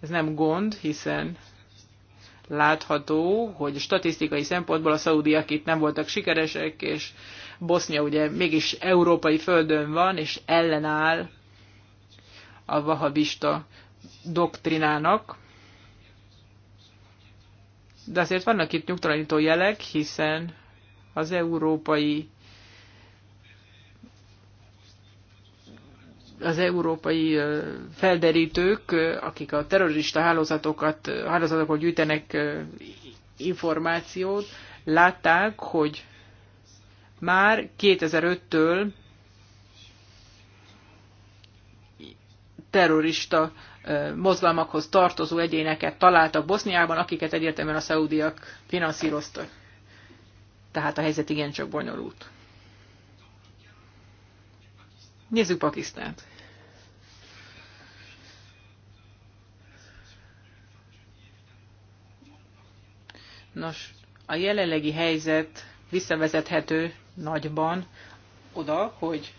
ez nem gond, hiszen látható, hogy statisztikai szempontból a szaudiak itt nem voltak sikeresek, és Bosznia ugye mégis európai földön van, és ellenáll a vahabista doktrinának. De azért vannak itt nyugtalanító jelek, hiszen az európai az európai felderítők, akik a terrorista hálózatokat, hálózatokat gyűjtenek információt, látták, hogy már 2005-től terrorista mozgalmakhoz tartozó egyéneket találtak Boszniában, akiket egyértelműen a szaudiak finanszíroztak. Tehát a helyzet igencsak bonyolult. Nézzük Pakisztánt. Nos, a jelenlegi helyzet visszavezethető nagyban oda, hogy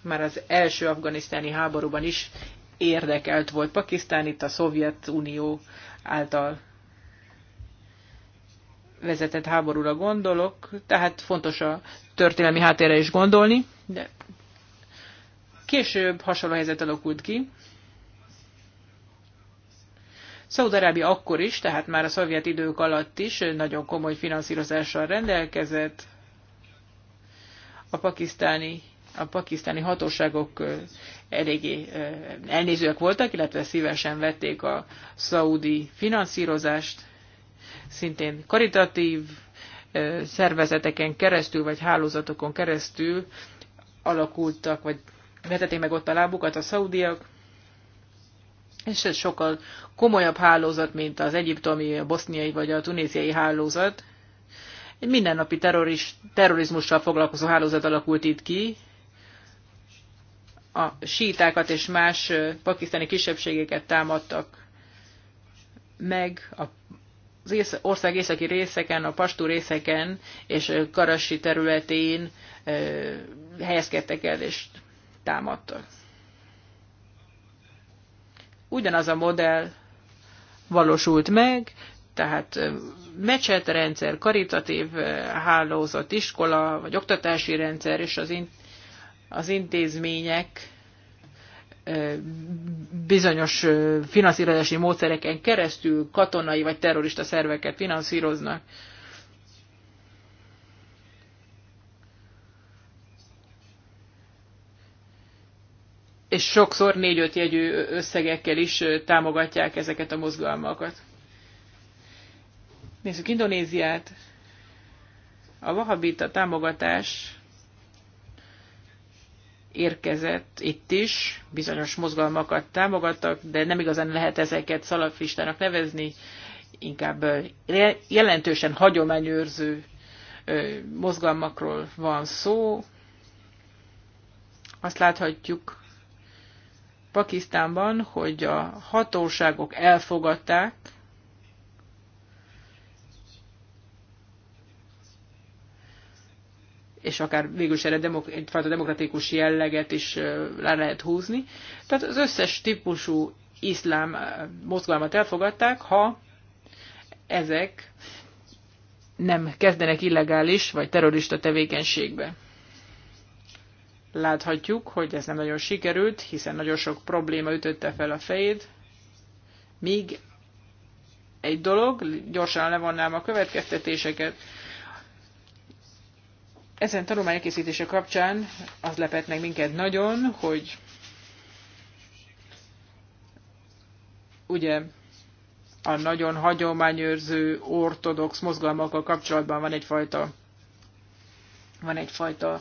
már az első afganisztáni háborúban is érdekelt volt Pakisztán, itt a Szovjetunió által vezetett háborúra gondolok, tehát fontos a történelmi háttérre is gondolni, de Később hasonló helyzet alakult ki. Szaudarábia akkor is, tehát már a szovjet idők alatt is nagyon komoly finanszírozással rendelkezett. A pakisztáni, a pakisztáni hatóságok eléggé elnézőek voltak, illetve szívesen vették a szaudi finanszírozást, szintén karitatív szervezeteken keresztül, vagy hálózatokon keresztül alakultak, vagy vetették meg ott a lábukat a szaudiak, és ez sokkal komolyabb hálózat, mint az egyiptomi, a boszniai vagy a tunéziai hálózat. Egy mindennapi terroris, terrorizmussal foglalkozó hálózat alakult itt ki. A sítákat és más pakisztáni kisebbségeket támadtak meg a az ország északi részeken, a pastú részeken és Karasi területén helyezkedtek el, és megtámadta. Ugyanaz a modell valósult meg, tehát mecsetrendszer, karitatív hálózat, iskola vagy oktatási rendszer és az, in, az intézmények bizonyos finanszírozási módszereken keresztül katonai vagy terrorista szerveket finanszíroznak. és sokszor négy-öt jegyű összegekkel is támogatják ezeket a mozgalmakat. Nézzük Indonéziát. A vahabita támogatás érkezett itt is, bizonyos mozgalmakat támogattak, de nem igazán lehet ezeket szalafistának nevezni, inkább jelentősen hagyományőrző mozgalmakról van szó. Azt láthatjuk, Pakisztánban, hogy a hatóságok elfogadták, és akár végül is erre demok- egyfajta demokratikus jelleget is le lehet húzni. Tehát az összes típusú iszlám mozgalmat elfogadták, ha ezek nem kezdenek illegális vagy terrorista tevékenységbe. Láthatjuk, hogy ez nem nagyon sikerült, hiszen nagyon sok probléma ütötte fel a fejét. Míg egy dolog, gyorsan levonnám a következtetéseket. Ezen tanulmány készítése kapcsán az lepett meg minket nagyon, hogy ugye a nagyon hagyományőrző ortodox mozgalmakkal kapcsolatban van egyfajta van egyfajta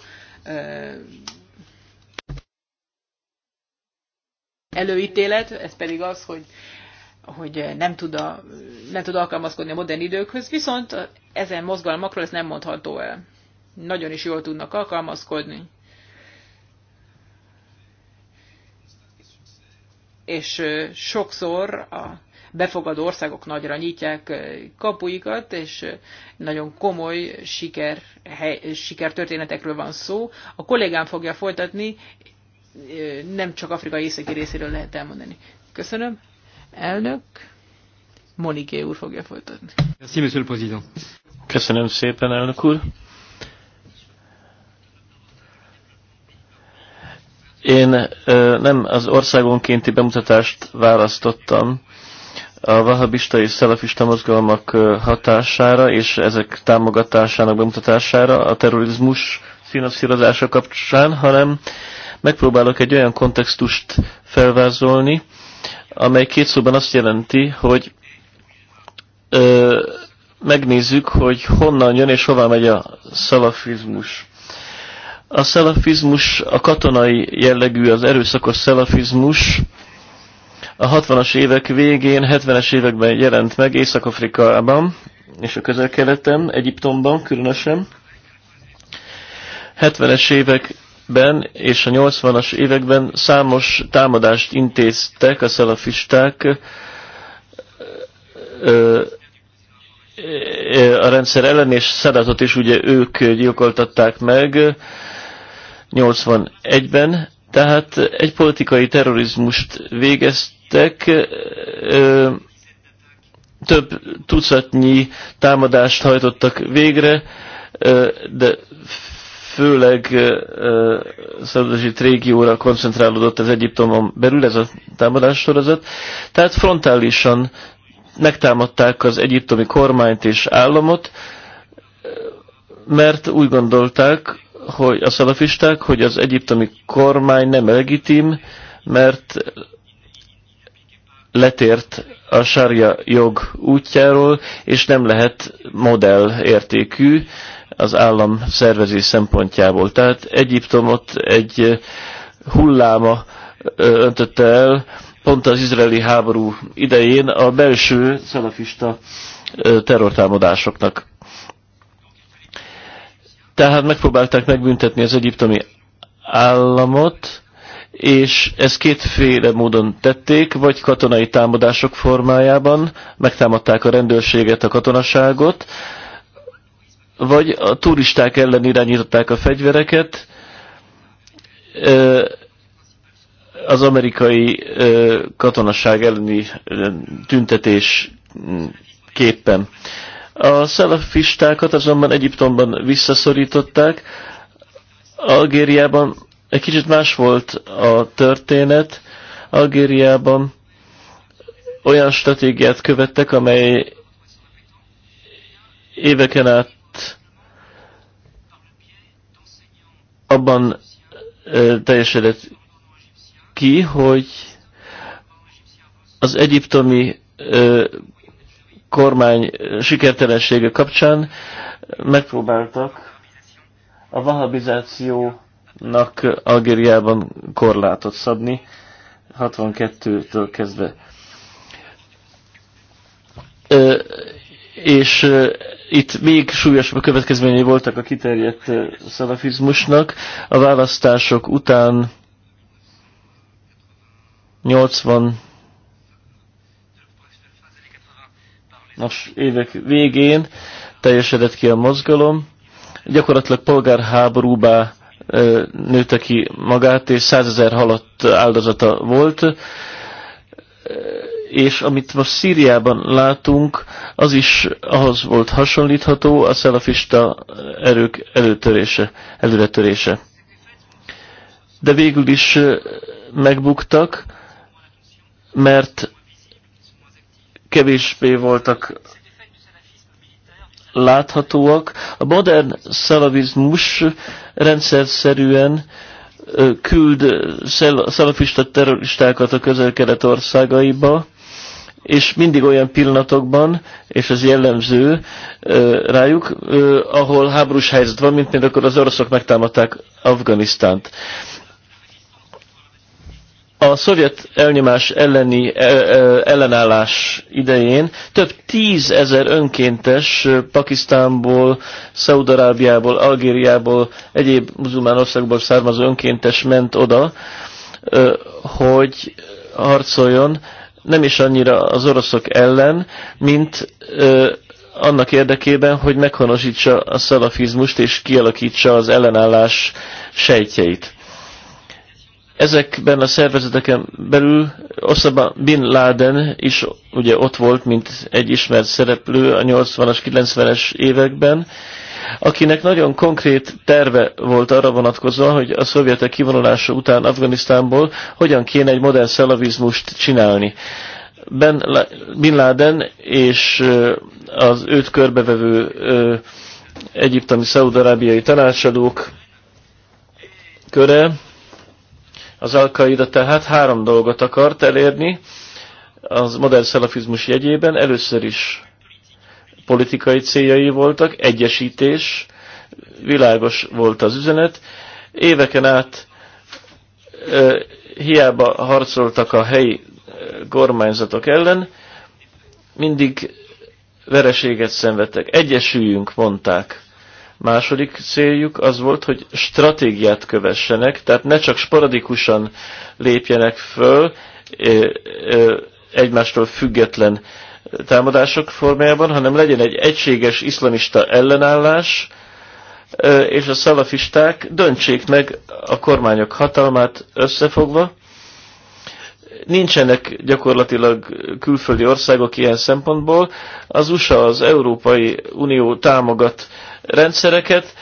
előítélet, ez pedig az, hogy hogy nem tud, a, nem tud alkalmazkodni a modern időkhöz, viszont ezen mozgalmakról ez nem mondható el. Nagyon is jól tudnak alkalmazkodni. És sokszor a befogadó országok nagyra nyitják kapuikat, és nagyon komoly siker, hely, sikertörténetekről van szó. A kollégám fogja folytatni, nem csak Afrika északi részéről lehet elmondani. Köszönöm. Elnök, Moniké úr fogja folytatni. Köszönöm szépen, elnök úr. Én ö, nem az országonkénti bemutatást választottam a vahabista és szelafista mozgalmak hatására és ezek támogatásának bemutatására a terrorizmus finanszírozása kapcsán, hanem Megpróbálok egy olyan kontextust felvázolni, amely két szóban azt jelenti, hogy ö, megnézzük, hogy honnan jön és hová megy a szalafizmus. A szalafizmus, a katonai jellegű, az erőszakos szalafizmus a 60-as évek végén, 70-es években jelent meg Észak-Afrikában és a közel-keleten, Egyiptomban különösen. 70-es évek ben és a 80-as években számos támadást intéztek a szalafisták a rendszer ellen, és szadatot is ugye ők gyilkoltatták meg 81-ben, tehát egy politikai terrorizmust végeztek, több tucatnyi támadást hajtottak végre, de főleg Szarudazsit régióra koncentrálódott az Egyiptomon belül ez a támadás sorozat. Tehát frontálisan megtámadták az egyiptomi kormányt és államot, mert úgy gondolták, hogy a szalafisták, hogy az egyiptomi kormány nem legitim, mert letért a sárja jog útjáról, és nem lehet modellértékű, az állam szervezés szempontjából. Tehát Egyiptomot egy hulláma öntötte el, pont az izraeli háború idején a belső szalafista terrortámadásoknak. Tehát megpróbálták megbüntetni az egyiptomi államot, és ezt kétféle módon tették, vagy katonai támadások formájában, megtámadták a rendőrséget, a katonaságot, vagy a turisták ellen irányították a fegyvereket, az amerikai katonaság elleni tüntetés mm, képpen. A szelafistákat azonban Egyiptomban visszaszorították, Algériában egy kicsit más volt a történet, Algériában olyan stratégiát követtek, amely éveken át abban teljesedett ki, hogy az egyiptomi kormány sikertelensége kapcsán megpróbáltak a vahabizációnak Algériában korlátot szabni, 62-től kezdve. És itt még súlyosabb következményei voltak a kiterjedt szalafizmusnak. A választások után 80 nos, évek végén teljesedett ki a mozgalom. Gyakorlatilag polgárháborúba nőtte ki magát, és százezer halott áldozata volt és amit most Szíriában látunk, az is ahhoz volt hasonlítható a szelafista erők előtörése, előretörése. De végül is megbuktak, mert kevésbé voltak láthatóak. A modern szalavizmus rendszerszerűen küld szalafista terroristákat a közel-kelet országaiba, és mindig olyan pillanatokban, és ez jellemző rájuk, ahol háborús helyzet van, mint például az oroszok megtámadták Afganisztánt. A szovjet elnyomás elleni ellenállás idején több tízezer önkéntes Pakisztánból, Szaudarábiából, Algériából, egyéb muzulmán országból származó önkéntes ment oda, hogy harcoljon nem is annyira az oroszok ellen, mint ö, annak érdekében, hogy meghonosítsa a szalafizmust és kialakítsa az ellenállás sejtjeit. Ezekben a szervezeteken belül Osama Bin Laden is ugye ott volt, mint egy ismert szereplő a 80-as, 90-es években, akinek nagyon konkrét terve volt arra vonatkozva, hogy a szovjetek kivonulása után Afganisztánból hogyan kéne egy modern szalavizmust csinálni. Ben Bin Laden és az őt körbevevő egyiptomi szaudarábiai tanácsadók köre, az al tehát három dolgot akart elérni az modern szalafizmus jegyében. Először is politikai céljai voltak, egyesítés, világos volt az üzenet. Éveken át hiába harcoltak a helyi kormányzatok ellen, mindig vereséget szenvedtek. Egyesüljünk, mondták. Második céljuk az volt, hogy stratégiát kövessenek, tehát ne csak sporadikusan lépjenek föl egymástól független támadások formájában, hanem legyen egy egységes iszlamista ellenállás, és a szalafisták döntsék meg a kormányok hatalmát összefogva. Nincsenek gyakorlatilag külföldi országok ilyen szempontból. Az USA, az Európai Unió támogat rendszereket,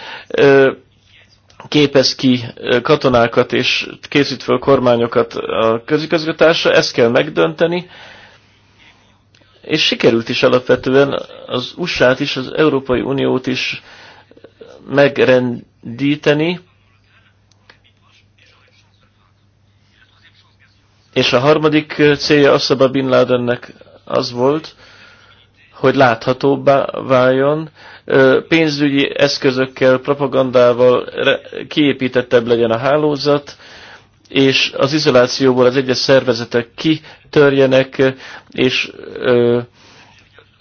képez ki katonákat és készít fel kormányokat a közigazgatásra, ezt kell megdönteni, és sikerült is alapvetően az USA-t is, az Európai Uniót is megrendíteni, és a harmadik célja Assaba Bin Ladennek az volt, hogy láthatóbbá váljon, pénzügyi eszközökkel, propagandával kiépítettebb legyen a hálózat, és az izolációból az egyes szervezetek kitörjenek, és ö,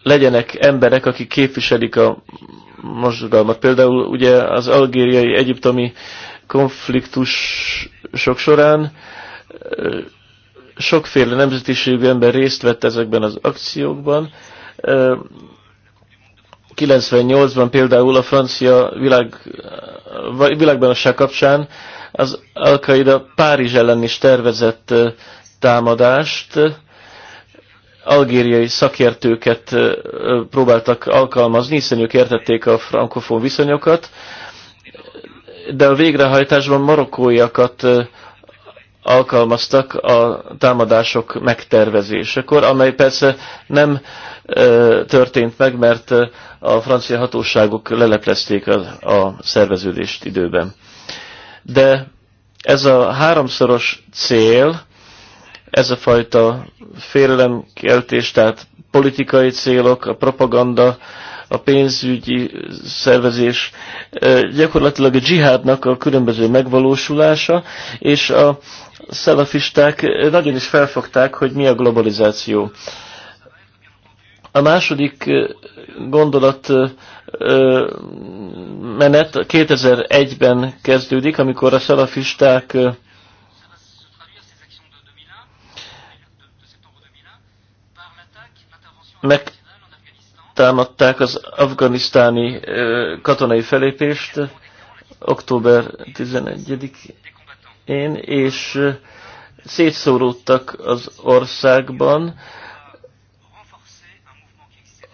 legyenek emberek, akik képviselik a mozgalmat. Például ugye az algériai egyiptomi konfliktusok során ö, sokféle nemzetiségű ember részt vett ezekben az akciókban. Ö, 98-ban például a francia világ, világbanosság kapcsán az al qaeda Párizs ellen is tervezett támadást, algériai szakértőket próbáltak alkalmazni, hiszen ők értették a frankofon viszonyokat, de a végrehajtásban marokkóiakat alkalmaztak a támadások megtervezésekor, amely persze nem történt meg, mert a francia hatóságok leleplezték a szerveződést időben de ez a háromszoros cél, ez a fajta félelemkeltés, tehát politikai célok, a propaganda, a pénzügyi szervezés, gyakorlatilag a dzsihádnak a különböző megvalósulása, és a szelafisták nagyon is felfogták, hogy mi a globalizáció. A második gondolat menet 2001-ben kezdődik, amikor a szalafisták megtámadták az afganisztáni katonai felépést október 11-én, és szétszóródtak az országban,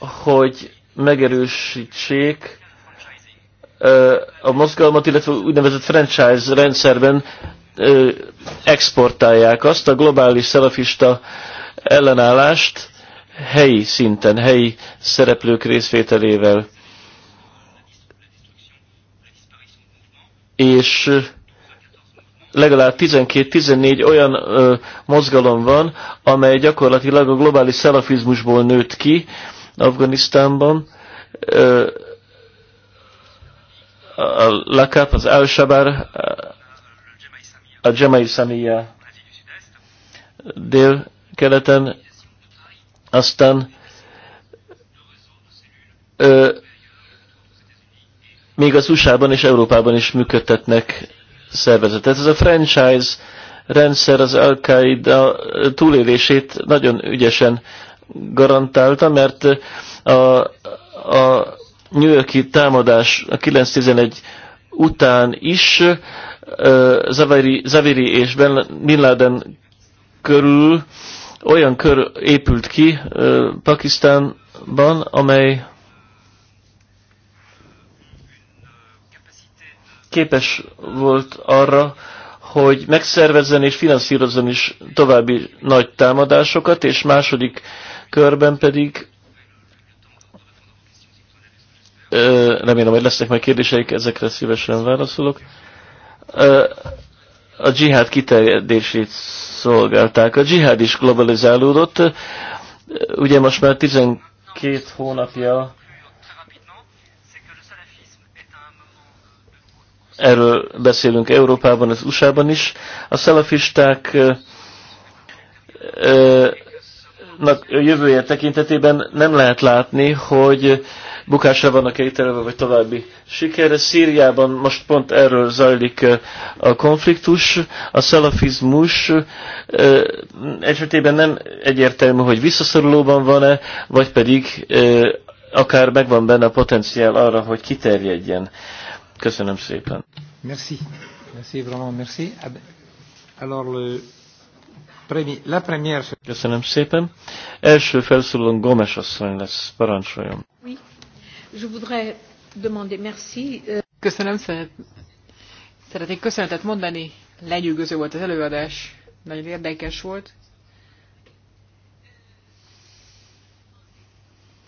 hogy megerősítsék a mozgalmat, illetve úgynevezett franchise rendszerben exportálják azt a globális szelafista ellenállást helyi szinten, helyi szereplők részvételével. És legalább 12-14 olyan ö, mozgalom van, amely gyakorlatilag a globális szelafizmusból nőtt ki, ö, Afganisztánban. A Lakap, az Al-Shabar, a Jemai Samia dél-keleten, aztán még az USA-ban és Európában is működtetnek szervezetet. Ez a franchise rendszer az Al-Qaeda túlélését nagyon ügyesen garantálta, mert a, a New Yorki támadás a 911 után is Zaviri, Zaviri és Bin Laden körül olyan kör épült ki Pakisztánban, amely képes volt arra, hogy megszervezzen és finanszírozzon is további nagy támadásokat, és második körben pedig remélem, hogy lesznek majd kérdéseik, ezekre szívesen válaszolok. A dzsihád kiterjedését szolgálták. A dzsihád is globalizálódott. Ugye most már 12 hónapja erről beszélünk Európában, az USA-ban is. A szalafisták Európának jövője tekintetében nem lehet látni, hogy bukásra vannak elítelve, vagy további sikerre. Szíriában most pont erről zajlik a konfliktus. A szalafizmus esetében nem egyértelmű, hogy visszaszorulóban van-e, vagy pedig akár megvan benne a potenciál arra, hogy kiterjedjen. Köszönöm szépen. Merci. Merci, vraiment merci. Alors le Köszönöm szépen. Első felszólalón Gomes asszony lesz. Parancsoljon. Euh, Köszönöm szépen. Szeretnék köszönetet mondani. Lenyűgöző volt az előadás. Nagyon érdekes volt.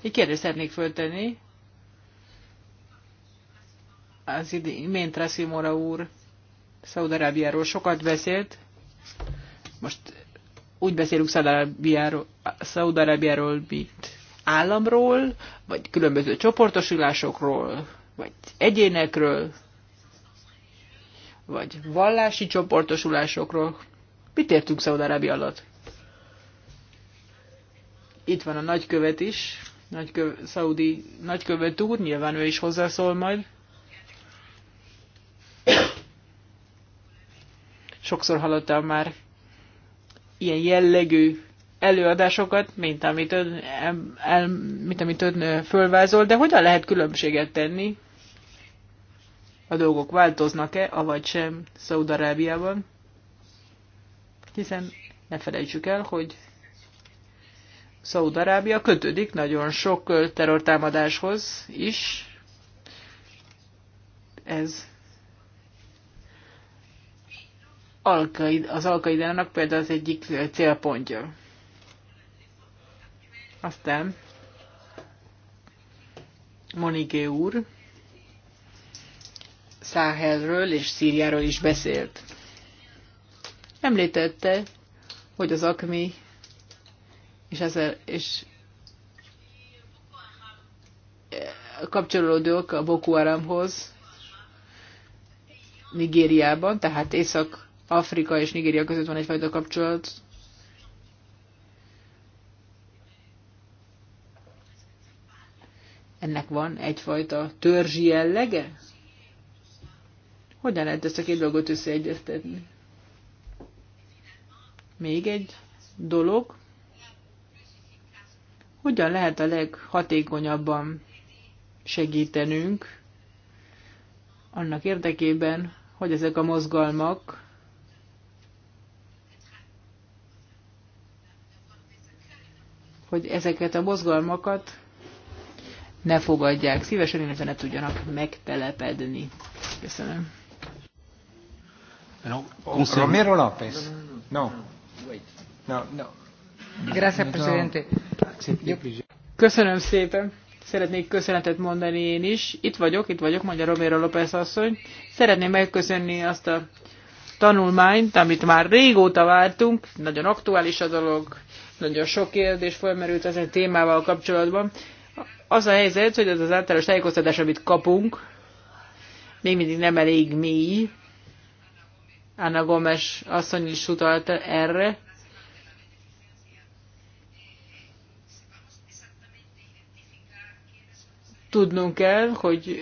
Egy kérdést szeretnék föltenni. Az imént Rasimora úr Szaudarábiáról sokat beszélt. Most úgy beszélünk Szaudarábiáról, mint államról, vagy különböző csoportosulásokról, vagy egyénekről, vagy vallási csoportosulásokról. Mit értünk Szaudarábia alatt? Itt van a nagykövet is, nagyköv, szaudi nagykövet úr, nyilván ő is hozzászól majd. Sokszor hallottam már ilyen jellegű előadásokat, mint amit ön, el, mint amit ön fölvázol, de hogyan lehet különbséget tenni? A dolgok változnak-e, avagy sem Szaudarábiában? Hiszen ne felejtsük el, hogy Szaudarábia kötődik nagyon sok terrortámadáshoz is. Ez az alkaidának például az egyik célpontja. Aztán Monigé úr Száhelről és Szíriáról is beszélt. Említette, hogy az akmi és, ezzel, és kapcsolódók a Boko Haramhoz Nigériában, tehát észak Afrika és Nigéria között van egyfajta kapcsolat. Ennek van egyfajta törzsi jellege? Hogyan lehet ezt a két dolgot összeegyeztetni? Még egy dolog. Hogyan lehet a leghatékonyabban segítenünk annak érdekében, hogy ezek a mozgalmak hogy ezeket a mozgalmakat ne fogadják szívesen, illetve ne tudjanak megtelepedni. Köszönöm. No, oh, Romero López. No. No, no. Gracias, presidente. Köszönöm szépen. Szeretnék köszönetet mondani én is. Itt vagyok, itt vagyok, mondja Romero López asszony. Szeretném megköszönni azt a tanulmányt, amit már régóta vártunk, nagyon aktuális a dolog, nagyon sok kérdés felmerült ezen témával kapcsolatban. Az a helyzet, hogy az az általános tájékoztatás, amit kapunk, még mindig nem elég mély. Anna Gomes asszony is utalt erre. Tudnunk kell, hogy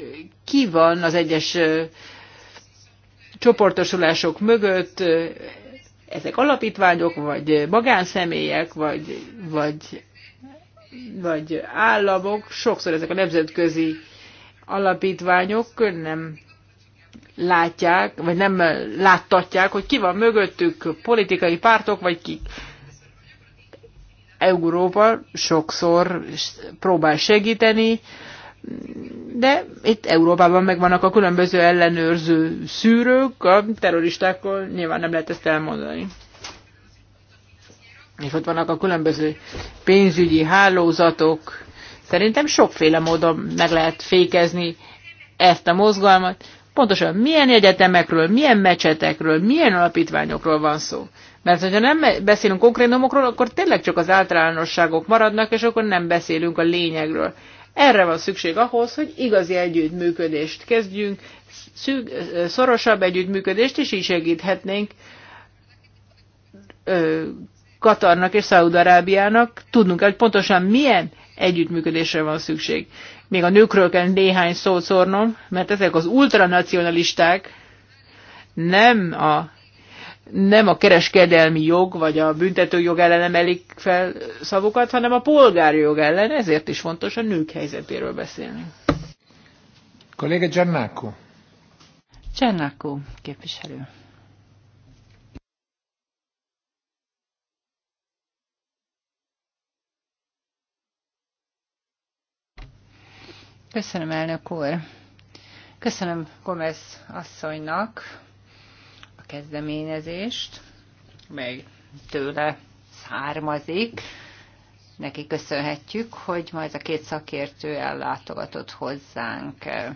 ki van az egyes csoportosulások mögött, ezek alapítványok, vagy magánszemélyek, vagy, vagy, vagy államok, sokszor ezek a nemzetközi alapítványok nem látják, vagy nem láttatják, hogy ki van mögöttük politikai pártok, vagy kik. Európa sokszor próbál segíteni, de itt Európában megvannak a különböző ellenőrző szűrők, a terroristákkal nyilván nem lehet ezt elmondani. És ott vannak a különböző pénzügyi hálózatok. Szerintem sokféle módon meg lehet fékezni ezt a mozgalmat. Pontosan milyen egyetemekről, milyen mecsetekről, milyen alapítványokról van szó. Mert ha nem beszélünk konkrétumokról, akkor tényleg csak az általánosságok maradnak, és akkor nem beszélünk a lényegről. Erre van szükség ahhoz, hogy igazi együttműködést kezdjünk, szűk, szorosabb együttműködést, is így segíthetnénk Katarnak és Szaúd-Arábiának. Tudnunk kell, hogy pontosan milyen együttműködésre van szükség. Még a nőkről kell néhány szót szórnom, mert ezek az ultranacionalisták nem a nem a kereskedelmi jog vagy a büntető jog ellen emelik fel szavukat, hanem a polgári jog ellen, ezért is fontos a nők helyzetéről beszélni. Kolléga Giannaku. Giannaku, képviselő. Köszönöm, elnök úr. Köszönöm Gomez asszonynak kezdeményezést, mely tőle származik. Neki köszönhetjük, hogy majd a két szakértő ellátogatott hozzánk. A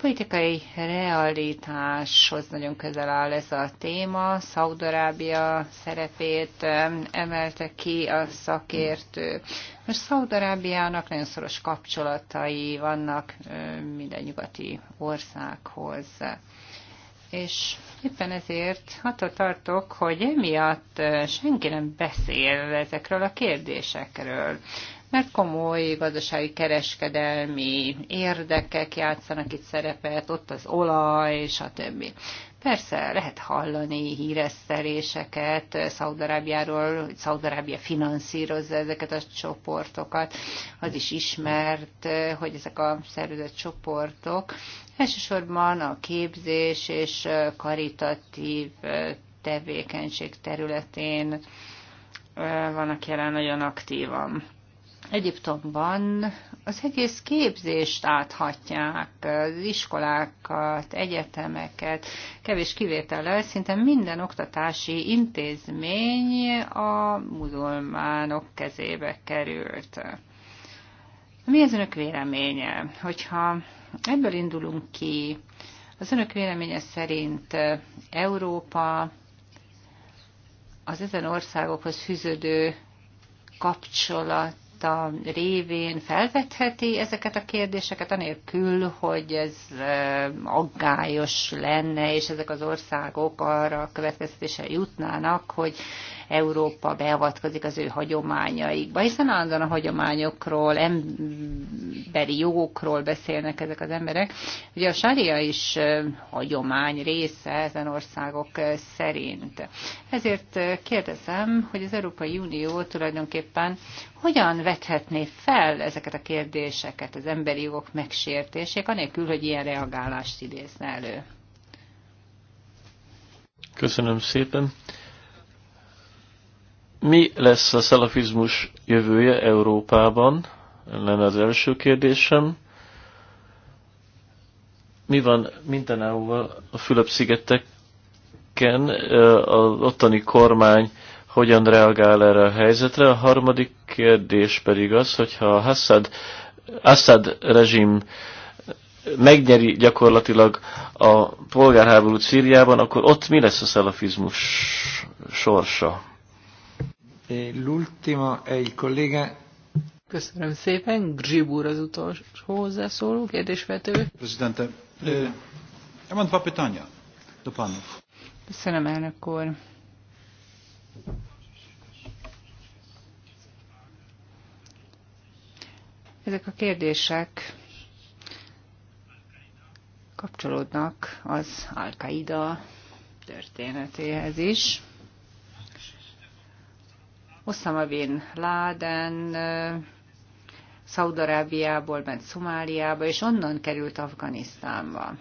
politikai realitáshoz nagyon közel áll ez a téma. Szaudarábia szerepét emelte ki a szakértő. Most Szaudarábiának nagyon szoros kapcsolatai vannak minden nyugati országhoz és éppen ezért attól tartok, hogy emiatt senki nem beszél ezekről a kérdésekről, mert komoly gazdasági kereskedelmi érdekek játszanak itt szerepet, ott az olaj, és többi. Persze, lehet hallani híreszteléseket Szaudarábiáról, hogy Szaudarábia finanszírozza ezeket a csoportokat. Az is ismert, hogy ezek a szervezett csoportok elsősorban a képzés és karitatív tevékenység területén eh, vannak jelen nagyon aktívan. Egyiptomban az egész képzést áthatják, az iskolákat, egyetemeket, kevés kivétellel szinte minden oktatási intézmény a muzulmánok kezébe került. Mi az önök véleménye? Hogyha ebből indulunk ki, az önök véleménye szerint Európa az ezen országokhoz fűződő kapcsolat vita révén felvetheti ezeket a kérdéseket, anélkül, hogy ez e, aggályos lenne, és ezek az országok arra a következtetésre jutnának, hogy Európa beavatkozik az ő hagyományaikba, hiszen állandóan a hagyományokról, emberi jogokról beszélnek ezek az emberek. Ugye a sária is hagyomány része ezen országok szerint. Ezért kérdezem, hogy az Európai Unió tulajdonképpen hogyan vethetné fel ezeket a kérdéseket, az emberi jogok megsértését, anélkül, hogy ilyen reagálást idézne elő? Köszönöm szépen. Mi lesz a szalafizmus jövője Európában? Lenne az első kérdésem. Mi van mindenáóval a Fülöp-szigeteken? Az ottani kormány hogyan reagál erre a helyzetre? A harmadik kérdés pedig az, hogyha a Hassad, Assad rezsim megnyeri gyakorlatilag a polgárháborút Szíriában, akkor ott mi lesz a szalafizmus sorsa? E, l'ultimo è il collega Köszönöm szépen. Grzyb úr az utolsó hozzászóló, kérdésvető. Prezidente, e, ja mam dwa pytania do panów. Köszönöm, elnök úr. Ezek a kérdések kapcsolódnak az Al-Qaida történetéhez is. Osama Bin Laden eh, Szaudarábiából ment Szomáliába, és onnan került Afganisztánba.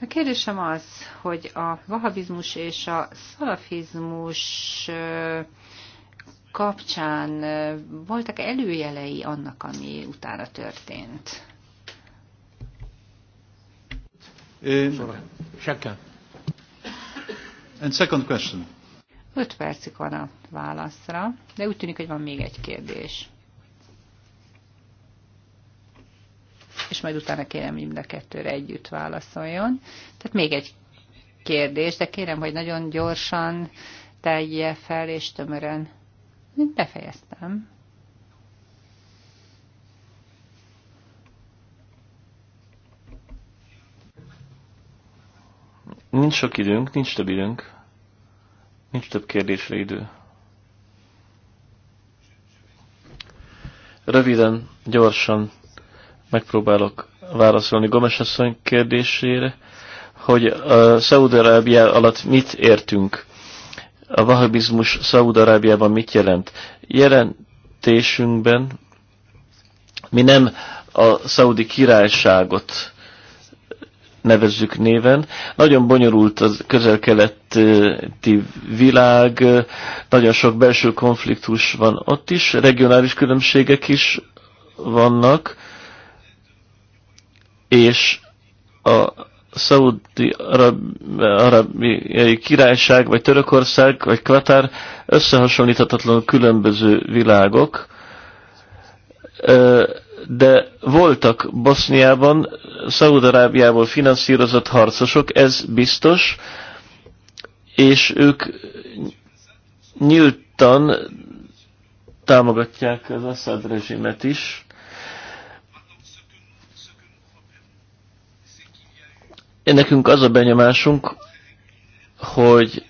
A kérdésem az, hogy a vahabizmus és a szalafizmus eh, kapcsán eh, voltak előjelei annak, ami utána történt? And second question. 5 percük van a válaszra, de úgy tűnik, hogy van még egy kérdés. És majd utána kérem, hogy mind a kettőre együtt válaszoljon. Tehát még egy kérdés, de kérem, hogy nagyon gyorsan telje fel és tömören. Befejeztem. Nincs sok időnk, nincs több időnk. Nincs több kérdésre idő. Röviden, gyorsan megpróbálok válaszolni Gomes asszony kérdésére, hogy a Szaúd-Arábia alatt mit értünk? A vahabizmus Szaúd-Arábiában mit jelent? Jelentésünkben mi nem a szaudi királyságot nevezzük néven. Nagyon bonyolult a közel-keleti világ, nagyon sok belső konfliktus van ott is, regionális különbségek is vannak, és a Szaudi Arab, Arabiai Királyság, vagy Törökország, vagy Katár összehasonlíthatatlan különböző világok de voltak Boszniában, Szaúd-Arábiából finanszírozott harcosok, ez biztos, és ők nyíltan támogatják az Assad rezsimet is. Nekünk az a benyomásunk, hogy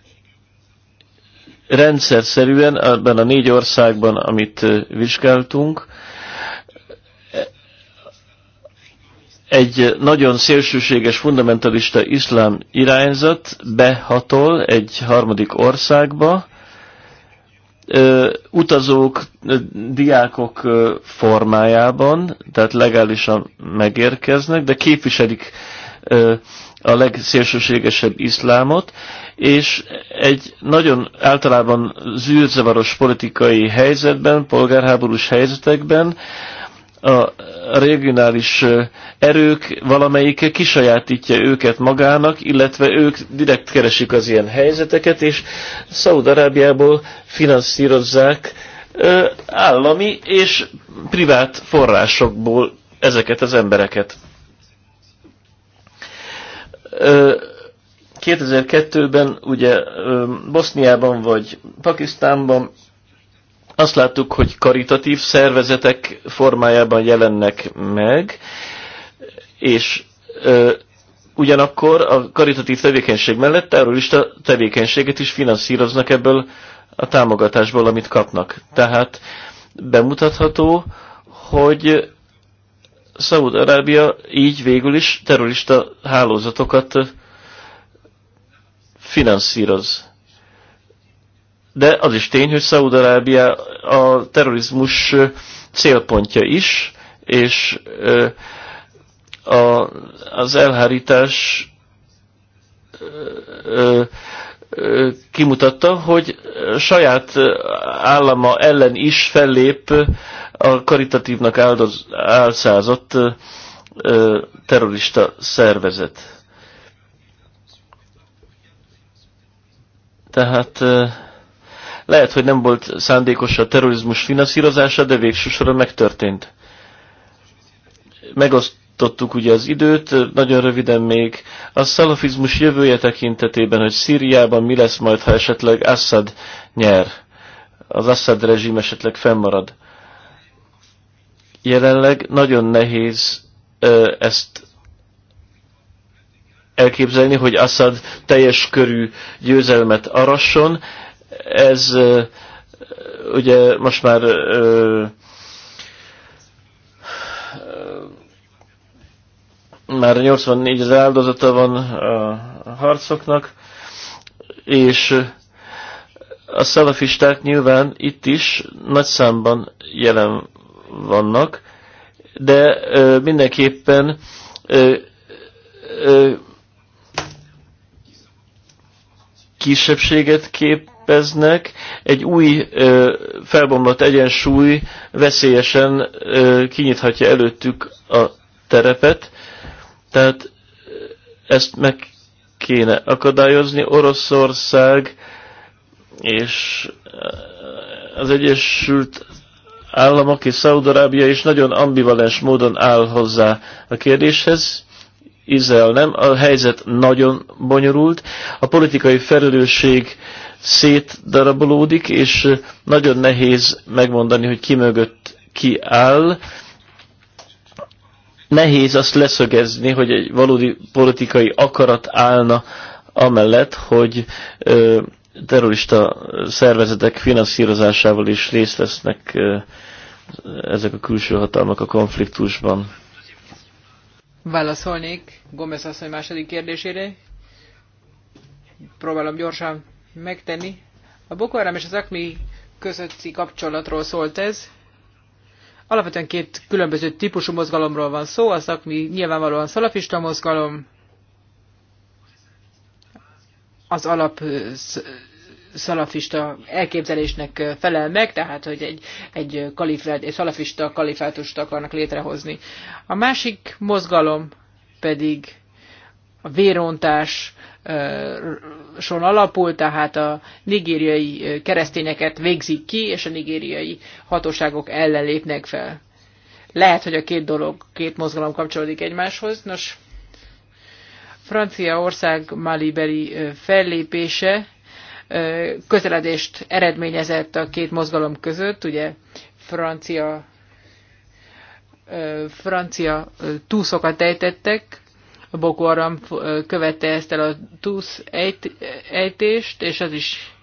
rendszer szerűen, ebben a négy országban, amit vizsgáltunk, egy nagyon szélsőséges, fundamentalista iszlám irányzat behatol egy harmadik országba, utazók, diákok formájában, tehát legálisan megérkeznek, de képviselik a legszélsőségesebb iszlámot, és egy nagyon általában zűrzavaros politikai helyzetben, polgárháborús helyzetekben a regionális erők valamelyike kisajátítja őket magának, illetve ők direkt keresik az ilyen helyzeteket, és Szaúd-Arábiából finanszírozzák állami és privát forrásokból ezeket az embereket. 2002-ben ugye Boszniában vagy Pakisztánban azt láttuk, hogy karitatív szervezetek formájában jelennek meg, és ö, ugyanakkor a karitatív tevékenység mellett terrorista tevékenységet is finanszíroznak ebből a támogatásból, amit kapnak. Tehát bemutatható, hogy Szaúd-Arábia így végül is terrorista hálózatokat finanszíroz de az is tény, hogy Szaúd-Arábia a terrorizmus célpontja is, és az elhárítás kimutatta, hogy saját állama ellen is fellép a karitatívnak áldoz, álszázott terrorista szervezet. Tehát lehet, hogy nem volt szándékos a terrorizmus finanszírozása, de végső soron megtörtént. Megosztottuk ugye az időt, nagyon röviden még a szalafizmus jövője tekintetében, hogy Szíriában mi lesz majd, ha esetleg Assad nyer, az Assad rezsim esetleg fennmarad. Jelenleg nagyon nehéz ö, ezt elképzelni, hogy Assad teljes körű győzelmet arasson, ez ugye most már már 84 ezer áldozata van a harcoknak, és a szalafisták nyilván itt is nagy számban jelen vannak, de mindenképpen kisebbséget kép, képeznek, egy új felbomlott egyensúly veszélyesen kinyithatja előttük a terepet, tehát ezt meg kéne akadályozni. Oroszország és az Egyesült Államok és Szaudarábia is nagyon ambivalens módon áll hozzá a kérdéshez. Izrael nem, a helyzet nagyon bonyolult. A politikai felelősség szétdarabolódik, és nagyon nehéz megmondani, hogy ki mögött ki áll. Nehéz azt leszögezni, hogy egy valódi politikai akarat állna amellett, hogy terrorista szervezetek finanszírozásával is részt vesznek ezek a külső hatalmak a konfliktusban. Válaszolnék Gomez asszony második kérdésére. Próbálom gyorsan megtenni. A Boko Haram és az Akmi közötti kapcsolatról szólt ez. Alapvetően két különböző típusú mozgalomról van szó, az Akmi nyilvánvalóan szalafista mozgalom, az alap szalafista elképzelésnek felel meg, tehát hogy egy, egy, kalifát, egy szalafista kalifátust akarnak létrehozni. A másik mozgalom pedig a vérontás, son alapul, tehát a nigériai keresztényeket végzik ki, és a nigériai hatóságok ellen lépnek fel. Lehet, hogy a két dolog, két mozgalom kapcsolódik egymáshoz. Nos, Franciaország maliberi fellépése közeledést eredményezett a két mozgalom között, ugye francia francia túszokat ejtettek, a Boko Haram eh, követte ezt el a TUSZ ejt, ejtést, és az is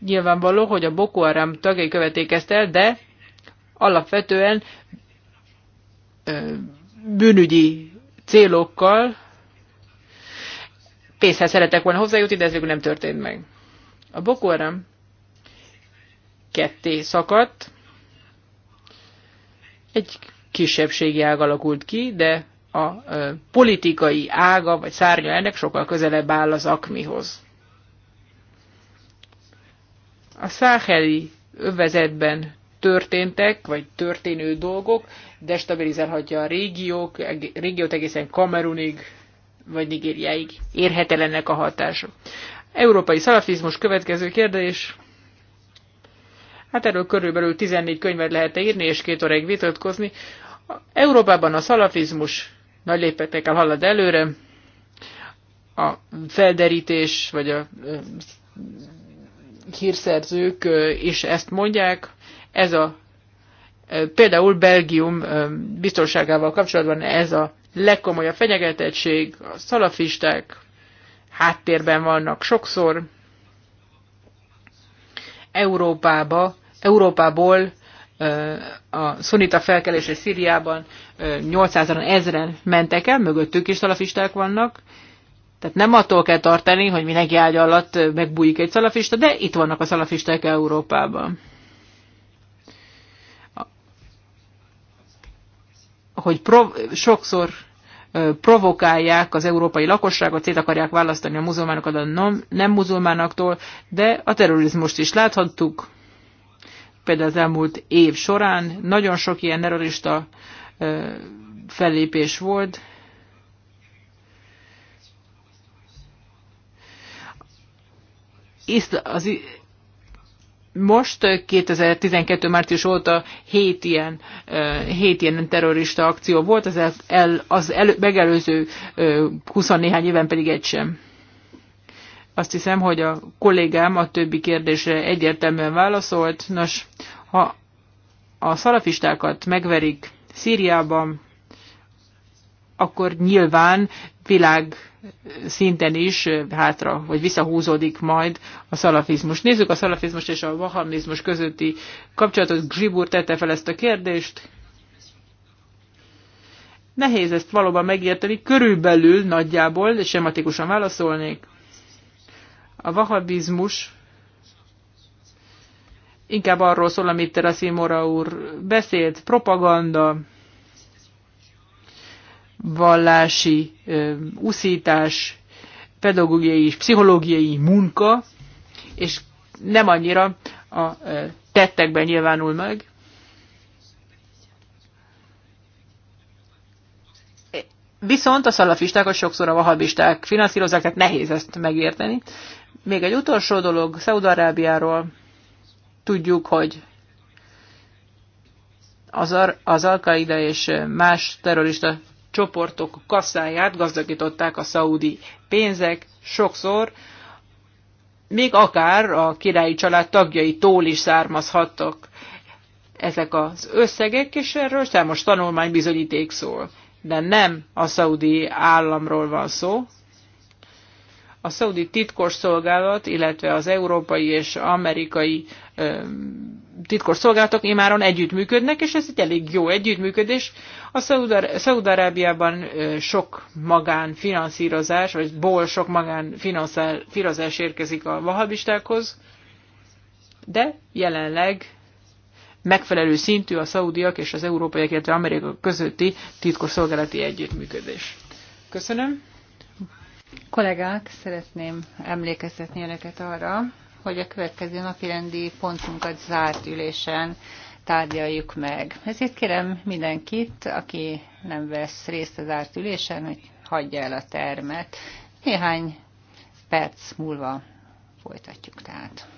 nyilvánvaló, hogy a Boko Haram tagjai követték ezt el, de alapvetően eh, bűnügyi célokkal pénzhez szeretek volna hozzájutni, de ez végül nem történt meg. A Boko Haram ketté szakadt, egy kisebbségi ág alakult ki, de a politikai ága vagy szárnya ennek sokkal közelebb áll az akmihoz. A száheli övezetben történtek, vagy történő dolgok destabilizálhatja a régiók, régiót egészen Kamerunig, vagy Nigériáig. Érhetelennek a hatása. Európai szalafizmus következő kérdés. Hát erről körülbelül 14 könyvet lehet írni, és két óráig vitatkozni. Európában a szalafizmus nagy lépetekkel halad előre. A felderítés, vagy a hírszerzők is ezt mondják. Ez a például Belgium biztonságával kapcsolatban ez a legkomolyabb fenyegetettség, a szalafisták háttérben vannak sokszor. Európába, Európából a szunita felkelése Szíriában 800-an, ezren mentek el, mögöttük is szalafisták vannak, tehát nem attól kell tartani, hogy mindenki ágy alatt megbújik egy szalafista, de itt vannak a szalafisták Európában. Hogy prov- sokszor provokálják az európai lakosságot, szét akarják választani a muzulmánokat a nem muzulmánoktól, de a terrorizmust is láthattuk, például az elmúlt év során. Nagyon sok ilyen terrorista fellépés volt. Az, most 2012. március óta 7 ilyen, 7 ilyen terrorista akció volt, az, el, az elő, megelőző 20 néhány éven pedig egy sem. Azt hiszem, hogy a kollégám a többi kérdésre egyértelműen válaszolt. Nos, ha a szalafistákat megverik Szíriában, akkor nyilván világ szinten is hátra, vagy visszahúzódik majd a szalafizmus. Nézzük a szalafizmus és a vahamizmus közötti kapcsolatot. Gribur tette fel ezt a kérdést. Nehéz ezt valóban megérteni, körülbelül nagyjából, sematikusan válaszolnék. A vahabizmus inkább arról szól, amit Teraszimora úr beszélt, propaganda, vallási ö, uszítás, pedagógiai és pszichológiai munka, és nem annyira a tettekben nyilvánul meg. Viszont a szalafistákat sokszor a vahabisták finanszírozzák, tehát nehéz ezt megérteni. Még egy utolsó dolog Szaudarábiáról. arábiáról Tudjuk, hogy az, Ar- az al qaeda és más terrorista csoportok kasszáját gazdagították a szaudi pénzek sokszor, még akár a királyi család tagjaitól is származhattak ezek az összegek, és erről számos tanulmány bizonyíték szól. De nem a szaudi államról van szó. A szaudi titkos szolgálat, illetve az európai és amerikai uh, titkosszolgálatok imáron együttműködnek, és ez egy elég jó együttműködés. A Szaúd-Arábiában sok magánfinanszírozás, vagy ból sok magánfinanszírozás érkezik a vahabistákhoz, de jelenleg megfelelő szintű a szaudiak és az európaiak, illetve amerikaiak közötti titkosszolgálati együttműködés. Köszönöm. Kollégák, szeretném emlékeztetni önöket arra, hogy a következő napi rendi pontunkat zárt ülésen tárgyaljuk meg. Ezért kérem mindenkit, aki nem vesz részt az zárt ülésen, hogy hagyja el a termet. Néhány perc múlva folytatjuk tehát.